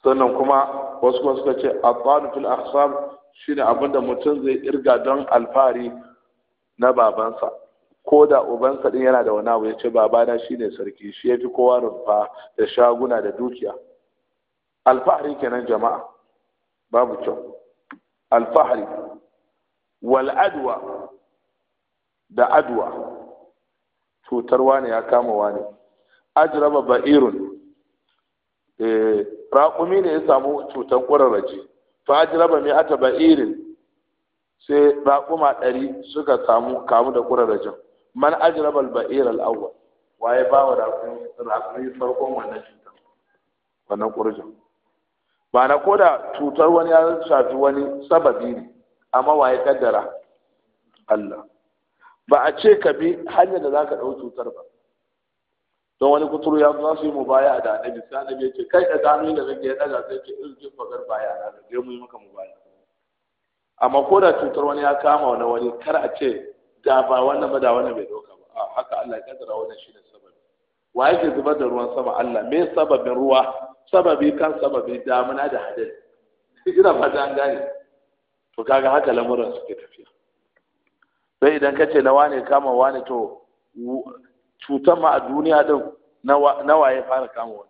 sannan kuma wasu kuma suka ce a tsanu fil ahsab shine abinda mutum zai irga don alfahari na babansa ko da ubansa din yana da wani abu ya ce babana shine sarki shi ya fi kowa rumfa da shaguna da dukiya alfahari kenan jama'a babu kyau alfahari wal adwa da adwa cutar wani ya kama wani ajraba ba'irun eh, raƙumi ne ya samu cutar ƙwararraji fajiraba mai mi ata ba'irin sai raƙuma ɗari suka samu kamu da kurarrajin man ajirabal al-ba'ir al waye ba wa raƙumi farkon wannan cutar wannan kurjin ba na koda cutar wani ya shafi wani sababi ne amma waye kaddara Allah ba a ce ka bi hanyar da ka ɗau cutar ba don wani kuturu ya zuwa su yi mu baya da annabi sai annabi ce kai da gano da kake ya daga sai ce in jin fagar baya na da mu yi maka mu baya amma ko da cutar wani ya kama wani wani kar a ce da ba wannan ba da wannan bai dauka ba a haka Allah ya kaddara wannan shi ne sababi wa yake zubar da ruwan sama Allah me sababin ruwa sababi kan sababi damuna da hadari ina ba an gane to kaga haka lamuran suke tafiya sai idan kace na wane kama wane to cutar ma a duniya din na waye fara kama wani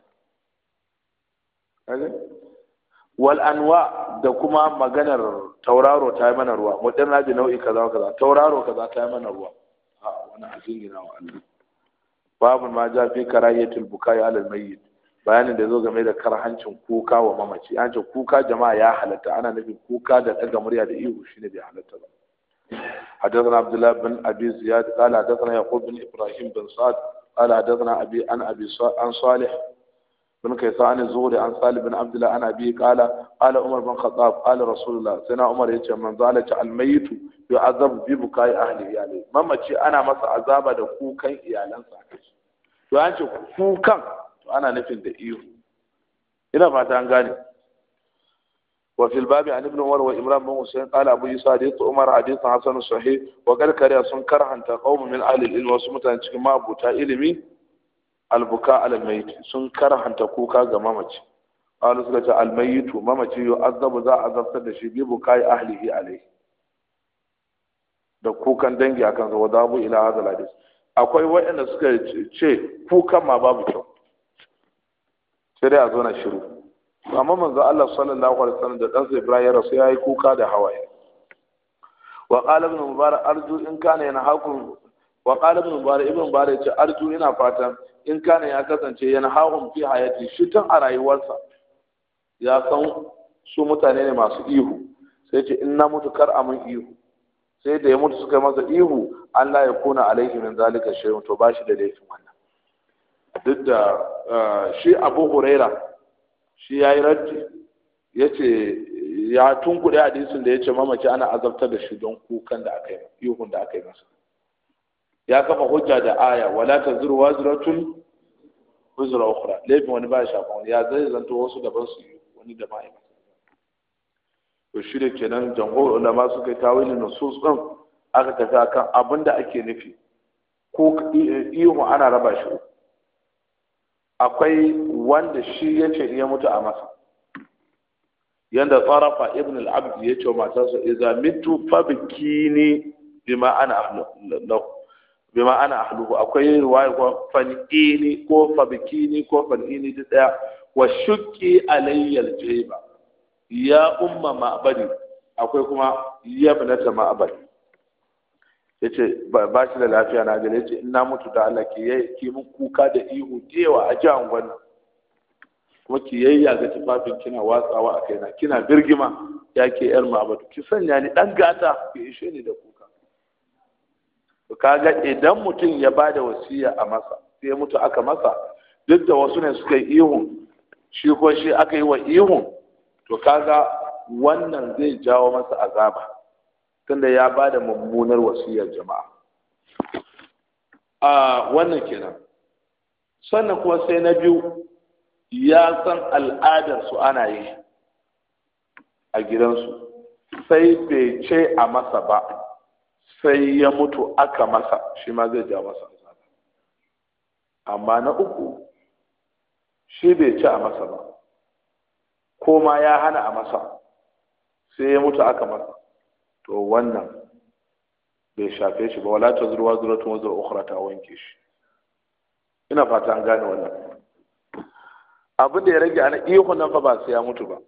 wal anwa da kuma maganar tauraro ta yi mana ruwa na ji nau'i kaza kaza tauraro kaza ta yi mana ruwa a wani abin gina wa Allah babu ma ja fi karahiyatul bukai ala mayyit bayanin da zo game da karhancin kuka wa mamaci an ce kuka jama'a ya halatta ana nufin kuka da daga murya da ihu shine bai halatta ba حدثنا عبد الله بن ابي زياد قال حدثنا يعقوب بن ابراهيم بن صاد قال حدثنا أبي عن أبي عن صالح بن كيسان الزهري عن صالح بن عبد الله عن ابي قال قال عمر بن الخطاب قال رسول الله سنا عمر يتي من ذلك الميت يعذب ببكاء اهله يعني ما مشي انا مسا عذابا ده كوكان ايالنسا kashi to an ce kukan to ana nufin da iyo ina fata an gane وفي الباب عن ابن عمر وامران بن حسين قال ابو يوسف حديث عمر حديث حسن صحيح وقال كره سن كرها قوم من اهل العلم وسمت ان ما بوتا علمي البكاء على الميت سن ga mamaci qalu suka ce almayitu mamaci yu'azzabu za a azabtar da shi bi bukai da kukan dangi akan sa wadabu ila hadal hadis akwai waɗanda suka ce kukan ma babu kyau sai dai a zo na shiru amma manzo Allah sallallahu alaihi wasallam da ɗansa Ibrahim ya rasu ya yi kuka da hawaye wa qala ibn mubarak arju in kana yana hakun wa qala ibn mubarak ibn mubarak ce arju ina fatan in kana ya kasance yana hakun fi hayati shi tun a rayuwarsa ya san su mutane ne masu ihu sai ce in na mutu kar a mun ihu sai da ya mutu suka masa ihu Allah ya kuna alaihi min zalika shay'un to bashi da laifin wannan duk da eh, shi Abu Huraira shi ya yi raddi ya ce ya tunkuɗe hadisin da ya ce mamaki ana azabtar da shi don kukan da aka yi ihun da aka yi masa ya kafa hujja da aya wala ta taziru waziratun uzra ukhra laifin wani ba ya shafa wani ya zai zanto wasu daban su yi wani da ba'a to shi da nan jamhur ulama suka yi na nusus din aka tafi akan abin da ake nufi ko ihun ana raba shi uku akwai wanda shi ya ce iya mutu a masa yanda tsarafa ibn al-abd ya ce matarsa "Iza mitu fa bikini bima ana ahlu bima ana ahlu akwai riwaya ko ko fa bikini ko fanini da daya wa shukki alayya al-jayba ya umma ma'badi akwai kuma yabnata ma'badi ya ce ba shi da lafiya na gare ce na mutu da Allah ke yi ki mun kuka da ihu dewa a ji angon kuma ki yi ya ga tufafin kina watsawa a kaina kina birgima ya ke yar ma'abatu ki sanya ni dan gata ki ishe ni da kuka to kaga idan mutum ya ba da wasiya a masa sai mutu aka masa duk da wasu ne suka yi ihu shi ko shi aka yi wa ihu to kaga wannan zai jawo masa azaba tunda ya ba da mummunar wasiyar jama'a a wannan kenan sannan kuma sai na biyu ya san al'adar su ana yi a gidansu sai bai ce a masa ba sai ya mutu aka masa shi ma zai ja masa amma na uku shi bai ce a masa ba ko ma ya hana a masa sai ya mutu aka masa to wannan bai shafe shi ba wala ta zurwa zura tun wazar ukura ta wanke shi ina fata an gane wannan abin da ya rage ana ihun nan fa ba sai ya mutu ba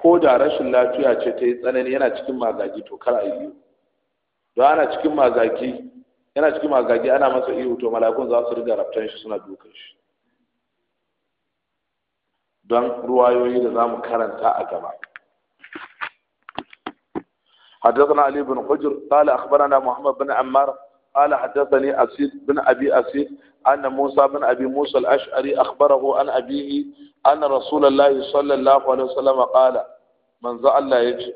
ko da rashin lafiya ce ta yi tsanani yana cikin mazaki to kar a yi don ana cikin mazaki yana cikin mazaki ana masa ihu to malakun za su riga raftan shi suna dukan shi don ruwayoyi da za mu karanta a gaba حدثنا علي بن حجر قال أخبرنا محمد بن عمار قال حدثني أسيد بن أبي أسيد أن موسى بن أبي موسى الأشعري أخبره عن أبيه أن رسول الله صلى الله عليه وسلم قال من ذا الله يجي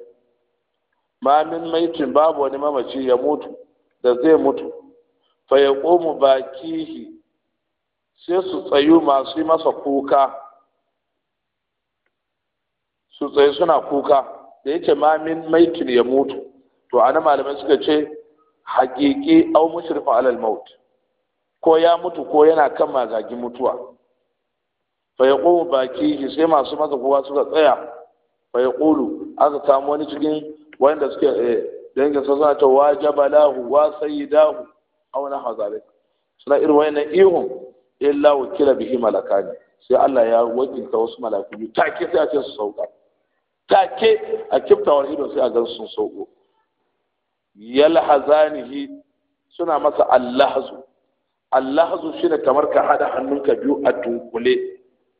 ما من ميت باب ونمامة يموت da zai mutu fa ya ƙomu bakihi sai su tsayu masu yi masa kuka su tsaye suna kuka da yake ma min maitin ya mutu to ana malamai suka ce hakiki au mushrifu alal maut ko ya mutu ko yana kan magagi mutuwa fa yaqumu bakihi sai masu maza kowa suka tsaya fa yaqulu aka samu wani cikin wanda suke eh, dangin sa suna ta wajaba lahu wa sayyidahu aw na hazalik suna irin wayannan ihun illa wakila bihi malakani sai Allah ya wakilta wasu malaku take sai a ce su sauka take a kiftawar ido sai a gan sun sauko yalhazanihi suna masa allahzu allahzu shine kamar ka hada hannunka biyu a dunkule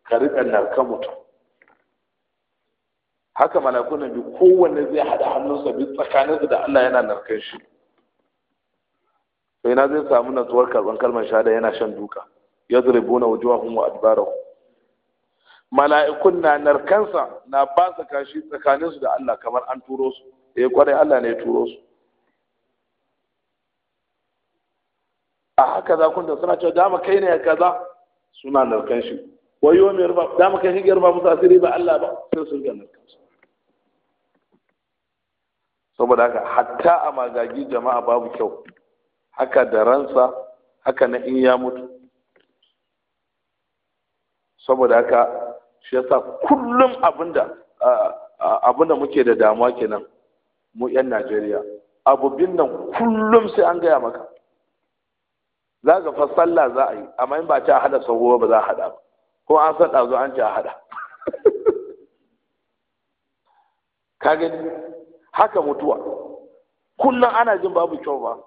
ka riƙa narka mutum haka nan bi kowanne zai hada hannunsa bi su da Allah yana narkan shi sai na zai samu natsuwar karban kalmar shahada yana shan duka yadribuna wujuhahum wa adbarahum mala'ikun na narkansa na ba su kashi tsakaninsu da Allah kamar an turo su eh kwarai Allah ne ya turo su a haka za kun da suna cewa dama kai ne kaza suna narkan shi wayo mai rufa dama kai shi rufa musu asiri ba Allah ba sai sun ga narkan saboda haka hatta a magagi jama'a babu kyau haka da ransa haka na in ya mutu saboda haka shi yasa kullum abinda abinda muke da damuwa kenan mu yan Najeriya abu bin nan kullum sai an gaya maka za ka fa sallah za a yi amma in ba ta hada sahu ba za a hada ba ko an san ɗazu an ce a hada ka gani haka mutuwa kullum ana jin babu kyau ba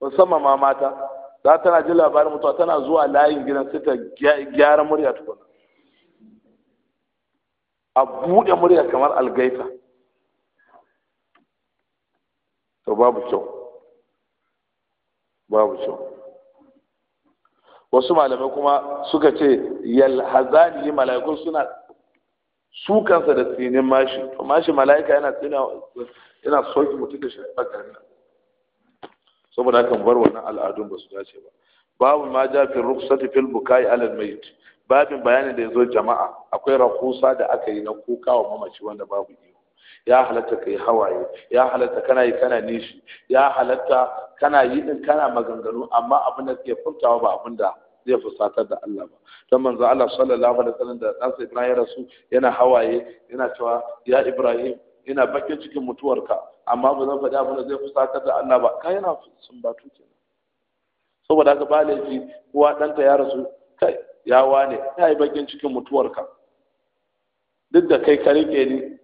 musamman ma mata za tana jin labarin mutuwa tana zuwa layin gidan sai ta gyara murya tukuna a buɗe murya kamar algaita to babu kyau babu kyau wasu malamai kuma suka ce yalhazani mala'ikun suna sukansa da tsinin mashi To mashi mala'ika yana tsina yana soki mutum da shi bakarin saboda haka bar wannan al'adun ba su dace ba babu ma jafin fi rukhsati fil bukai alal mayit babin bayanin da ya zo jama'a akwai rahusa da aka yi na kuka wa mamaci wanda babu iyo ya halatta ka yi hawaye ya halatta kana yi kana nishi ya halatta kana yi din kana maganganu amma abin da ke furtawa ba abin da zai fusatar da Allah ba don manzo Allah sallallahu alaihi wasallam da sai Ibrahim rasu yana hawaye yana cewa ya Ibrahim ina bakin cikin mutuwarka amma ba zan faɗa abin da zai fusatar da Allah ba ka yana sumbatu kenan saboda haka ba laifi uwa danta ya rasu kai ya wane ta yi bakin cikin mutuwarka duk da kai ka riƙe ni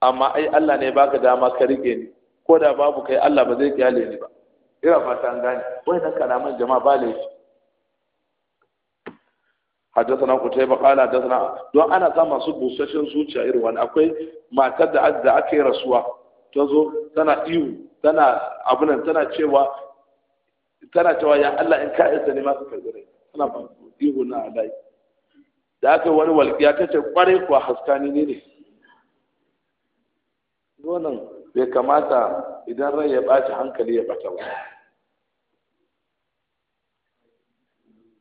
amma ai Allah ne baka dama ka riƙe ni ko da babu kai Allah ba zai kyale ni ba ina fata an gane wai dan kalaman jama'a ba laifi حدثنا قتيبة قال حدثنا don ana sa masu busashen zuciya irin wani akwai matar da da aka rasuwa ta zo tana ihu tana abunan tana cewa tana cewa ya Allah in ka isa ne ma ka karbi ana ba su ihu na alai da aka wani walƙiya ta ce ƙwarai kuwa haskani ne ne wannan bai kamata idan rai ya ɓaci hankali ya ɓata ba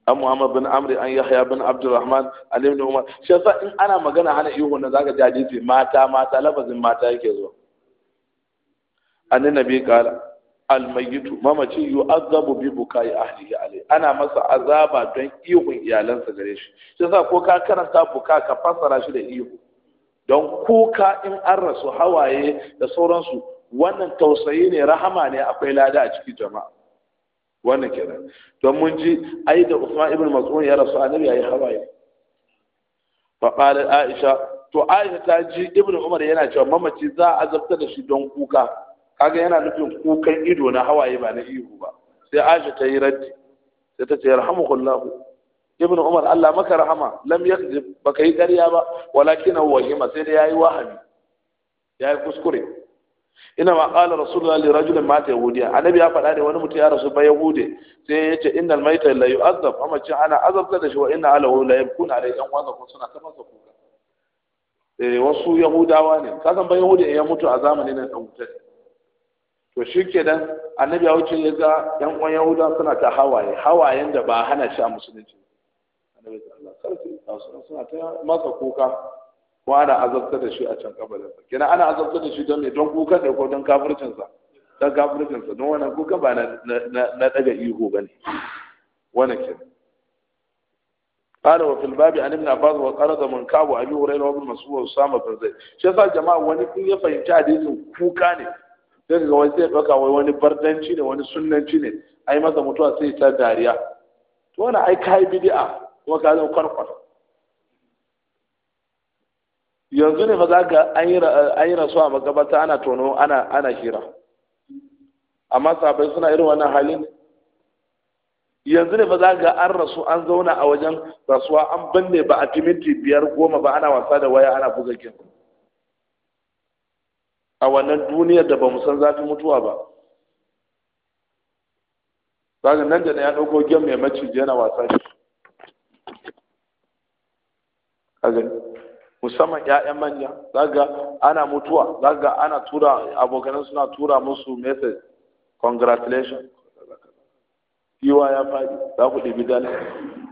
an muhammad bin amri an yahya bin abdurrahman alim da umar shi yasa in ana magana hana ihu na zaka ji hadisi mata mata lafazin mata yake zuwa annabi kala almayitu mamaci azabu bi bukai ahlihi ale ana masa azaba don ihun iyalansa gare shi sai sa ko ka karanta buka ka fassara shi da ihu don kuka in an rasu hawaye da sauransu wannan tausayi ne rahama ne akwai lada a ciki jama'a wannan kenan don mun ji ai da Usman ibn Mas'ud ya rasu annabi yayi hawaye fa qalat Aisha to Aisha ta ji Ibn Umar yana cewa mamaci za a azabta da shi don kuka kaga yana nufin kukan ido na hawaye ba na ihu ba sai aisha ta yi raddi sai ta ce yarhamuhullahu ibn umar Allah maka rahama lam yakzi baka yi ƙarya ba walakin wahima sai da yayi wahami yayi kuskure ina ma qala rasulullah li rajulin mata yahudiya annabi ya faɗa ne wani mutum ya rasu ba yahude sai ya ce innal maita la yu'azzab amma ce ana azabta da shi wa inna alahu la yabkuna alai yan wanda ko suna kamar su kuka eh wasu yahudawa ne kasan ba yahude ya mutu a zamanin nan dan mutane. to shi nan annabi ya wuce ya ga yan kwan yahuda suna ta hawaye hawayen da ba hana shi a musulunci annabi sallallahu alaihi wasallam suna ta masa kuka ko ana azabta da shi a can kabarin sa kina ana azabta da shi don me don kuka ne ko don kafircin sa don kafircin sa don wannan kuka ba na na daga ihu bane wannan kenan قال وفي الباب عن ابن عباس وقرض من كعب ابي هريره وابن مسعود واسامه بن زيد shi yasa jama'a wani kun ya fahimci hadisin kuka ne sai ga wani sai ɗauka wai wani bardanci ne wani sunnanci ne ai masa mutuwa sai ta dariya to wani ai ka yi bidi'a kuma ka zama kwarkwar yanzu ne ba za ka an yi rasuwa magabata ana tono ana hira amma sabai suna irin wannan halin yanzu ne ba za ga an rasu an zauna a wajen rasuwa an banne ba a timinti biyar goma ba ana wasa da waya ana buga gemu a wannan duniyar da ba mu san zafi mutuwa ba zaga nan da na ya ɗauko gem mai maciji na wasa shi musamman 'ya'yan manya zaga ana mutuwa zaga ana tura abokanan suna tura musu message congratulations yiwa ya faɗi za ku ɗibi dalilin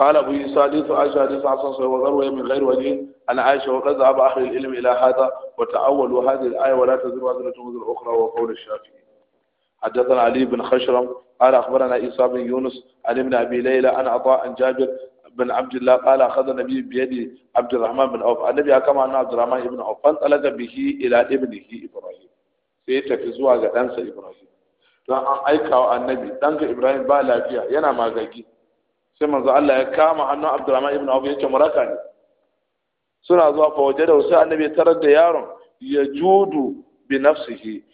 قال أبو يوسف حديث عائشة حديث عن صحيح وغيره من غير وجه عن عائشة وقد ذهب أهل العلم إلى هذا وتأولوا هذه الآية ولا تزر وزرة وزر أخرى وقول الشافعي حدثنا علي بن خشرم قال أخبرنا عيسى بن يونس عن ابن أبي ليلى عن عطاء عن جابر بن عبد الله قال أخذ النبي بيد عبد الرحمن بن عوف النبي كما أن عبد الرحمن بن عوف فانطلق به إلى ابنه إبراهيم سيتفزوا على أنسى إبراهيم don an aika wa annabi ɗanka ibrahim ba lafiya yana magagi sai manzo Allah ya kama hannun Abdurrahman ibn Auf yake muraka ne suna zuwa fa waje da wasu annabi tarar da yaron ya judu bi nafsihi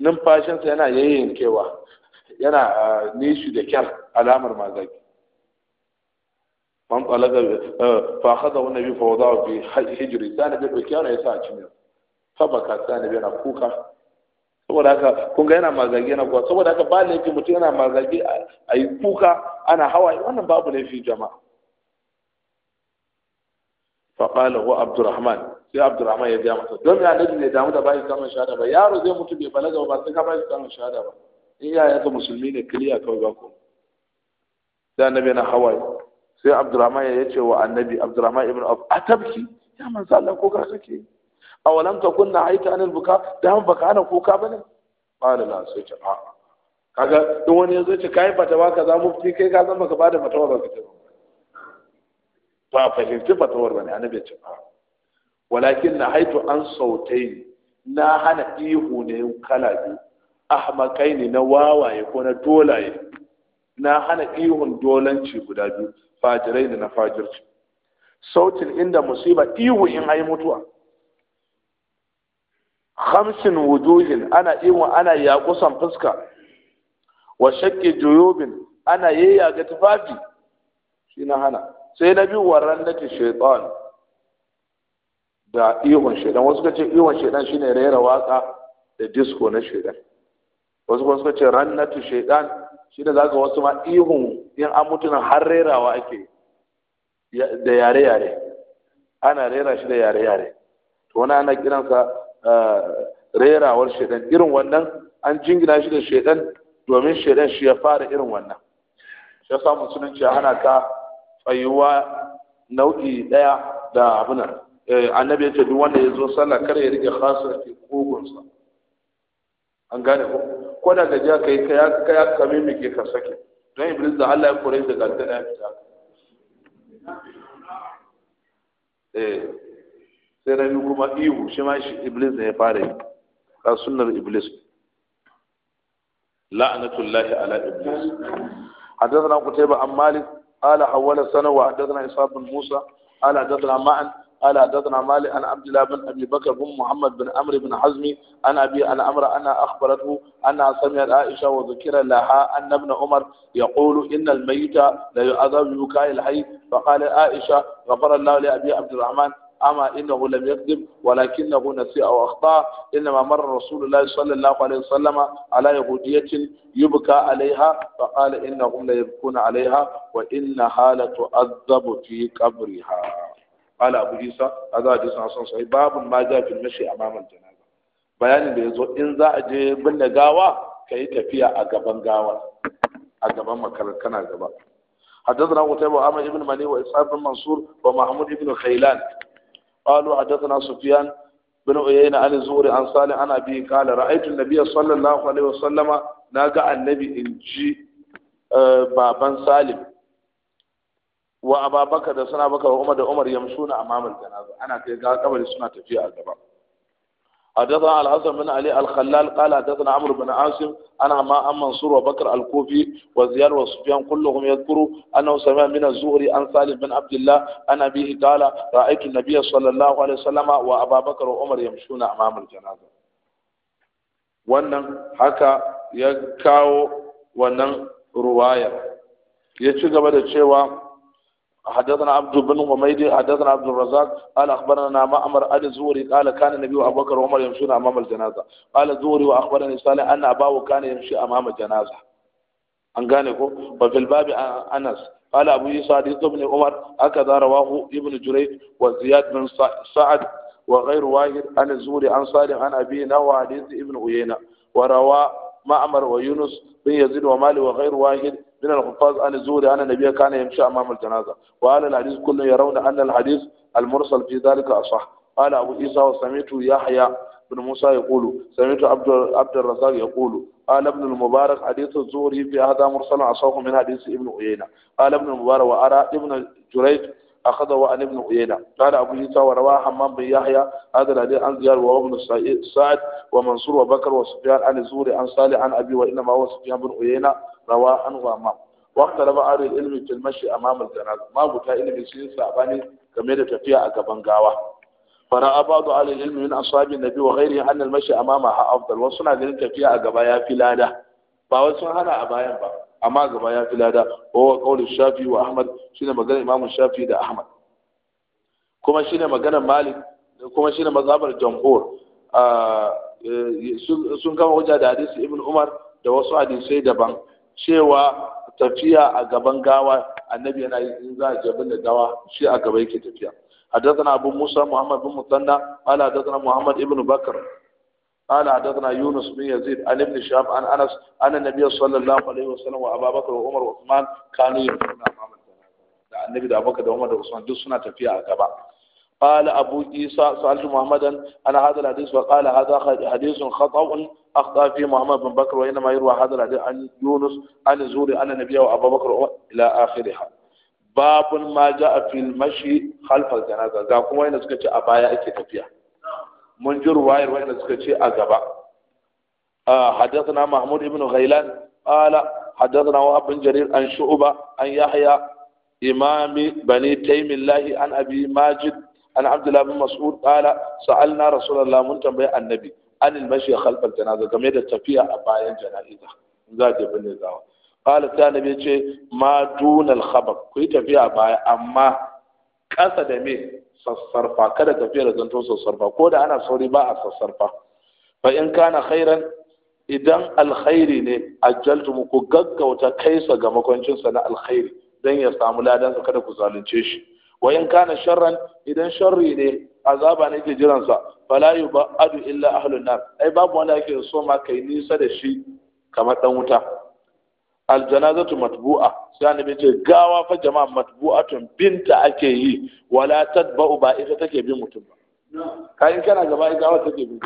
numfashinsa yana yayyankewa yana ah, nishi da kyar alamar mazaki man talaga eh, fa khada wa nabi fa wada fi hijri sai nabi dauki yana yasa a cinya fa baka sai nabi yana kuka saboda haka kun ga yana magage yana kuwa saboda haka ba laifi mutum yana magage a yi kuka ana hawaye wannan babu laifi jama'a faƙala wa abdurrahman sai abdurrahman ya biya masa don ya nabi ne damu da bayan samun shahada ba yaro zai mutu bai balaga ba sai ka bayan samun shahada ba in yaka musulmi ne kiliya kawai ba ku sai annabi na hawaye sai abdurrahman ya ce wa annabi abdurrahman ibn a atabki ya manzo Allah ko ka kake awalan ta kunna haita anil buka han baka hana kuka bane qala la sai ce a kaga duk wani yazo ce kai bata ba kaza mufti kai ka zama ka bada fatawa ba kace ba fahimci fatawar bane annabi ce a walakin na haitu an sautai na hana ihu ne kala biyu ahmakai ne na wawaye ko na dolaye na hana ihun dolanci guda biyu fajirai da na fajirci sautin inda musiba ihu in ai mutuwa khamsin وجوه ana iwa ana يا fuska wa وشك جيوب ana yayyaga tufafi shi na hana sai na biyu waran da ta da ihun shaitan wasu ka ce ihun shaitan shine rera waka da disco na wasu rannatu shi zaka wasu ma ihun an har rerawa ake da yare-yare ana rera shi da yare-yare to wani ana kiransa rerawar shaidan irin wannan an jingina shi da shaidan domin shaidan shi ya fara irin wannan shi ya samu cewa hana ka tsayuwa nau'i daya da abin eh, annabi ya ce duk wanda ya zo sallah kar ya rike khasar ke kogonsa an gane ko ko da gajiya kai kai kai kame me ke ka sake don iblis da Allah ya kore da aljanna ya fita eh sai na biyu kuma ihu shi ma shi iblis ne ya fara yi ka sunnar iblis la'anatullahi ala iblis حدثنا قتيبة عن مالك قال حول السنة وحدثنا إسحاق بن موسى قال حدثنا معا قال حدثنا مالك عن عبد الله بن ابي بكر بن محمد بن عمرو بن حزمي عن ابي أن امر أن اخبرته أن سمعت عائشه وذكر لها ان ابن عمر يقول ان الميت لا يعذب ببكاء الحي فقال عائشه غفر الله لابي عبد الرحمن أما إنه لم يكذب ولكنه نسي أو أخطأ إنما مر رسول الله صلى الله عليه وسلم على يهودية يبكى عليها فقال إنهم لا يبكون عليها وإنها لتؤذب في قبرها قال أبو عيسى هذا حديث حسن صحيح باب ما جاء في المشي أمام الجنازة بيان da yazo in za a je binne gawa kai tafiya a gaban gawa a gaban makarar kana gaba حدثنا قتيبة وعمر بن مني وإسحاق بن منصور ومحمود بن خيلان قالوا حدثنا سفيان بن عيينة عن الزهري عن صالح عن أبيه قال رأيت النبي صلى الله عليه وسلم ناقع النبي إنجي بابا سالم وأبا بكر سنة بكر وعمر عمر يمشون أمام الجنازة أنا كي قبل سنة على الباب حدثنا الحسن بن علي الخلال قال حدثنا عمرو بن عاصم انا ما ام منصور وبكر الكوفي وزياد وسفيان كلهم يذكروا انه سمع من الزهري عن سالم بن عبد الله عن ابيه قال رايت النبي صلى الله عليه وسلم وابا بكر وعمر يمشون امام الجنازه wannan haka ya kawo wannan ruwayar ya ci gaba da cewa حدثنا عبد بن حميد حدثنا عبد الرزاق قال اخبرنا معمر عن الزوري قال كان النبي ابو بكر وعمر يمشون امام الجنازه قال الزوري واخبرني صالح ان اباه كان يمشي امام الجنازه ان قال وفي الباب انس قال أبو يسعد بن عمر هكذا رواه ابن جريج وزياد بن سعد وغير واحد عن الزوري عن صالح عن أبي نوى حديث ابن عيينة وروى معمر ويونس بن يزيد ومالي وغير واحد من الحفاظ عن الزهري أن النبي كان يمشي أمام الجنازة وقال الحديث كل يرون أن الحديث المرسل في ذلك أصح قال أبو عيسى وسمعت يحيى بن موسى يقول سمعت عبد عبد الرزاق يقول قال ابن المبارك حديث الزهري في هذا مرسل أصح من حديث ابن عيينة قال ابن المبارك وأرى ابن جريج أخذه عن ابن عيينة قال أبو عيسى ورواه حمام بن يحيى هذا الحديث عن زيار وهو ابن سعد ومنصور وبكر وسفيان عن الزهري عن صالح عن أبي وإنما هو سفيان بن عيينة rawa an wa ma waqta raba aril ilmi fil mashi amama al janaz mabuta ilmi sun sabani game da tafiya a gaban gawa fara ba'du ahli ilmi min ashabi nabi wa ghairihi anna al mashi amama ha afdal wasu suna ganin tafiya a gaba ya fi lada ba wasu hana a bayan ba amma gaba ya fi lada wa wa shafi wa ahmad shine magana imam shafi da ahmad kuma shine magana malik kuma shine mazhabar jamhur ah, eh, sun kama hujja da hadisi ibn umar da wasu hadisai daban cewa tafiya a gaban gawa annabi yana yi in za a je da gawa shi a gaba yake tafiya حدثنا أبو موسى محمد بن مثنى قال حدثنا محمد بن بكر قال حدثنا يونس بن يزيد عن ابن شهاب عن أنس أن النبي صلى الله عليه وسلم وأبا بكر وعمر وعثمان كانوا يمشون أمام الجنازة النبي بكر وعمر وعثمان تفيا قال أبو عيسى سألت محمدا عن هذا الحديث وقال هذا حديث خطأ أخطأ فيه محمد بن بكر وإنما يروى هذا الحديث عن يونس عن الزهري عن النبي وأبا بكر إلى آخرها باب ما جاء في المشي خلف الجنازة ga kuma yana suka ce a baya ake tafiya mun ji ruwayar wanda suka ce a gaba حدثنا محمود بن غيلان قال حدثنا وهب بن جرير عن شعبة عن يحيى إمام بني تيم الله عن أبي ماجد an abdullah bin mas'ud qala sa'alna rasulullah mun tambaye annabi an al-mashi khalf janaza game da tafiya a bayan jana'iza za ta bane zawa qala ta annabi ce ma dunal al-khabab ku yi tafiya a baya amma kasa da me sassarfa kada tafiyar zanto sassarfa ko da ana sauri ba a sassarfa fa in kana khairan idan alkhairi ne ajaltum ku gaggauta kaisa ga makoncinsa na alkhairi dan ya samu ladansa kada ku zalunce shi wa in kana sharran idan sharri ne azaba ne ke jiran sa fala yubadu illa ahlun nar ai babu wanda yake so ma kai nisa da shi kamar dan wuta al janazatu matbu'a sai annabi ce gawa fa jama'a matbu'atun binta ake yi wala tadba'u ba ita take bin mutum ba kayan kana gaba gawa take bin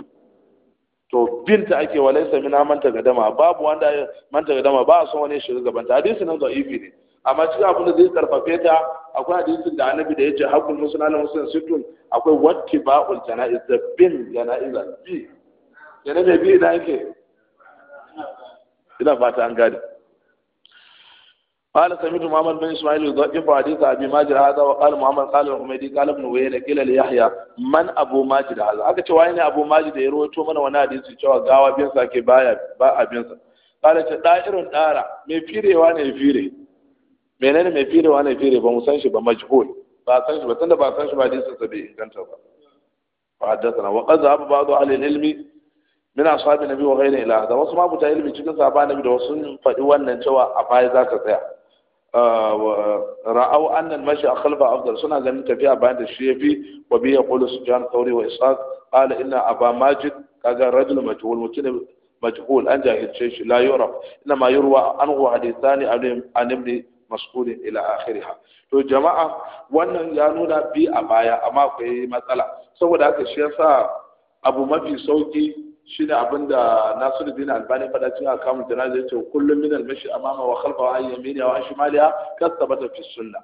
to binta ake walaisa mina manta gadama babu wanda manta gadama ba a wani wani gaban gabanta hadisi nan da'ifi ne amma cikin abin da zai karfafeta. akwai hadisin da annabi da yace haqqul muslim ala muslim sittun akwai wattiba'ul janaiz da bin janaiza bi yana bi da yake ina fata an gane قال سمعت محمد بن اسماعيل يضعف حديث ابي ماجد هذا وقال محمد قال الحميدي قال ابن ويل قيل ليحيى من ابو ماجد هذا aka ce wani abu majid da ya rawaito mana wani hadisi cewa gawa bin sa ke baya ba abin sa kala ta da'irun dara mai firewa ne menene mai fire wa ne fire ba mu san shi ba majhul ba san shi ba tunda ba san shi ba hadisin sa bai inganta ba fa haddathana wa qad zahaba ba'du ahli ilmi min ashabi nabi wa ghayri ila da wasu ma buta ilmi cikin sahaba nabi da wasu faɗi wannan cewa a baya za ta tsaya ra'au anna al-mashi khalfa afdal suna ganin tafiya bayan da shi yafi wa bi yaqulu sufyan thawri wa ishaq qala inna aba majid kaga rajul majhul mutum majhul an jahilce shi la yuraf inna ma yurwa anhu hadithani an ibn mas'ulin ila akhiriha to jama'a wannan ya nuna bi a baya amma akwai matsala saboda haka shi yasa abu mafi sauki shine abin da Nasiruddin Albani faɗa cikin kamun janaza yace kullum min al-mashi amama wa khalfa wa yaminiha wa shimaliya kasabata fi sunna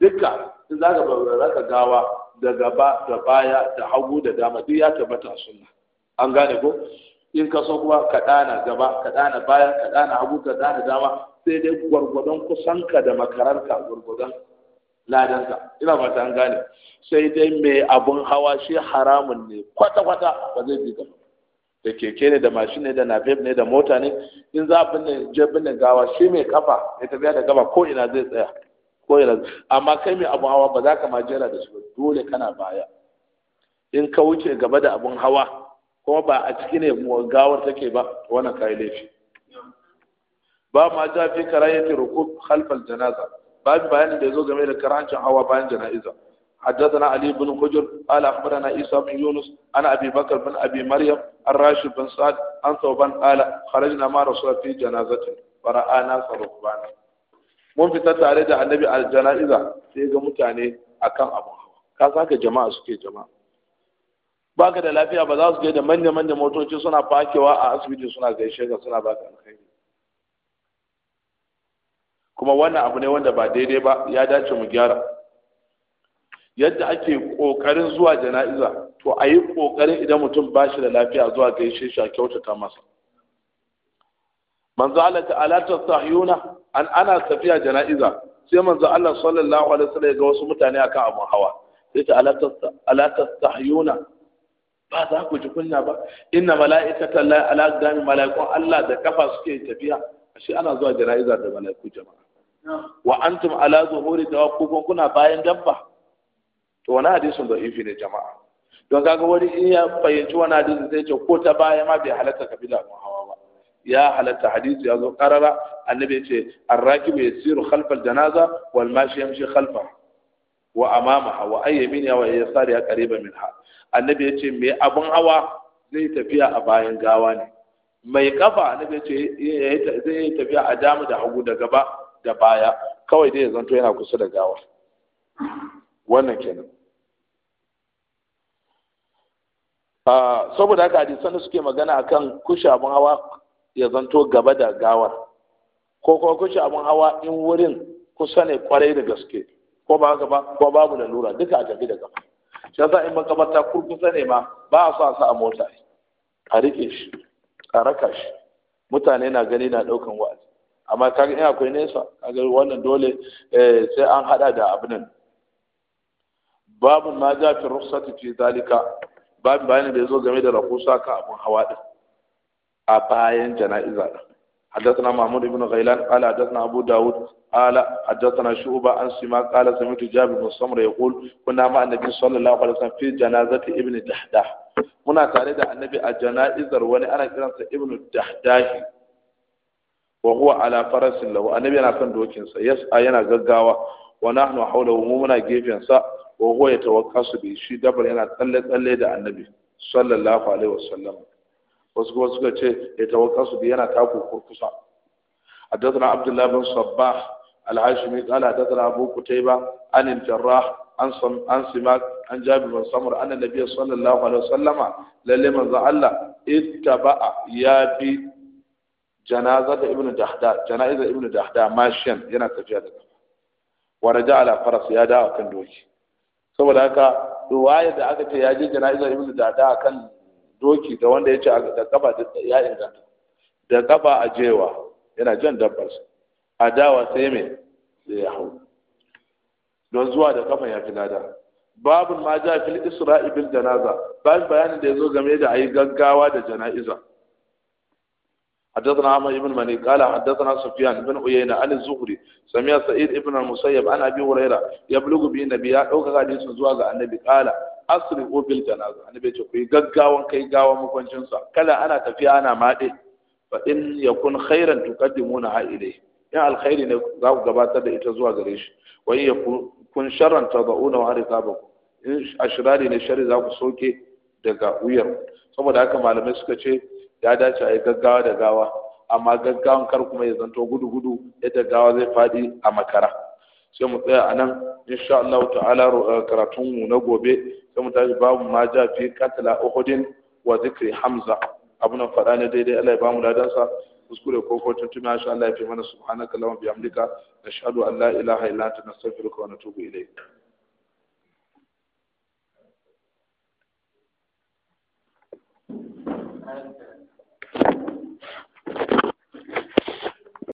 dukka in zaka zaka gawa da gaba da baya da hagu da dama duk ya tabbata sunna an gane ko in ka so kuma ka dana gaba ka dana baya ka dana hagu ka dana dama sai dai gwargwadon kusanka da makaranta gwargwadon ladanka ina ba ta gane sai dai mai abun hawa shi haramun ne kwata-kwata ba zai bi gaba da keke ne da mashin ne da nafef ne da mota ne in za a je binne gawa shi mai kafa ya tafiya da gaba ko ina zai tsaya ko ina amma kai mai abun hawa ba za ka ma jera da shi ba dole kana baya in ka wuce gaba da abun hawa kuma ba a ciki ne gawar take ba wannan kai laifi ba ما جاء في كراهيه الركوب خلف الجنازه babu بيان da yazo game da karancin بيان جنازه حدثنا علي بن حجر قال اخبرنا عيسى بن يونس انا ابي بكر بن ابي مريم الراشد بن سعد عن ثوبان قال خرجنا مع رسول الله في جنازته فرانا ركبانا mun fita tare da annabi a jana'iza sai ga mutane akan abun hawa ka saka jama'a suke jama'a baka da lafiya ba za su je da manya manya motoci suna fakewa a asibiti suna gaishe ka suna baka alkhairi kuma wannan abu ne wanda ba daidai ba ya dace mu gyara yadda ake kokarin zuwa jana'iza to a yi kokarin idan mutum ba shi da lafiya zuwa gaishe shi a kyautata masa manzo Allah ta'ala ta sahiyuna an ana tafiya jana'iza sai manzo Allah sallallahu alaihi wasallam ga wasu mutane akan abun hawa sai ta ala ta sahiyuna ba za ku ji kunya ba inna mala'ikatan la ala gami mala'ikun Allah da kafa suke tafiya ashe ana zuwa jana'iza da mala'iku jama'a wa antum ala zuhuri tawaqqufun kuna bayan dabba to wani hadisin da ifi ne jama'a don kaga wani in ya fahimci wani hadisi sai ce ko ta baya ma bai halatta kabila ko hawa ba ya halatta hadisi ya zo karara annabi ya ce arrakibu yasiru khalfa janaza wal mashi yamshi khalfa wa amama wa ayyamina wa yasari ya qariba minha annabi ya ce me abun hawa zai tafiya a bayan gawa ne mai kafa annabi ya ce zai tafiya a damu da hagu da gaba da baya kawai dai ya zanto yana kusa da gawa wannan kenan ah, saboda haka hadisan da suke magana akan kushe abin hawa ya zanto gaba da gawar ko kuma kushe abin hawa in wurin kusa ne kwarai da gaske ko ba haka ba ko babu lalura duka a tafi da gaba shi yasa in makabarta kurkusa ne ma ba a sa sa a mota a rike shi a raka shi mutane na gani na daukan wa'azi amma kaga in akwai nesa kaga wannan dole sai an hada da abin nan babu ma ja fi rukhsati fi zalika babu bayanin da yazo game da rahusa ka abun hawa din a bayan jana'iza ibnu حدثنا محمود بن غيلان قال حدثنا أبو داود قال حدثنا شعبة عن سماك قال سمعت جابر بن سمر يقول كنا مع النبي صلى الله عليه وسلم في جنازة ابن دحداح هنا تاريخ النبي الجنائز وني أنا كنت ابن الدحداح wa huwa ala farasin lahu annabi yana kan dokin sa yana gaggawa wa nahnu hawlahu mu muna gefen sa wa huwa yatawakkasu bi shi dabar yana tsalle tsalle da annabi sallallahu alaihi wasallam wasu kuma suka ce yatawakkasu bi yana taku kurkusa حدثنا عبد الله بن صباح العاشمي قال حدثنا ابو قتيبه عن الجراح عن عن سماك عن جابر بن سمر ان النبي صلى الله عليه وسلم للي من اتبع يا بي janazar da ibnu jahda janazar ibnu jahda mashin yana tafiya da kafa wa raja ala faras ya dawo kan doki saboda haka ruwaya da aka ce ya je janazar ibnu jahda kan doki da wanda ya ce da kafa ya inganta da kafa a jewa yana jan dabbar sa a dawa sai me sai ya hau don zuwa da kafa ya fi lada babun ma ja fil isra'i bil janaza bayan bayanin da ya zo game da ayi gaggawa da jana'iza حدثنا عمرو بن مني قال حدثنا سفيان بن عيينة عن الزهري سمع سعيد بن المسيب عن أبي هريرة يبلغ به النبي أو حديث زوا النبي قال أسرقوا بالجنازة النبي يقول غغاوان كاي غاوا مكونشن سا كلا أنا تفي أنا مادي فإن يكون خيرا تقدمونها إليه يا الخير ne za ku gabatar da ita zuwa gare shi wai ya kun sharran tada'una wa harikabakum in ashirari ne shari za ku soke daga wuyar saboda haka malamai suka ce ya dace a yi gaggawa da gawa amma gaggawan kar kuma ya zanto gudu gudu yadda gawa zai fadi a makara sai mu tsaya a nan insha Allah ta'ala eh, karatun mu na gobe sai mu tashi babu ma ja fi katla uhudin wa zikri hamza abuna faɗa ne daidai Allah ya bamu sa kuskure ko ko tuntuma insha Allah ya fi mana subhanaka allahumma bihamdika nashhadu an la ilaha illa anta nastaghfiruka wa natubu ilayk Thank you.